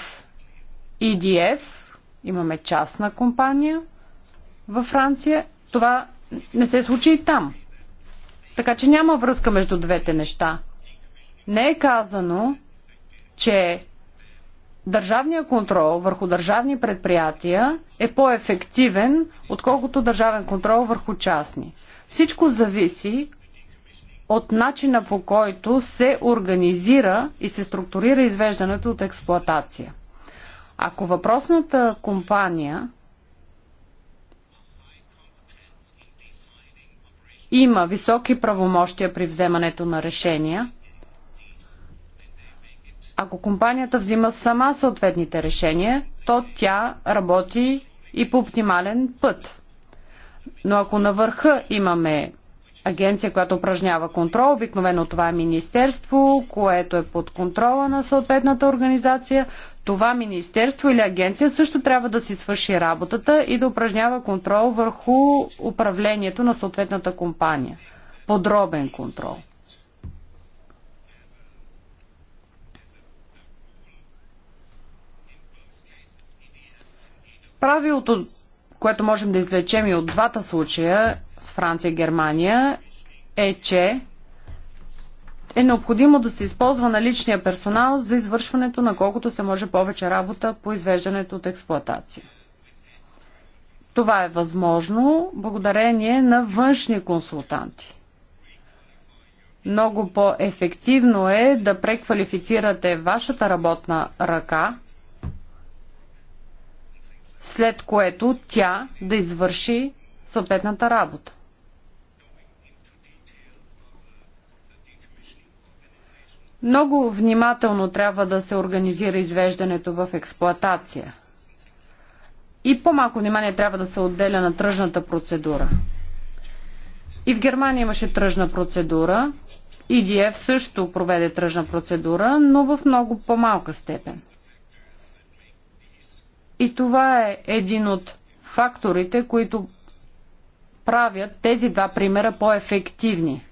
EDF имаме частна компания във Франция. Това не се случи и там. Така че няма връзка между двете неща не е казано, че държавния контрол върху държавни предприятия е по-ефективен, отколкото държавен контрол върху частни. Всичко зависи от начина по който се организира и се структурира извеждането от експлоатация. Ако въпросната компания има високи правомощия при вземането на решения, ако компанията взима сама съответните решения, то тя работи и по оптимален път. Но ако на върха имаме агенция, която упражнява контрол, обикновено това е министерство, което е под контрола на съответната организация, това министерство или агенция също трябва да си свърши работата и да упражнява контрол върху управлението на съответната компания. Подробен контрол. Правилото, което можем да излечем и от двата случая с Франция и Германия, е, че е необходимо да се използва наличния персонал за извършването на колкото се може повече работа по извеждането от експлоатация. Това е възможно благодарение на външни консултанти. Много по-ефективно е да преквалифицирате вашата работна ръка след което тя да извърши съответната работа. Много внимателно трябва да се организира извеждането в експлоатация. И по-малко внимание трябва да се отделя на тръжната процедура. И в Германия имаше тръжна процедура. EDF също проведе тръжна процедура, но в много по-малка степен. И това е един от факторите, които правят тези два примера по-ефективни.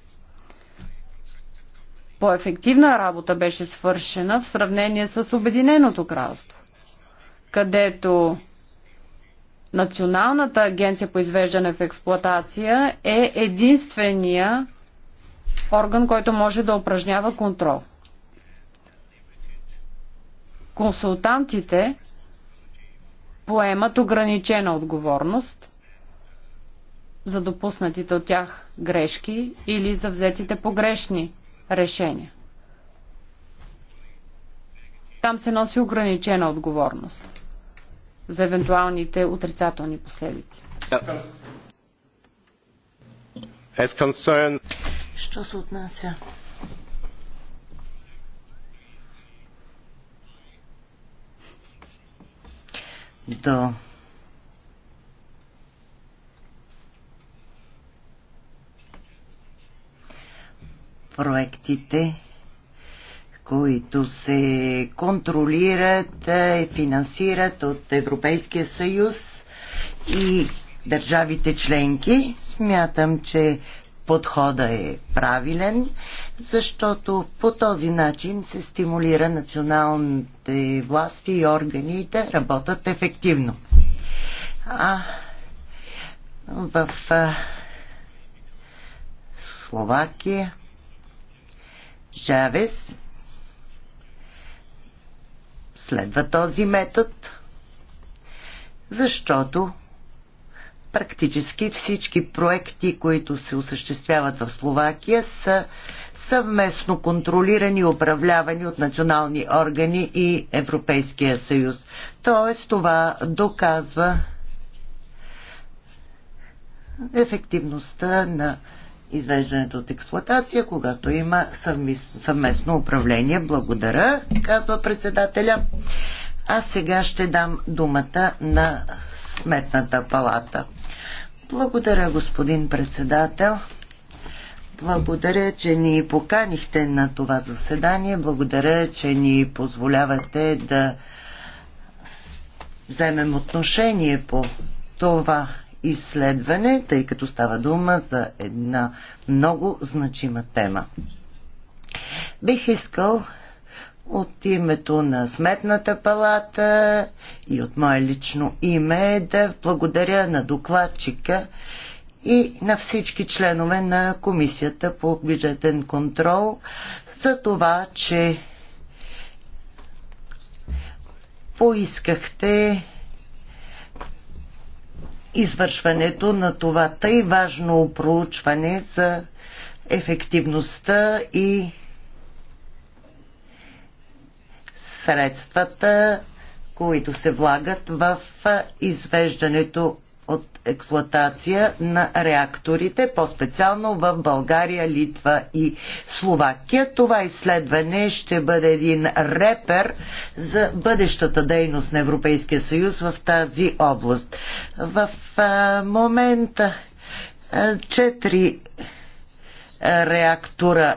По-ефективна работа беше свършена в сравнение с Обединеното кралство, където Националната агенция по извеждане в експлоатация е единствения орган, който може да упражнява контрол. Консултантите поемат ограничена отговорност за допуснатите от тях грешки или за взетите погрешни решения. Там се носи ограничена отговорност за евентуалните отрицателни последици. Що се отнася до проектите, които се контролират и е, финансират от Европейския съюз и държавите членки. Смятам, че подхода е правилен, защото по този начин се стимулира националните власти и органи да работят ефективно. А в а, Словакия Жавес следва този метод, защото Практически всички проекти, които се осъществяват в Словакия, са съвместно контролирани и управлявани от национални органи и Европейския съюз. Тоест това доказва ефективността на извеждането от експлоатация, когато има съвместно управление. Благодаря, казва председателя. А сега ще дам думата на Сметната палата. Благодаря, господин председател. Благодаря, че ни поканихте на това заседание. Благодаря, че ни позволявате да вземем отношение по това изследване, тъй като става дума за една много значима тема. Бих искал от името на Сметната палата и от мое лично име да благодаря на докладчика и на всички членове на Комисията по бюджетен контрол за това, че поискахте извършването на това тъй важно проучване за ефективността и средствата, които се влагат в извеждането от експлоатация на реакторите, по-специално в България, Литва и Словакия. Това изследване ще бъде един репер за бъдещата дейност на Европейския съюз в тази област. В момента четири реактора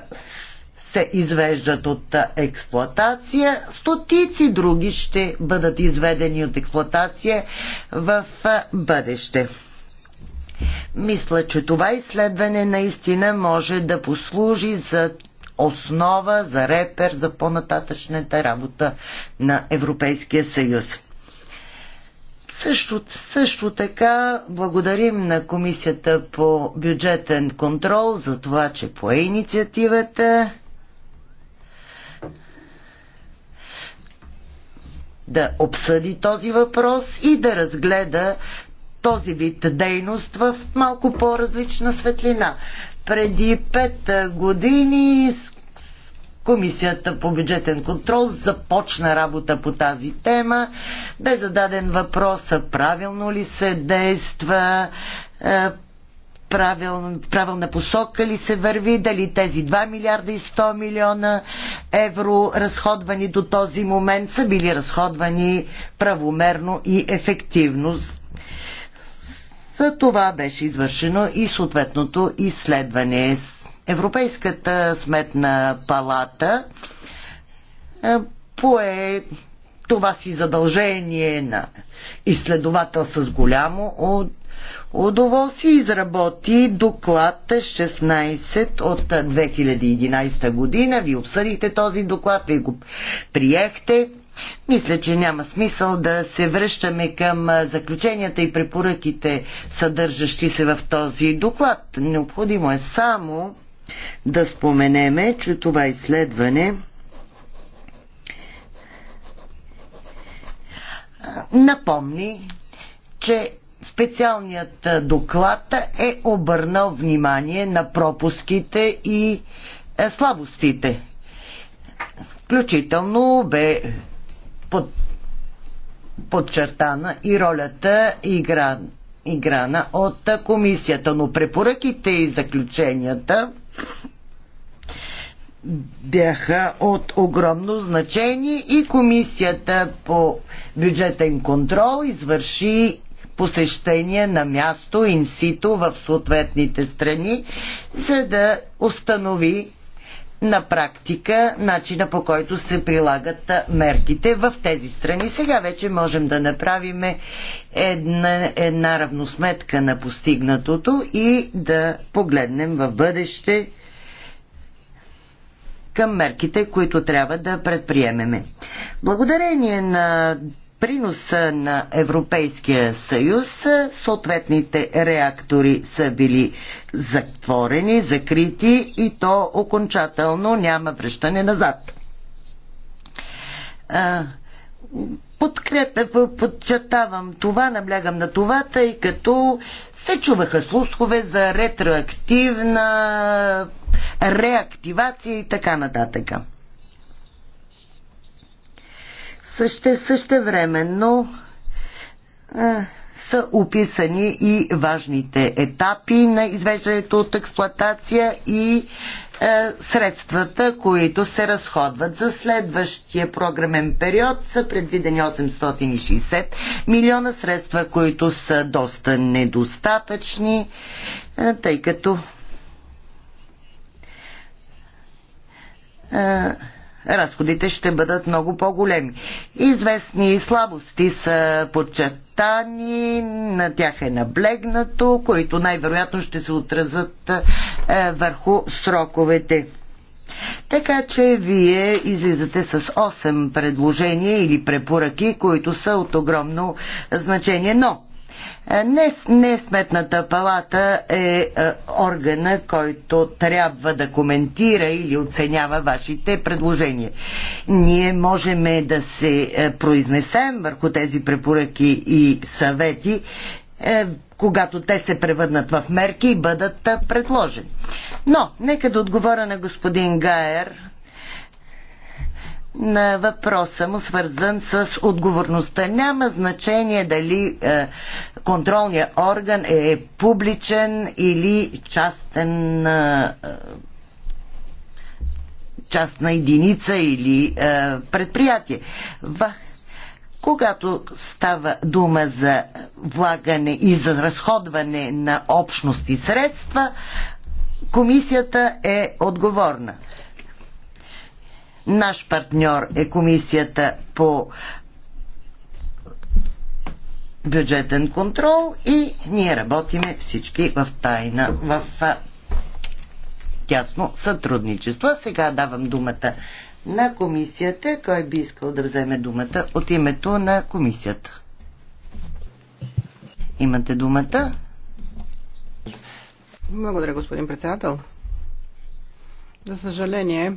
се извеждат от експлоатация, стотици други ще бъдат изведени от експлоатация в бъдеще. Мисля, че това изследване наистина може да послужи за основа, за репер, за по-нататъчната работа на Европейския съюз. Също, също така благодарим на Комисията по бюджетен контрол за това, че пое инициативата да обсъди този въпрос и да разгледа този вид дейност в малко по-различна светлина. Преди пет години Комисията по бюджетен контрол започна работа по тази тема. Бе зададен въпроса правилно ли се действа, правил, правилна посока ли се върви, дали тези 2 милиарда и 100 милиона евро разходвани до този момент са били разходвани правомерно и ефективно. За това беше извършено и съответното изследване. Европейската сметна палата е, пое това си задължение на изследовател с голямо от удоволствие изработи доклад 16 от 2011 година. Ви обсъдихте този доклад, ви го приехте. Мисля, че няма смисъл да се връщаме към заключенията и препоръките, съдържащи се в този доклад. Необходимо е само да споменеме, че това изследване напомни, че Специалният доклад е обърнал внимание на пропуските и е, слабостите. Включително бе под, подчертана и ролята игра, играна от комисията, но препоръките и заключенията бяха от огромно значение и комисията по бюджетен контрол извърши посещения на място, инсито в съответните страни, за да установи на практика начина по който се прилагат мерките в тези страни. Сега вече можем да направим една, една равносметка на постигнатото и да погледнем в бъдеще към мерките, които трябва да предприемеме. Благодарение на приноса на Европейския съюз съответните реактори са били затворени, закрити и то окончателно няма връщане назад. Подкрепя, подчертавам това, наблягам на това, тъй като се чуваха слухове за ретроактивна реактивация и така нататък. Също, същевременно е, са описани и важните етапи на извеждането от експлоатация и е, средствата, които се разходват за следващия програмен период са предвидени 860 милиона средства, които са доста недостатъчни, е, тъй като е, разходите ще бъдат много по-големи. Известни слабости са подчертани, на тях е наблегнато, които най-вероятно ще се отразат е, върху сроковете. Така че вие излизате с 8 предложения или препоръки, които са от огромно значение. Но е, не, не Сметната палата е, е органа, който трябва да коментира или оценява вашите предложения. Ние можем да се е, произнесем върху тези препоръки и съвети, когато те се превърнат в мерки и бъдат предложени. Но, нека да отговоря на господин Гайер на въпроса му, свързан с отговорността. Няма значение дали е, контролният орган е публичен или частен, е, частна единица или е, предприятие. В, когато става дума за влагане и за разходване на общности средства, комисията е отговорна. Наш партньор е комисията по бюджетен контрол и ние работиме всички в тайна, в тясно сътрудничество. Сега давам думата на комисията. Кой би искал да вземе думата от името на комисията? Имате думата. Благодаря, господин председател. За съжаление,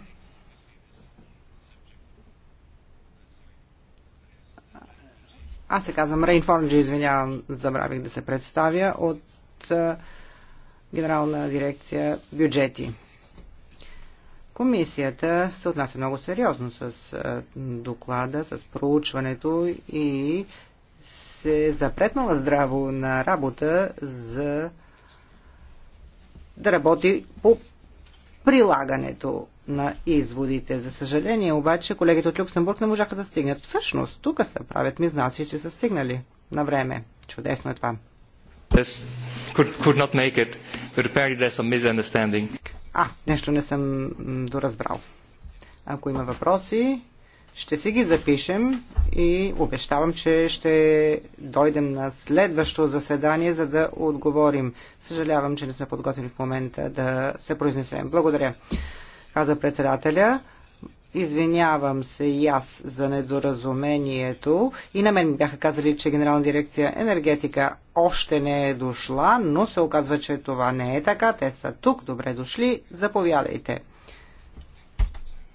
Аз се казвам Рейнфорнджи, извинявам, забравих да се представя от Генерална дирекция бюджети. Комисията се отнася много сериозно с доклада, с проучването и се запретнала здраво на работа за да работи по прилагането на изводите. За съжаление обаче колегите от Люксембург не можаха да стигнат. Всъщност, тук се правят ми знаци, че са стигнали на време. Чудесно е това. Could, could it, а, нещо не съм доразбрал. Ако има въпроси, ще си ги запишем и обещавам, че ще дойдем на следващо заседание, за да отговорим. Съжалявам, че не сме подготвени в момента да се произнесем. Благодаря. Каза председателя. Извинявам се и аз за недоразумението. И на мен бяха казали, че Генерална дирекция енергетика още не е дошла, но се оказва, че това не е така. Те са тук. Добре дошли. Заповядайте.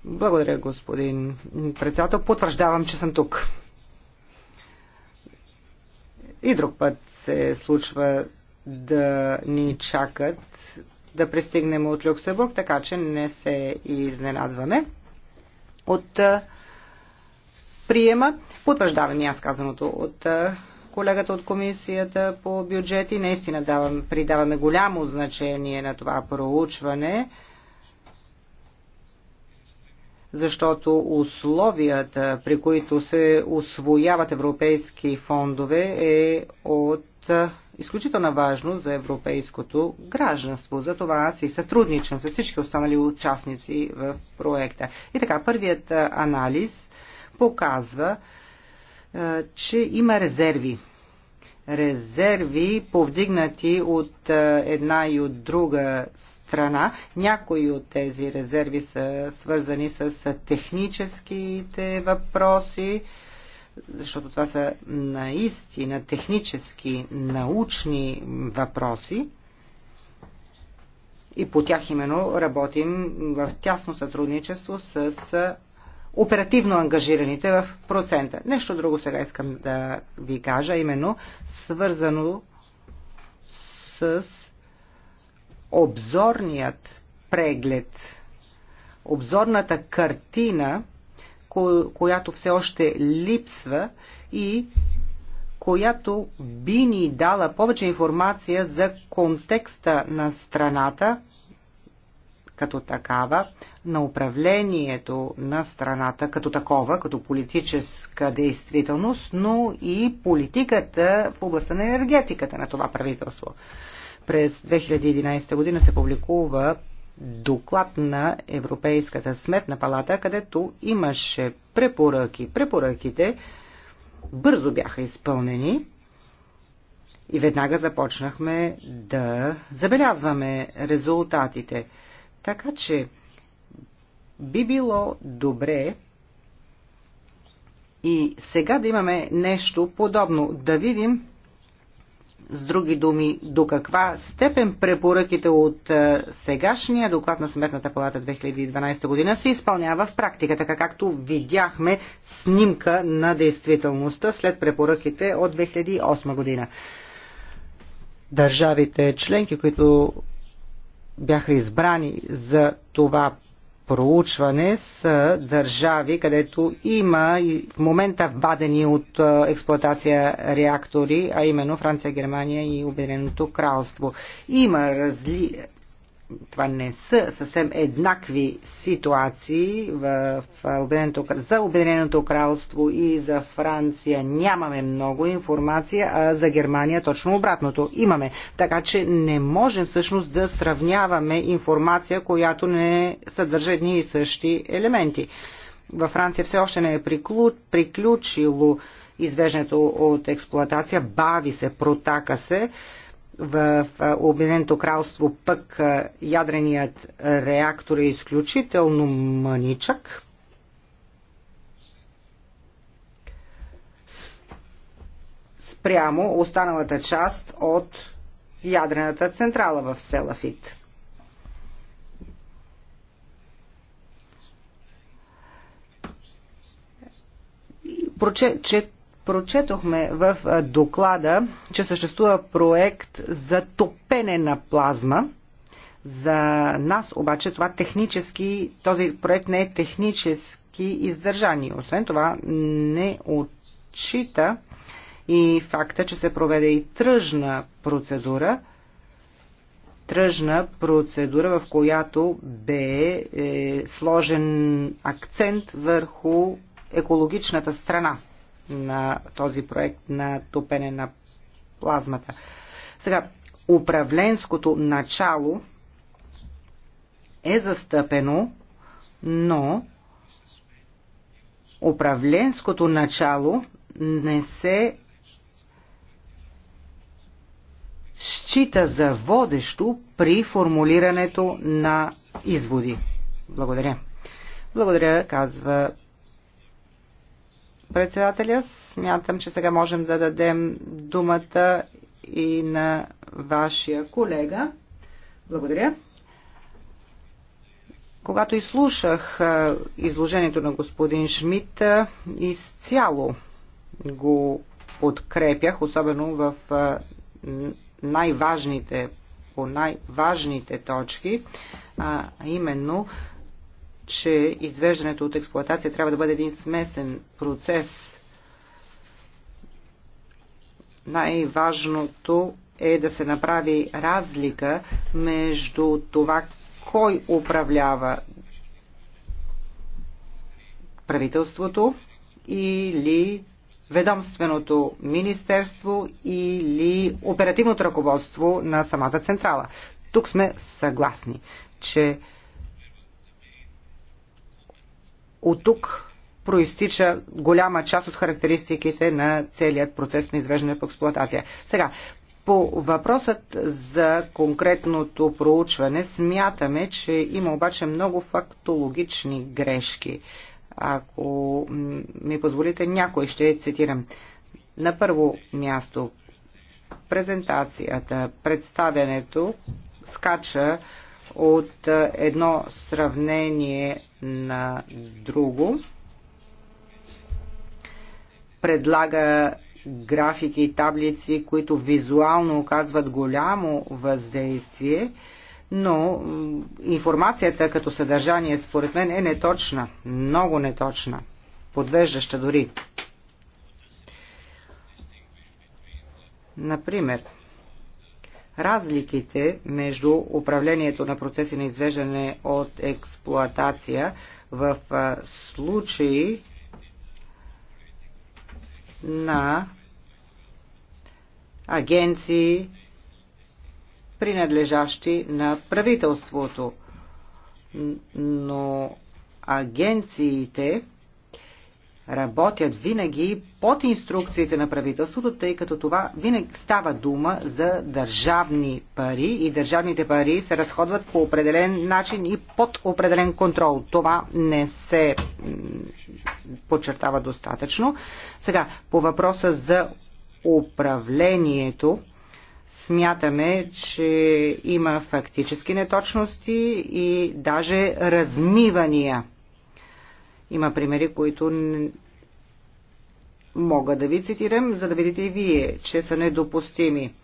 Благодаря, господин председател. Потвърждавам, че съм тук. И друг път се случва да ни чакат да пристигнем от Люксембург, така че не се изненадваме от приема. Потвърждавам и аз казаното от колегата от комисията по бюджети. Наистина давам, придаваме голямо значение на това проучване защото условията, при които се освояват европейски фондове, е от изключителна важност за европейското гражданство. За това аз и сътрудничам с всички останали участници в проекта. И така, първият анализ показва, че има резерви. Резерви, повдигнати от една и от друга страна. Някои от тези резерви са свързани с техническите въпроси, защото това са наистина технически научни въпроси. И по тях именно работим в тясно сътрудничество с оперативно ангажираните в процента. Нещо друго сега искам да ви кажа, именно свързано с обзорният преглед, обзорната картина, която все още липсва и която би ни дала повече информация за контекста на страната като такава, на управлението на страната като такова, като политическа действителност, но и политиката в областта на енергетиката на това правителство. През 2011 година се публикува доклад на Европейската сметна палата, където имаше препоръки. Препоръките бързо бяха изпълнени и веднага започнахме да забелязваме резултатите. Така че би било добре и сега да имаме нещо подобно, да видим с други думи, до каква степен препоръките от е, сегашния доклад на Сметната палата 2012 година се изпълнява в практика, така както видяхме снимка на действителността след препоръките от 2008 година. Държавите членки, които бяха избрани за това проучване с държави, където има и в момента вадени от експлоатация реактори, а именно Франция, Германия и Обединеното кралство. Има разли това не са съвсем еднакви ситуации в Обединеното, за Обединеното кралство и за Франция нямаме много информация, а за Германия точно обратното имаме. Така че не можем всъщност да сравняваме информация, която не съдържа едни и същи елементи. Във Франция все още не е приключило извеждането от експлоатация, бави се, протака се в Обединеното кралство пък ядреният реактор е изключително мъничък. Спрямо останалата част от ядрената централа в Селафит. проче, че Прочетохме в доклада, че съществува проект за топене на плазма. За нас обаче това технически, този проект не е технически издържан. Освен това не отчита и факта, че се проведе и тръжна процедура, тръжна процедура, в която бе е, сложен акцент върху екологичната страна на този проект на топене на плазмата. Сега, управленското начало е застъпено, но управленското начало не се счита за водещо при формулирането на изводи. Благодаря. Благодаря, казва Председателя, смятам, че сега можем да дадем думата и на вашия колега. Благодаря. Когато изслушах изложението на господин Шмидт, изцяло го подкрепях, особено в най-важните, по най-важните точки, а именно че извеждането от експлоатация трябва да бъде един смесен процес. Най-важното е да се направи разлика между това кой управлява правителството или ведомственото министерство или оперативното ръководство на самата централа. Тук сме съгласни, че от тук проистича голяма част от характеристиките на целият процес на извеждане в експлуатация. Сега, по въпросът за конкретното проучване смятаме, че има обаче много фактологични грешки. Ако ми позволите, някой ще цитирам. На първо място, презентацията, представянето скача от едно сравнение на друго. Предлага графики и таблици, които визуално оказват голямо въздействие, но информацията като съдържание според мен е неточна, много неточна, подвеждаща дори. Например, разликите между управлението на процеси на извеждане от експлоатация в случаи на агенции, принадлежащи на правителството. Но агенциите работят винаги под инструкциите на правителството, тъй като това винаги става дума за държавни пари и държавните пари се разходват по определен начин и под определен контрол. Това не се подчертава достатъчно. Сега, по въпроса за управлението, смятаме, че има фактически неточности и даже размивания има примери, които мога да ви цитирам, за да видите и вие, че са недопустими.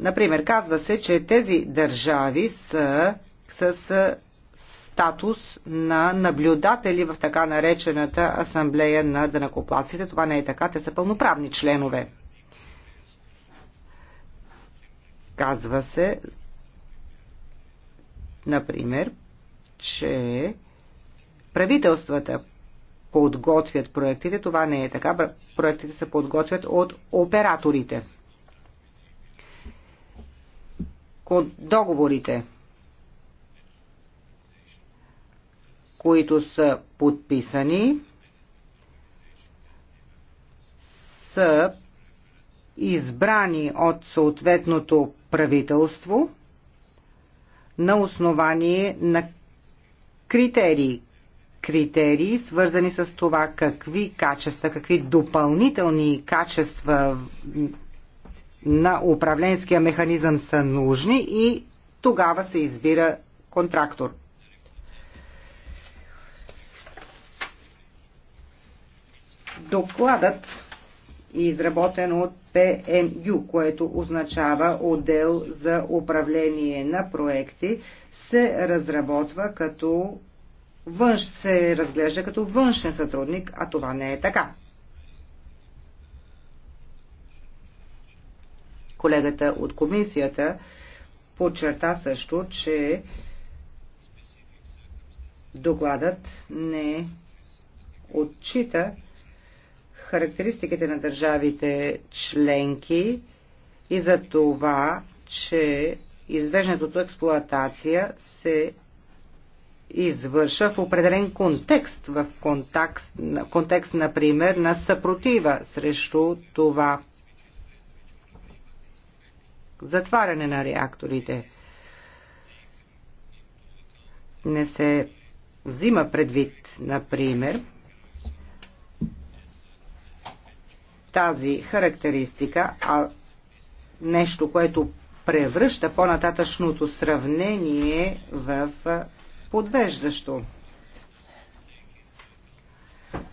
Например, казва се, че тези държави са с статус на наблюдатели в така наречената асамблея на дънакоплаците. Това не е така, те са пълноправни членове. Казва се, например, че правителствата подготвят проектите. Това не е така. Проектите се подготвят от операторите. Договорите, които са подписани, са избрани от съответното правителство на основание на критерии. Критерии, свързани с това какви качества, какви допълнителни качества на управленския механизъм са нужни и тогава се избира контрактор. Докладът е изработен от PMU, което означава отдел за управление на проекти, се разработва като външ, се разглежда като външен сътрудник, а това не е така. Колегата от комисията подчерта също, че докладът не отчита характеристиките на държавите членки и за това, че извеждането експлоатация се извършва в определен контекст, в контакт, контекст, например, на съпротива срещу това затваряне на реакторите. Не се взима предвид, например, тази характеристика, а нещо, което превръща по-нататъчното сравнение в подвеждащо.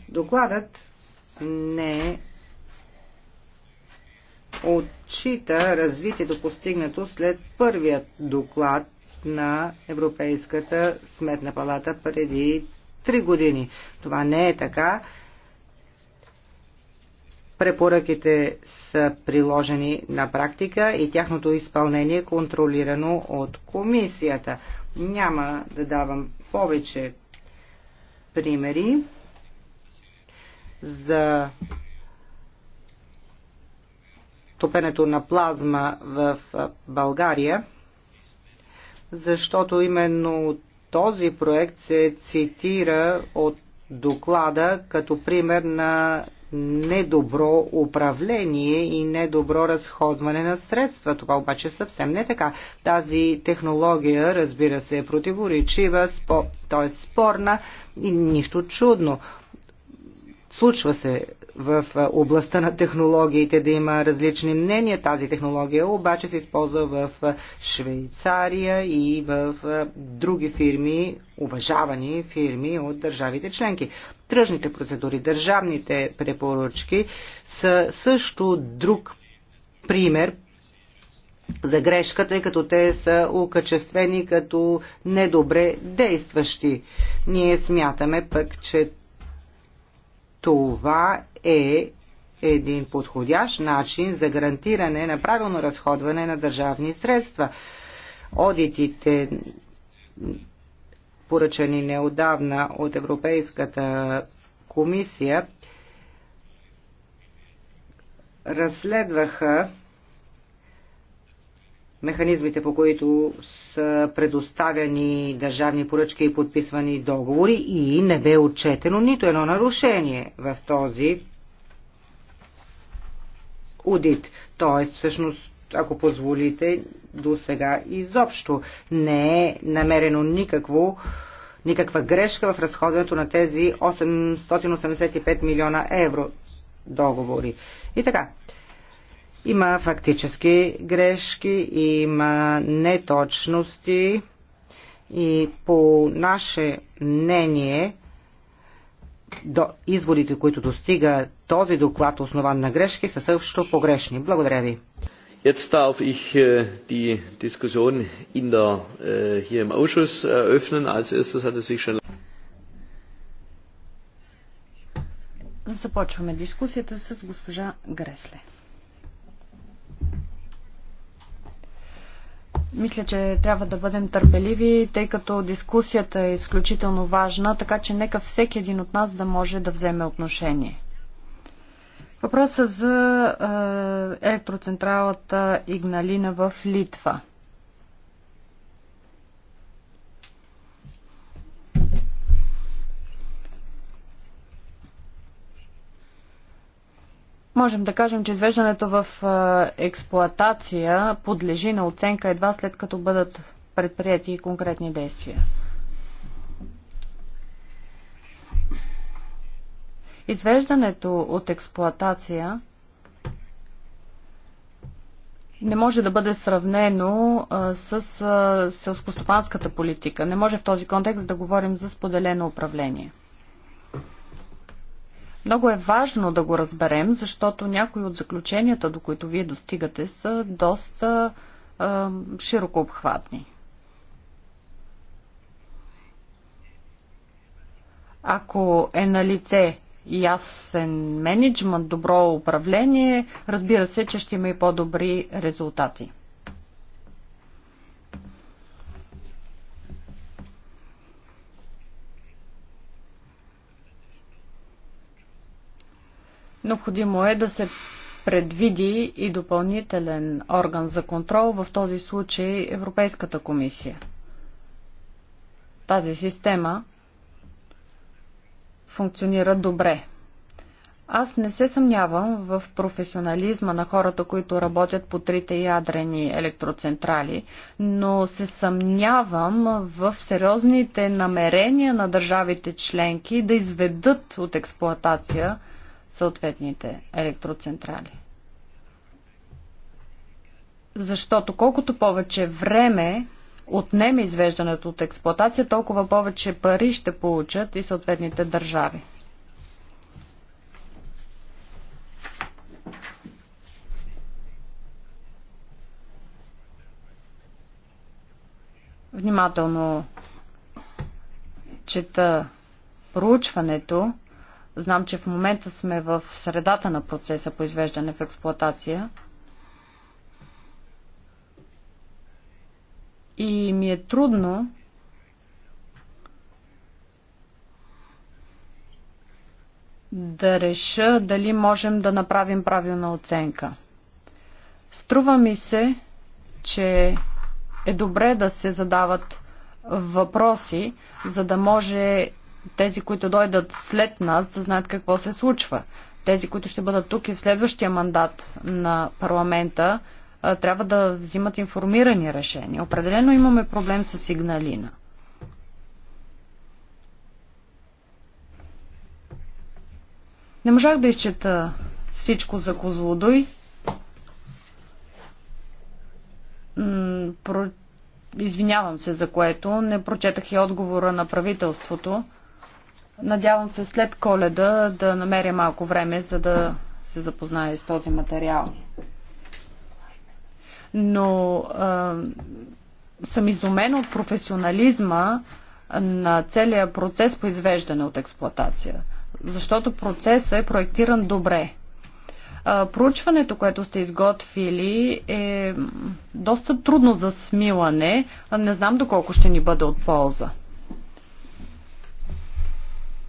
Докладът не отчита развитието постигнато след първият доклад на Европейската сметна палата преди три години. Това не е така Препоръките са приложени на практика и тяхното изпълнение е контролирано от комисията. Няма да давам повече примери за топенето на плазма в България, защото именно този проект се цитира от доклада като пример на недобро управление и недобро разходване на средства. Това обаче е съвсем не така. Тази технология, разбира се, е противоречива, спо, т.е. спорна и нищо чудно. Случва се в областта на технологиите да има различни мнения. Тази технология обаче се използва в Швейцария и в други фирми, уважавани фирми от държавите членки. Тръжните процедури, държавните препоръчки са също друг пример за грешката, тъй като те са окачествени като недобре действащи. Ние смятаме пък, че това е един подходящ начин за гарантиране на правилно разходване на държавни средства. Одитите, поръчани неодавна от Европейската комисия, разследваха механизмите, по които са предоставяни държавни поръчки и подписвани договори и не бе отчетено нито едно нарушение в този аудит. Тоест, всъщност, ако позволите, до сега изобщо не е намерено никакво никаква грешка в разходването на тези 885 милиона евро договори. И така, има фактически грешки, има неточности и по наше мнение до изводите, които достига този доклад, основан на грешки, са също погрешни. Благодаря ви. Jetzt darf ich äh, die Diskussion in der, äh, hier im Ausschuss eröffnen. Als erstes hatte sich schon. Започваме дискусията с госпожа Гресле. Мисля, че трябва да бъдем търпеливи, тъй като дискусията е изключително важна, така че нека всеки един от нас да може да вземе отношение. Въпросът за е, електроцентралата Игналина в Литва – Можем да кажем, че извеждането в експлоатация подлежи на оценка едва след като бъдат предприяти конкретни действия. Извеждането от експлоатация не може да бъде сравнено с селскостопанската политика. Не може в този контекст да говорим за споделено управление. Много е важно да го разберем, защото някои от заключенията, до които вие достигате, са доста е, широко обхватни. Ако е на лице ясен менеджмент, добро управление, разбира се, че ще има и по-добри резултати. Необходимо е да се предвиди и допълнителен орган за контрол, в този случай Европейската комисия. Тази система функционира добре. Аз не се съмнявам в професионализма на хората, които работят по трите ядрени електроцентрали, но се съмнявам в сериозните намерения на държавите членки да изведат от експлоатация съответните електроцентрали. Защото колкото повече време отнеме извеждането от експлоатация, толкова повече пари ще получат и съответните държави. Внимателно чета проучването Знам, че в момента сме в средата на процеса по извеждане в експлоатация. И ми е трудно да реша дали можем да направим правилна оценка. Струва ми се, че е добре да се задават въпроси, за да може тези, които дойдат след нас, да знаят какво се случва. Тези, които ще бъдат тук и в следващия мандат на парламента, трябва да взимат информирани решения. Определено имаме проблем с сигналина. Не можах да изчета всичко за Козлодой. Извинявам се за което. Не прочетах и отговора на правителството. Надявам се след коледа да намеря малко време, за да се запознае с този материал. Но а, съм изумен от професионализма на целия процес по извеждане от експлоатация, защото процесът е проектиран добре. А, проучването, което сте изготвили, е доста трудно за смилане. Не знам доколко ще ни бъде от полза.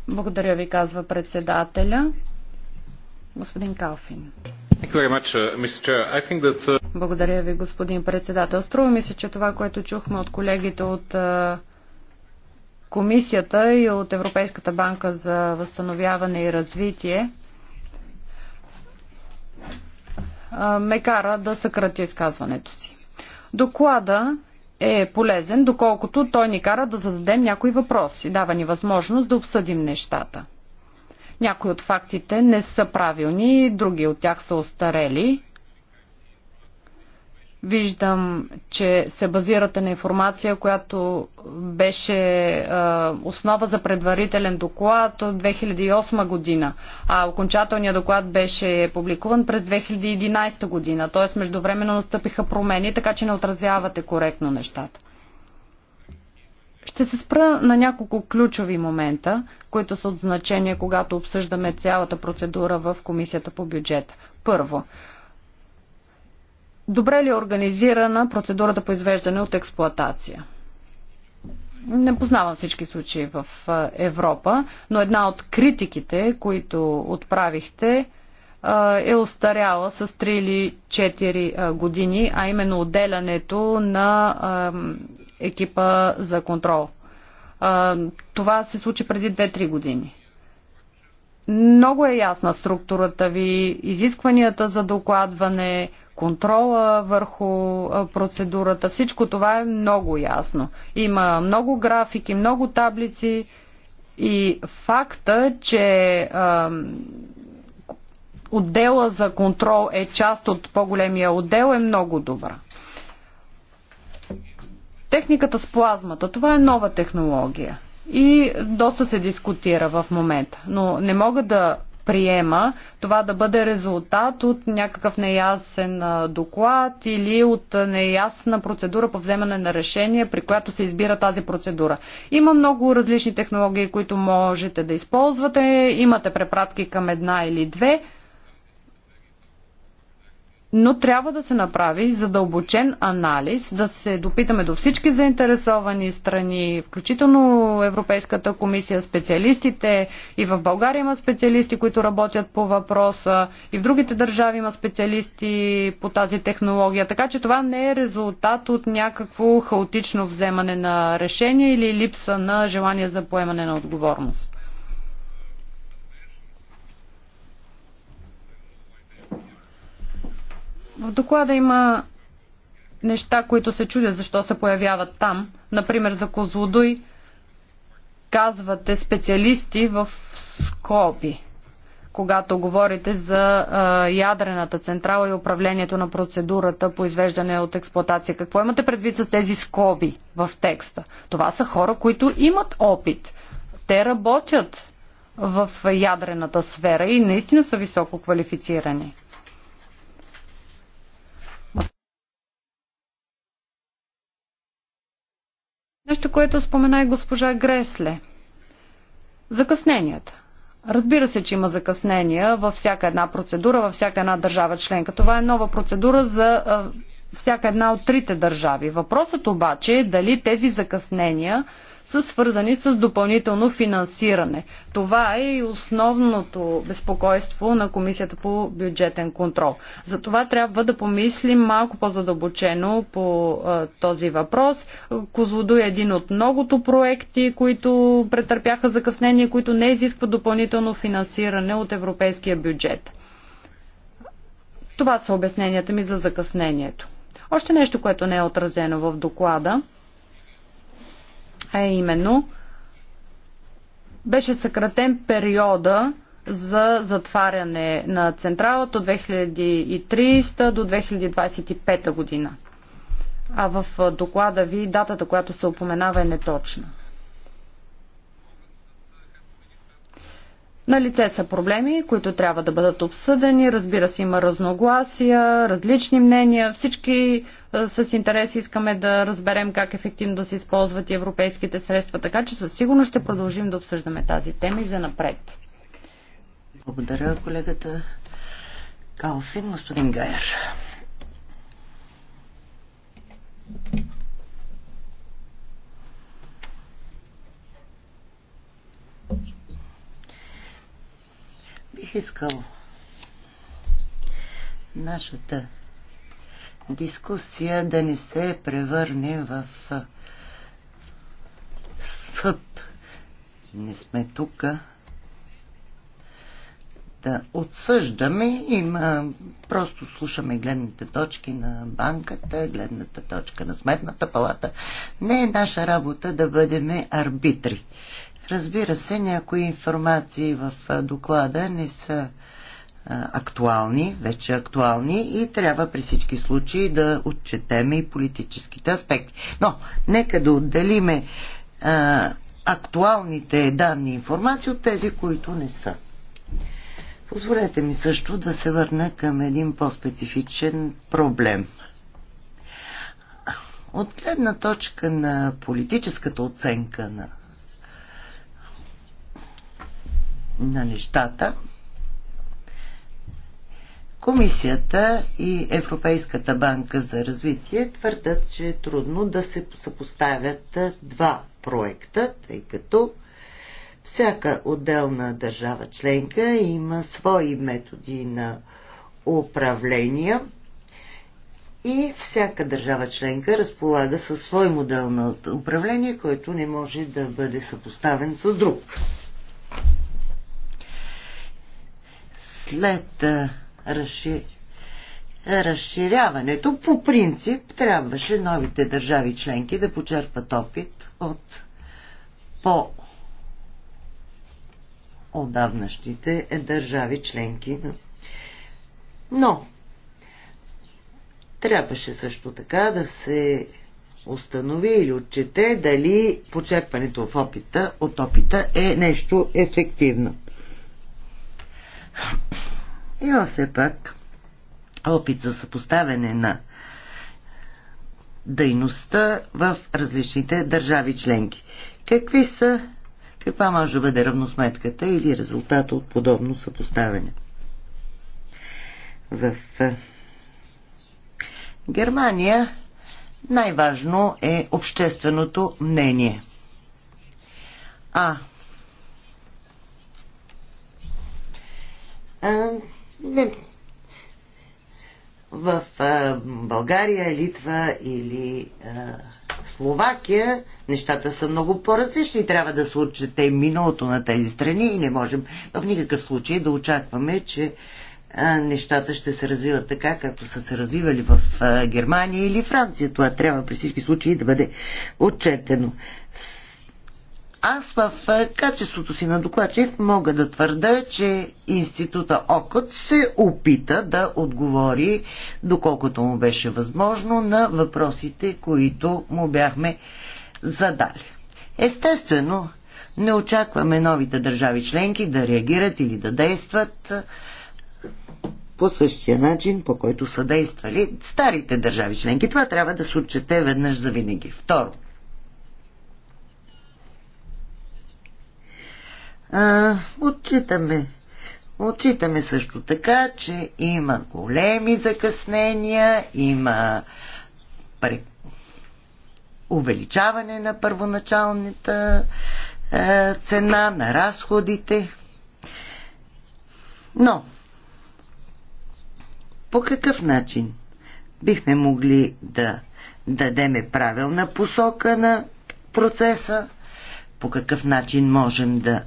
Благодаря ви, казва председателя. Господин Калфин. Uh, uh, Благодаря ви, господин председател. Струва ми се, че това, което чухме от колегите от uh, комисията и от Европейската банка за възстановяване и развитие, ме кара да съкрати изказването си. Доклада е полезен, доколкото той ни кара да зададем някои въпроси, дава ни възможност да обсъдим нещата. Някои от фактите не са правилни, други от тях са остарели. Виждам, че се базирате на информация, която беше а, основа за предварителен доклад от 2008 година, а окончателният доклад беше публикуван през 2011 година, т.е. междувременно настъпиха промени, така че не отразявате коректно нещата. Ще се спра на няколко ключови момента, които са от значение, когато обсъждаме цялата процедура в Комисията по бюджет. Първо, добре ли е организирана процедурата по извеждане от експлоатация? Не познавам всички случаи в Европа, но една от критиките, които отправихте, е остаряла с 3 или 4 години, а именно отделянето на екипа за контрол. Това се случи преди 2-3 години. Много е ясна структурата ви, изискванията за докладване, контрола върху процедурата. Всичко това е много ясно. Има много графики, много таблици и факта, че отдела за контрол е част от по-големия отдел е много добра. Техниката с плазмата, това е нова технология и доста се дискутира в момента. Но не мога да приема това да бъде резултат от някакъв неясен доклад или от неясна процедура по вземане на решение, при която се избира тази процедура. Има много различни технологии, които можете да използвате. Имате препратки към една или две но трябва да се направи задълбочен анализ, да се допитаме до всички заинтересовани страни, включително Европейската комисия, специалистите. И в България има специалисти, които работят по въпроса, и в другите държави има специалисти по тази технология. Така че това не е резултат от някакво хаотично вземане на решение или липса на желание за поемане на отговорност. В доклада има неща, които се чудят защо се появяват там. Например, за Козлодой, казвате специалисти в скоби, когато говорите за а, ядрената централа и управлението на процедурата по извеждане от експлоатация. Какво имате предвид с тези скоби в текста? Това са хора, които имат опит. Те работят в ядрената сфера и наистина са високо квалифицирани. Нещо, което спомена и госпожа Гресле. Закъсненията. Разбира се, че има закъснения във всяка една процедура, във всяка една държава членка. Това е нова процедура за всяка една от трите държави. Въпросът обаче е дали тези закъснения са свързани с допълнително финансиране. Това е и основното безпокойство на Комисията по бюджетен контрол. За това трябва да помислим малко по-задълбочено по този въпрос. Козлодо е един от многото проекти, които претърпяха закъснение, които не изискват допълнително финансиране от европейския бюджет. Това са обясненията ми за закъснението. Още нещо, което не е отразено в доклада – а именно беше съкратен периода за затваряне на централата от 2030 до 2025 година. А в доклада ви датата, която се упоменава е неточна. На лице са проблеми, които трябва да бъдат обсъдени. Разбира се, има разногласия, различни мнения. Всички е, с интерес искаме да разберем как ефективно да се използват и европейските средства, така че със сигурност ще продължим да обсъждаме тази тема и за напред. Благодаря колегата Калфин, господин Гайер. Бих искал нашата дискусия да не се превърне в съд. Не сме тук да отсъждаме. Има, просто слушаме гледните точки на банката, гледната точка на сметната палата. Не е наша работа да бъдем арбитри. Разбира се, някои информации в доклада не са актуални, вече актуални и трябва при всички случаи да отчетеме и политическите аспекти. Но нека да отделиме а, актуалните данни и информации от тези, които не са. Позволете ми също да се върна към един по-специфичен проблем. От гледна точка на политическата оценка на, на нещата, Комисията и Европейската банка за развитие твърдят, че е трудно да се съпоставят два проекта, тъй като всяка отделна държава членка има свои методи на управление и всяка държава членка разполага със свой модел на управление, който не може да бъде съпоставен с друг. След разши... разширяването. По принцип трябваше новите държави членки да почерпат опит от по отдавнащите държави членки. Но трябваше също така да се установи или отчете дали почерпването в опита, от опита е нещо ефективно. Има все пак опит за съпоставяне на дейността в различните държави членки. Какви са, каква може да бъде равносметката или резултата от подобно съпоставяне? В Германия най-важно е общественото мнение. А, а не. В а, България, Литва или а, Словакия нещата са много по-различни. Трябва да се отчете миналото на тези страни и не можем в никакъв случай да очакваме, че а, нещата ще се развиват така, както са се развивали в а, Германия или Франция. Това трябва при всички случаи да бъде отчетено. Аз в качеството си на докладчик мога да твърда, че института ОКът се опита да отговори, доколкото му беше възможно, на въпросите, които му бяхме задали. Естествено, не очакваме новите държави членки да реагират или да действат по същия начин, по който са действали старите държави членки. Това трябва да се отчете веднъж за винаги. Второ, А, отчитаме. Отчитаме също така, че има големи закъснения, има пре... увеличаване на първоначалната е, цена, на разходите. Но, по какъв начин бихме могли да дадеме правилна посока на процеса, по какъв начин можем да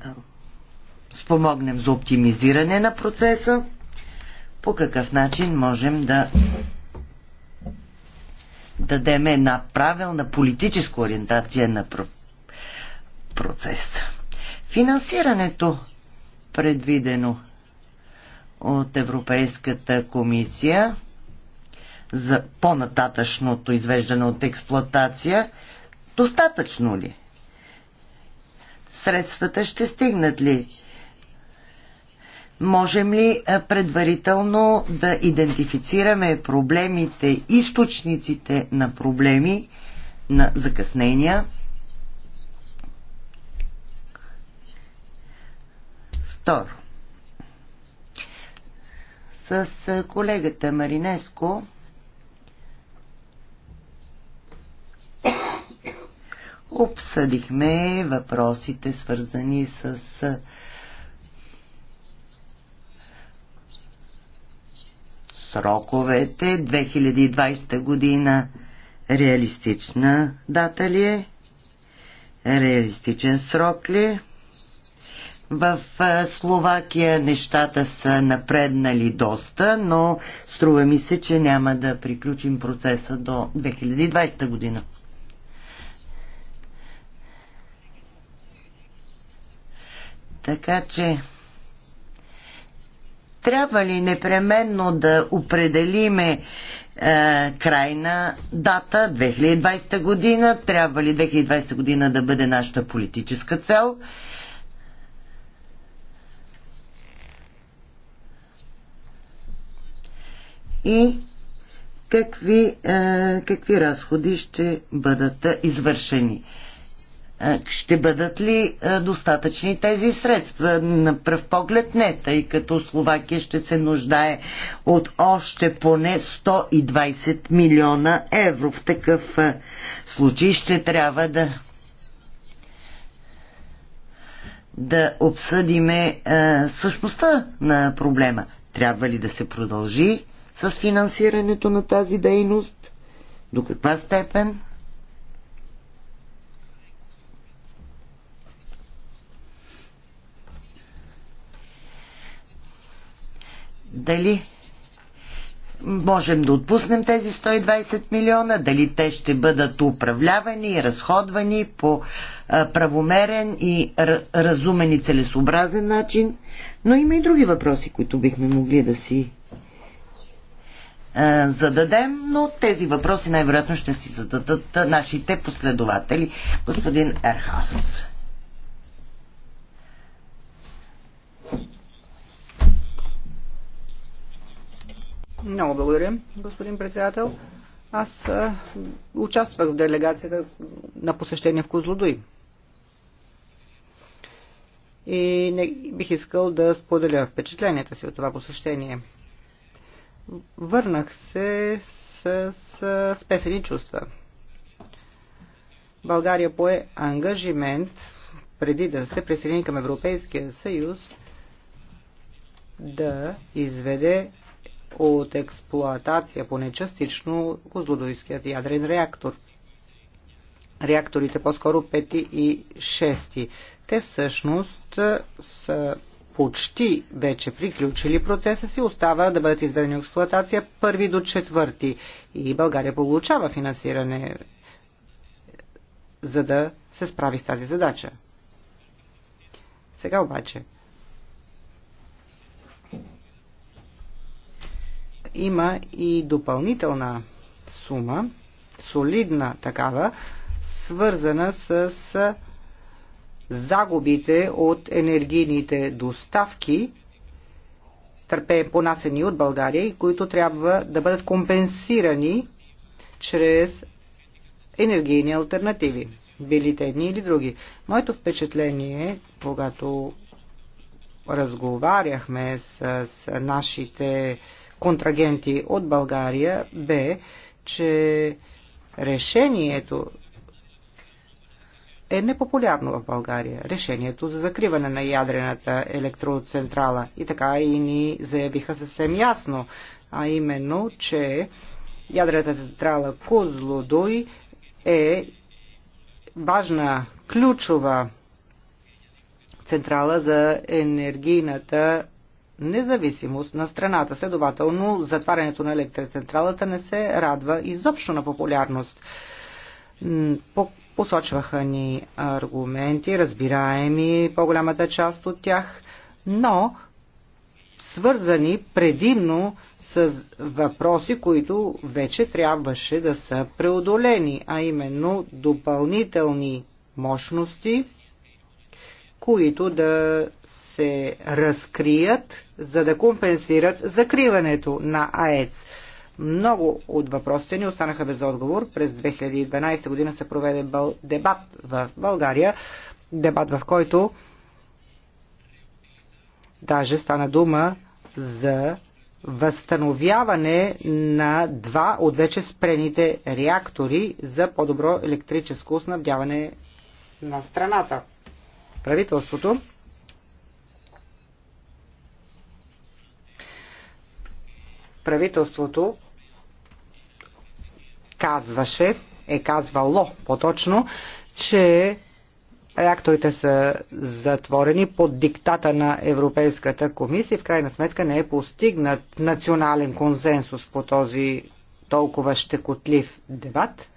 спомогнем за оптимизиране на процеса, по какъв начин можем да дадем една правилна политическа ориентация на процеса. Финансирането, предвидено от Европейската комисия за по-нататъчното извеждане от експлоатация, достатъчно ли? Средствата ще стигнат ли Можем ли е, предварително да идентифицираме проблемите, източниците на проблеми, на закъснения? Второ. С е, колегата Маринеско обсъдихме въпросите, свързани с е, сроковете. 2020 година реалистична дата ли е? Реалистичен срок ли е? В Словакия нещата са напреднали доста, но струва ми се, че няма да приключим процеса до 2020 година. Така че трябва ли непременно да определиме е, крайна дата 2020 година? Трябва ли 2020 година да бъде нашата политическа цел? И какви, е, какви разходи ще бъдат извършени? Е, ще бъдат ли е, достатъчни тези средства? На пръв поглед не, тъй като Словакия ще се нуждае от още поне 120 милиона евро. В такъв е, случай ще трябва да да обсъдиме е, същността на проблема. Трябва ли да се продължи с финансирането на тази дейност? До каква степен? дали можем да отпуснем тези 120 милиона, дали те ще бъдат управлявани и разходвани по правомерен и разумен и целесообразен начин. Но има и други въпроси, които бихме могли да си зададем, но тези въпроси най-вероятно ще си зададат нашите последователи. Господин Ерхаус. Много благодаря, господин председател. Аз а, участвах в делегацията на посещение в Козлодуй. И не, бих искал да споделя впечатленията си от това посещение. Върнах се с, с, с песени чувства. България пое ангажимент преди да се присъедини към Европейския съюз да изведе от експлоатация, поне частично, Козлодойският ядрен реактор. Реакторите по-скоро 5 и 6. Те всъщност е, са почти вече приключили процеса си, остава да бъдат изведени експлоатация първи до четвърти. И България получава финансиране, е, за да се справи с тази задача. Сега обаче, има и допълнителна сума, солидна такава, свързана с загубите от енергийните доставки, търпе понасени от България и които трябва да бъдат компенсирани чрез енергийни альтернативи, били те едни или други. Моето впечатление, когато разговаряхме с нашите контрагенти от България бе, че решението е непопулярно в България. Решението за закриване на ядрената електроцентрала. И така и ни заявиха съвсем ясно, а именно, че ядрената централа Козлодой е важна, ключова централа за енергийната независимост на страната. Следователно, затварянето на електроцентралата не се радва изобщо на популярност. Посочваха ни аргументи, разбираеми по-голямата част от тях, но свързани предимно с въпроси, които вече трябваше да са преодолени, а именно допълнителни мощности, които да се разкрият, за да компенсират закриването на АЕЦ. Много от въпросите ни останаха без отговор. През 2012 година се проведе дебат в България, дебат в който даже стана дума за възстановяване на два от вече спрените реактори за по-добро електрическо снабдяване на страната. Правителството правителството казваше, е казвало по-точно, че реакторите са затворени под диктата на Европейската комисия и в крайна сметка не е постигнат национален консенсус по този толкова щекотлив дебат.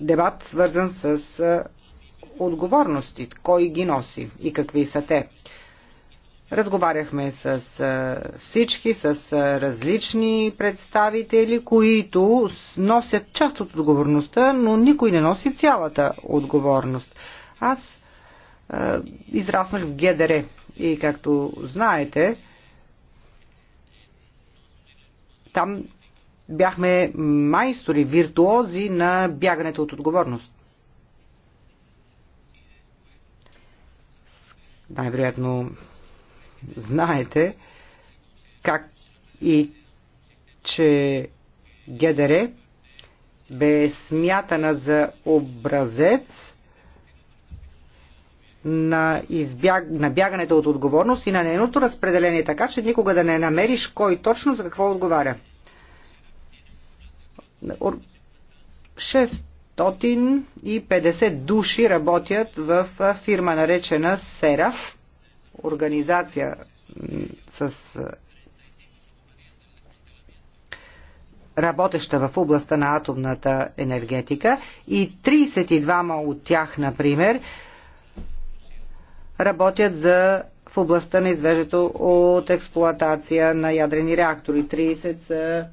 Дебат свързан с отговорности, кой ги носи и какви са те. Разговаряхме с всички, с различни представители, които носят част от отговорността, но никой не носи цялата отговорност. Аз а, израснах в ГДР и както знаете, там бяхме майстори, виртуози на бягането от отговорност. Най-вероятно знаете как и че Гедере бе смятана за образец на, избяг... на бягането от отговорност и на нейното разпределение, така че никога да не намериш кой точно за какво отговаря. 650 души работят в фирма наречена Сераф организация с работеща в областта на атомната енергетика и 32 ма от тях, например, работят за в областта на извеждането от експлоатация на ядрени реактори. 30 са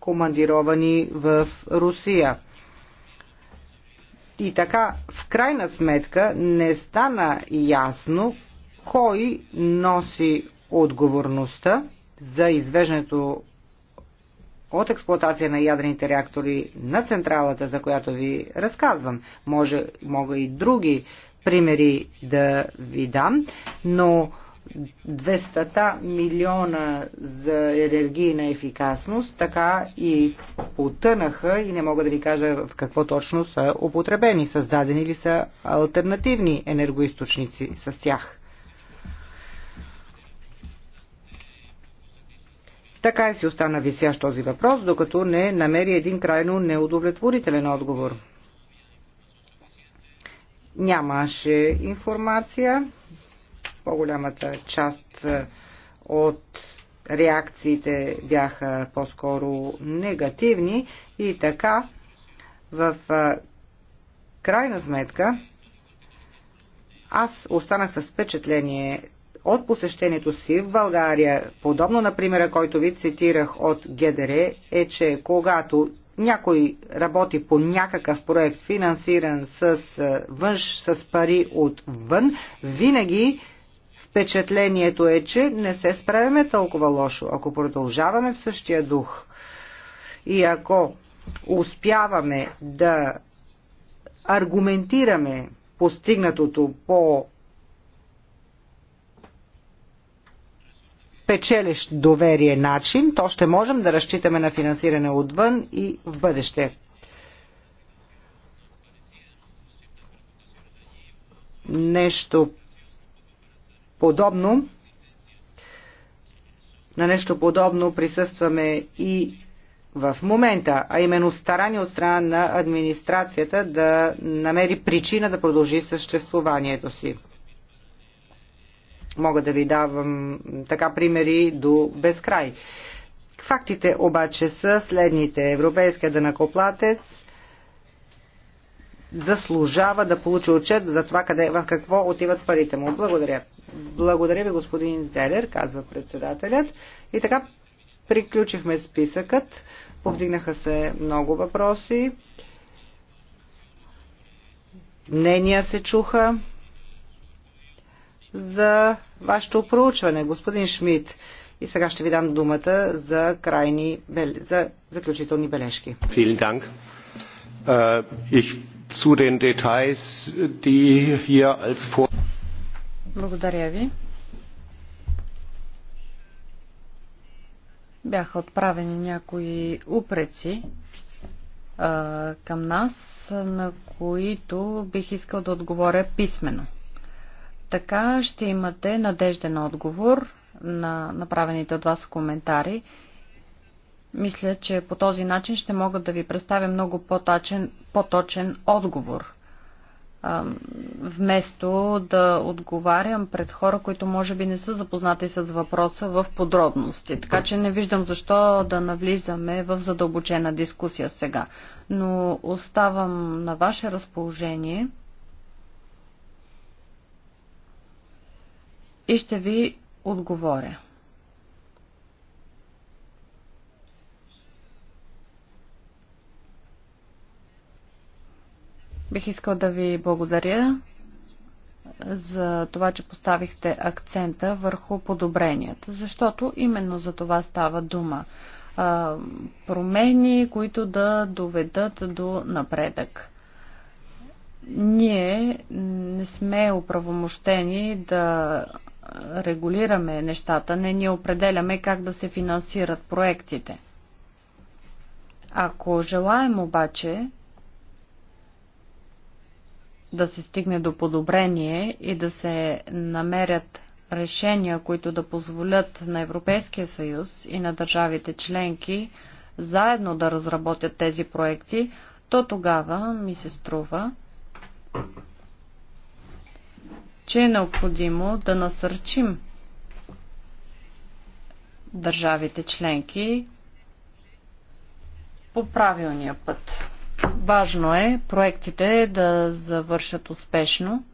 командировани в Русия. И така, в крайна сметка, не стана ясно кой носи отговорността за извеждането от експлуатация на ядрените реактори на централата, за която ви разказвам. Може, мога и други примери да ви дам, но 200 милиона за енергийна ефикасност така и потънаха и не мога да ви кажа в какво точно са употребени, създадени ли са альтернативни енергоисточници с тях. Така и си остана висящ този въпрос, докато не намери един крайно неудовлетворителен отговор. Нямаше информация. По-голямата част е, от реакциите бяха по-скоро негативни и така в е, крайна сметка аз останах с впечатление, от посещението си в България. Подобно на примера, който ви цитирах от ГДР, е, че когато някой работи по някакъв проект, финансиран с, е, външ, с пари отвън, винаги впечатлението е, че не се справяме толкова лошо, ако продължаваме в същия дух. И ако успяваме да аргументираме постигнатото по печелещ доверие начин, то ще можем да разчитаме на финансиране отвън и в бъдеще. Нещо подобно на нещо подобно присъстваме и в момента, а именно старание от страна на администрацията да намери причина да продължи съществуванието си. Мога да ви давам така примери до безкрай. Фактите обаче са следните. Европейския дънакоплатец заслужава да получи отчет за това къде, в какво отиват парите му. Благодаря. Благодаря ви, господин Зелер, казва председателят. И така приключихме списъкът. Повдигнаха се много въпроси. Мнения се чуха за вашето проучване, господин Шмидт. И сега ще ви дам думата за, крайни, за заключителни бележки. Äh, Благодаря ви. Бяха отправени някои упреци към нас, на които бих искал да отговоря писменно така ще имате надежден отговор на направените от вас коментари. Мисля, че по този начин ще могат да ви представя много по-точен, по-точен отговор. Вместо да отговарям пред хора, които може би не са запознати с въпроса в подробности. Така че не виждам защо да навлизаме в задълбочена дискусия сега. Но оставам на ваше разположение. и ще ви отговоря. Бих искал да ви благодаря за това, че поставихте акцента върху подобренията, защото именно за това става дума. промени, които да доведат до напредък. Ние не сме оправомощени да регулираме нещата, не ни определяме как да се финансират проектите. Ако желаем обаче да се стигне до подобрение и да се намерят решения, които да позволят на Европейския съюз и на държавите членки заедно да разработят тези проекти, то тогава ми се струва, че е необходимо да насърчим държавите членки по правилния път. Важно е проектите да завършат успешно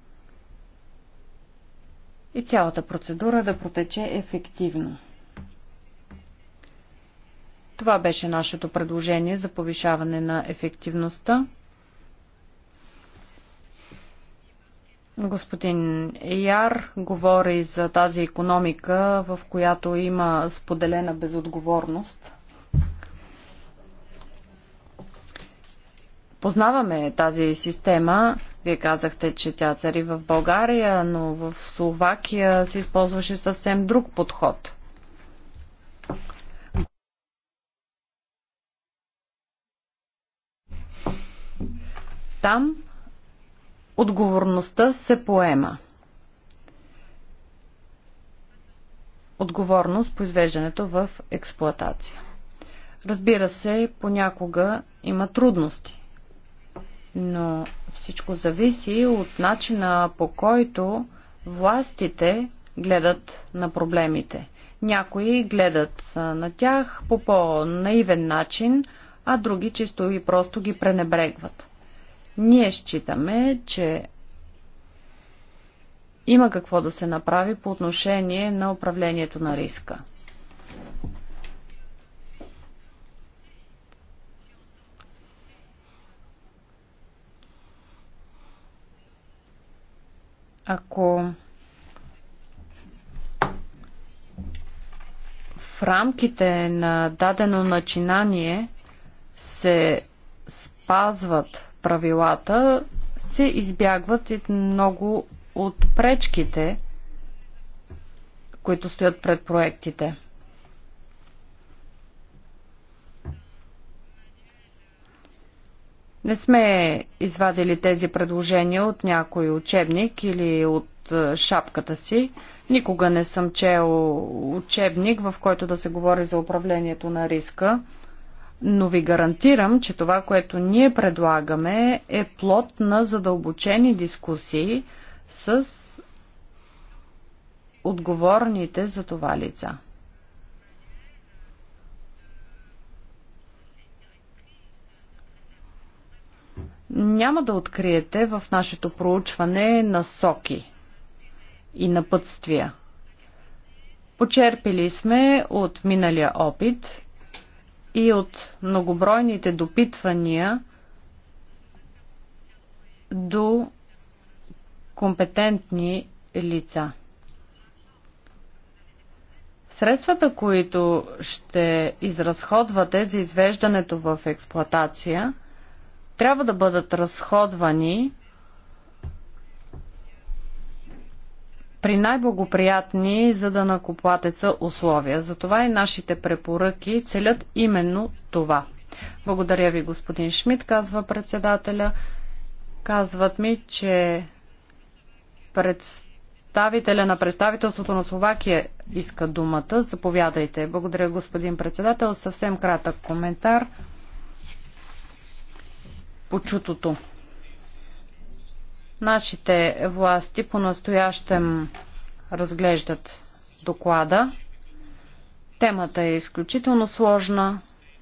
и цялата процедура да протече ефективно. Това беше нашето предложение за повишаване на ефективността. Господин Яр говори за тази економика, в която има споделена безотговорност. Познаваме тази система. Вие казахте, че тя цари в България, но в Словакия се използваше съвсем друг подход. Там Отговорността се поема. Отговорност по извеждането в експлоатация. Разбира се, понякога има трудности, но всичко зависи от начина по който властите гледат на проблемите. Някои гледат на тях по по-наивен начин, а други чисто и просто ги пренебрегват. Ние считаме, че има какво да се направи по отношение на управлението на риска. Ако в рамките на дадено начинание се спазват правилата, се избягват и много от пречките, които стоят пред проектите. Не сме извадили тези предложения от някой учебник или от е, шапката си. Никога не съм чел учебник, в който да се говори за управлението на риска но ви гарантирам, че това, което ние предлагаме е плод на задълбочени дискусии с отговорните за това лица. Няма да откриете в нашето проучване насоки и напътствия. Почерпили сме от миналия опит и от многобройните допитвания до компетентни лица. Средствата, които ще изразходвате за извеждането в експлоатация, трябва да бъдат разходвани при най-благоприятни за да накоплатеца условия. Затова и нашите препоръки целят именно това. Благодаря ви, господин Шмидт, казва председателя. Казват ми, че представителя на представителството на Словакия иска думата. Заповядайте. Благодаря, господин председател. Съвсем кратък коментар по чутото. Нашите власти по-настоящем разглеждат доклада. Темата е изключително сложна,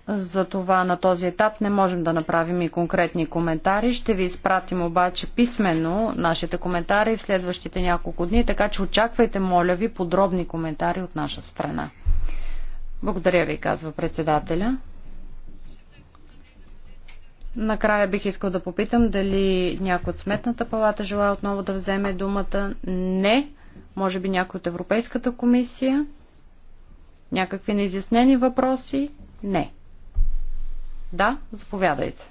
затова на този етап не можем да направим и конкретни коментари. Ще ви изпратим обаче писменно нашите коментари в следващите няколко дни, така че очаквайте, моля ви, подробни коментари от наша страна. Благодаря ви, казва председателя. Накрая бих искал да попитам дали някой от Сметната палата желая отново да вземе думата. Не. Може би някой от Европейската комисия. Някакви неизяснени въпроси? Не. Да, заповядайте.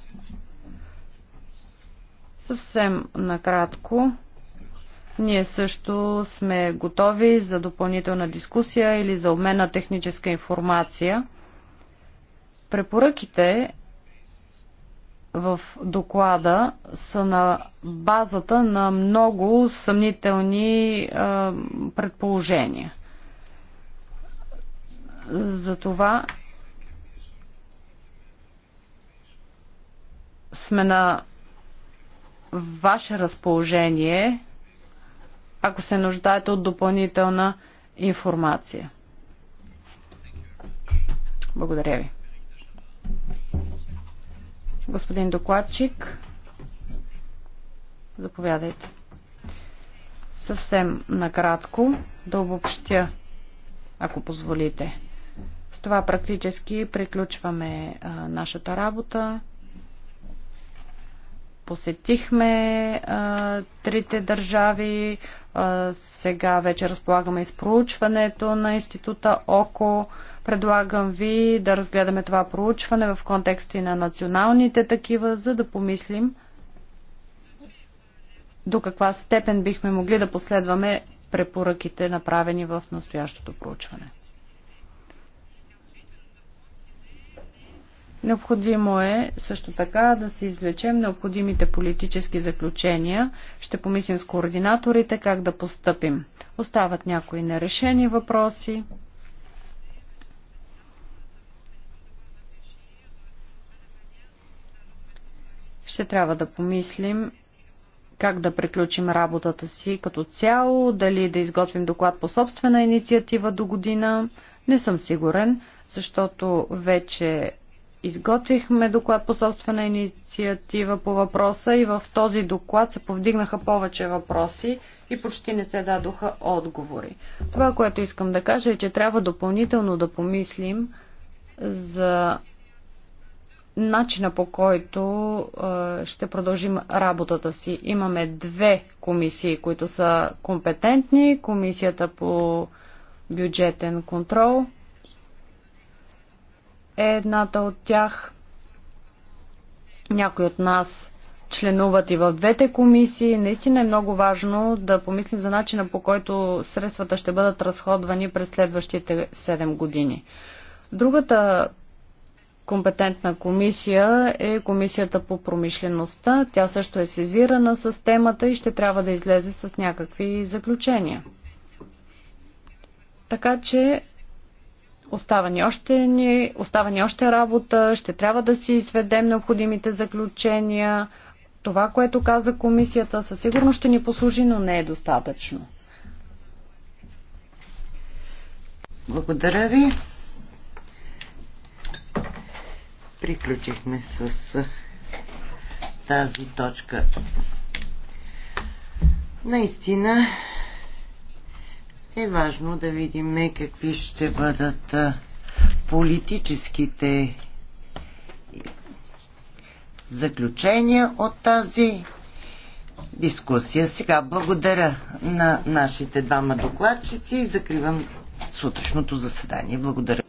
Съвсем накратко. Ние също сме готови за допълнителна дискусия или за обмен на техническа информация. Препоръките в доклада са на базата на много съмнителни а, предположения. Затова сме на ваше разположение, ако се нуждаете от допълнителна информация. Благодаря ви. Господин докладчик, заповядайте. Съвсем накратко да обобщя, ако позволите. С това практически приключваме а, нашата работа. Посетихме а, трите държави, сега вече разполагаме изпроучването на института ОКО. Предлагам ви да разгледаме това проучване в контексти на националните такива, за да помислим до каква степен бихме могли да последваме препоръките, направени в настоящото проучване. Необходимо е също така да си извлечем необходимите политически заключения. Ще помислим с координаторите как да постъпим. Остават някои нерешени въпроси. Ще трябва да помислим как да приключим работата си като цяло, дали да изготвим доклад по собствена инициатива до година. Не съм сигурен, защото вече Изготвихме доклад по собствена инициатива по въпроса и в този доклад се повдигнаха повече въпроси и почти не се дадоха отговори. Това, което искам да кажа е, че трябва допълнително да помислим за начина по който ще продължим работата си. Имаме две комисии, които са компетентни. Комисията по бюджетен контрол – е едната от тях. Някои от нас членуват и в двете комисии. Наистина е много важно да помислим за начина по който средствата ще бъдат разходвани през следващите 7 години. Другата компетентна комисия е комисията по промишлеността. Тя също е сезирана с темата и ще трябва да излезе с някакви заключения. Така че Остава ни, още, ни, остава ни още работа, ще трябва да си изведем необходимите заключения. Това, което каза комисията, със сигурност ще ни послужи, но не е достатъчно. Благодаря ви. Приключихме с тази точка. Наистина е важно да видим какви ще бъдат политическите заключения от тази дискусия. Сега благодаря на нашите двама докладчици и закривам сутрешното заседание. Благодаря.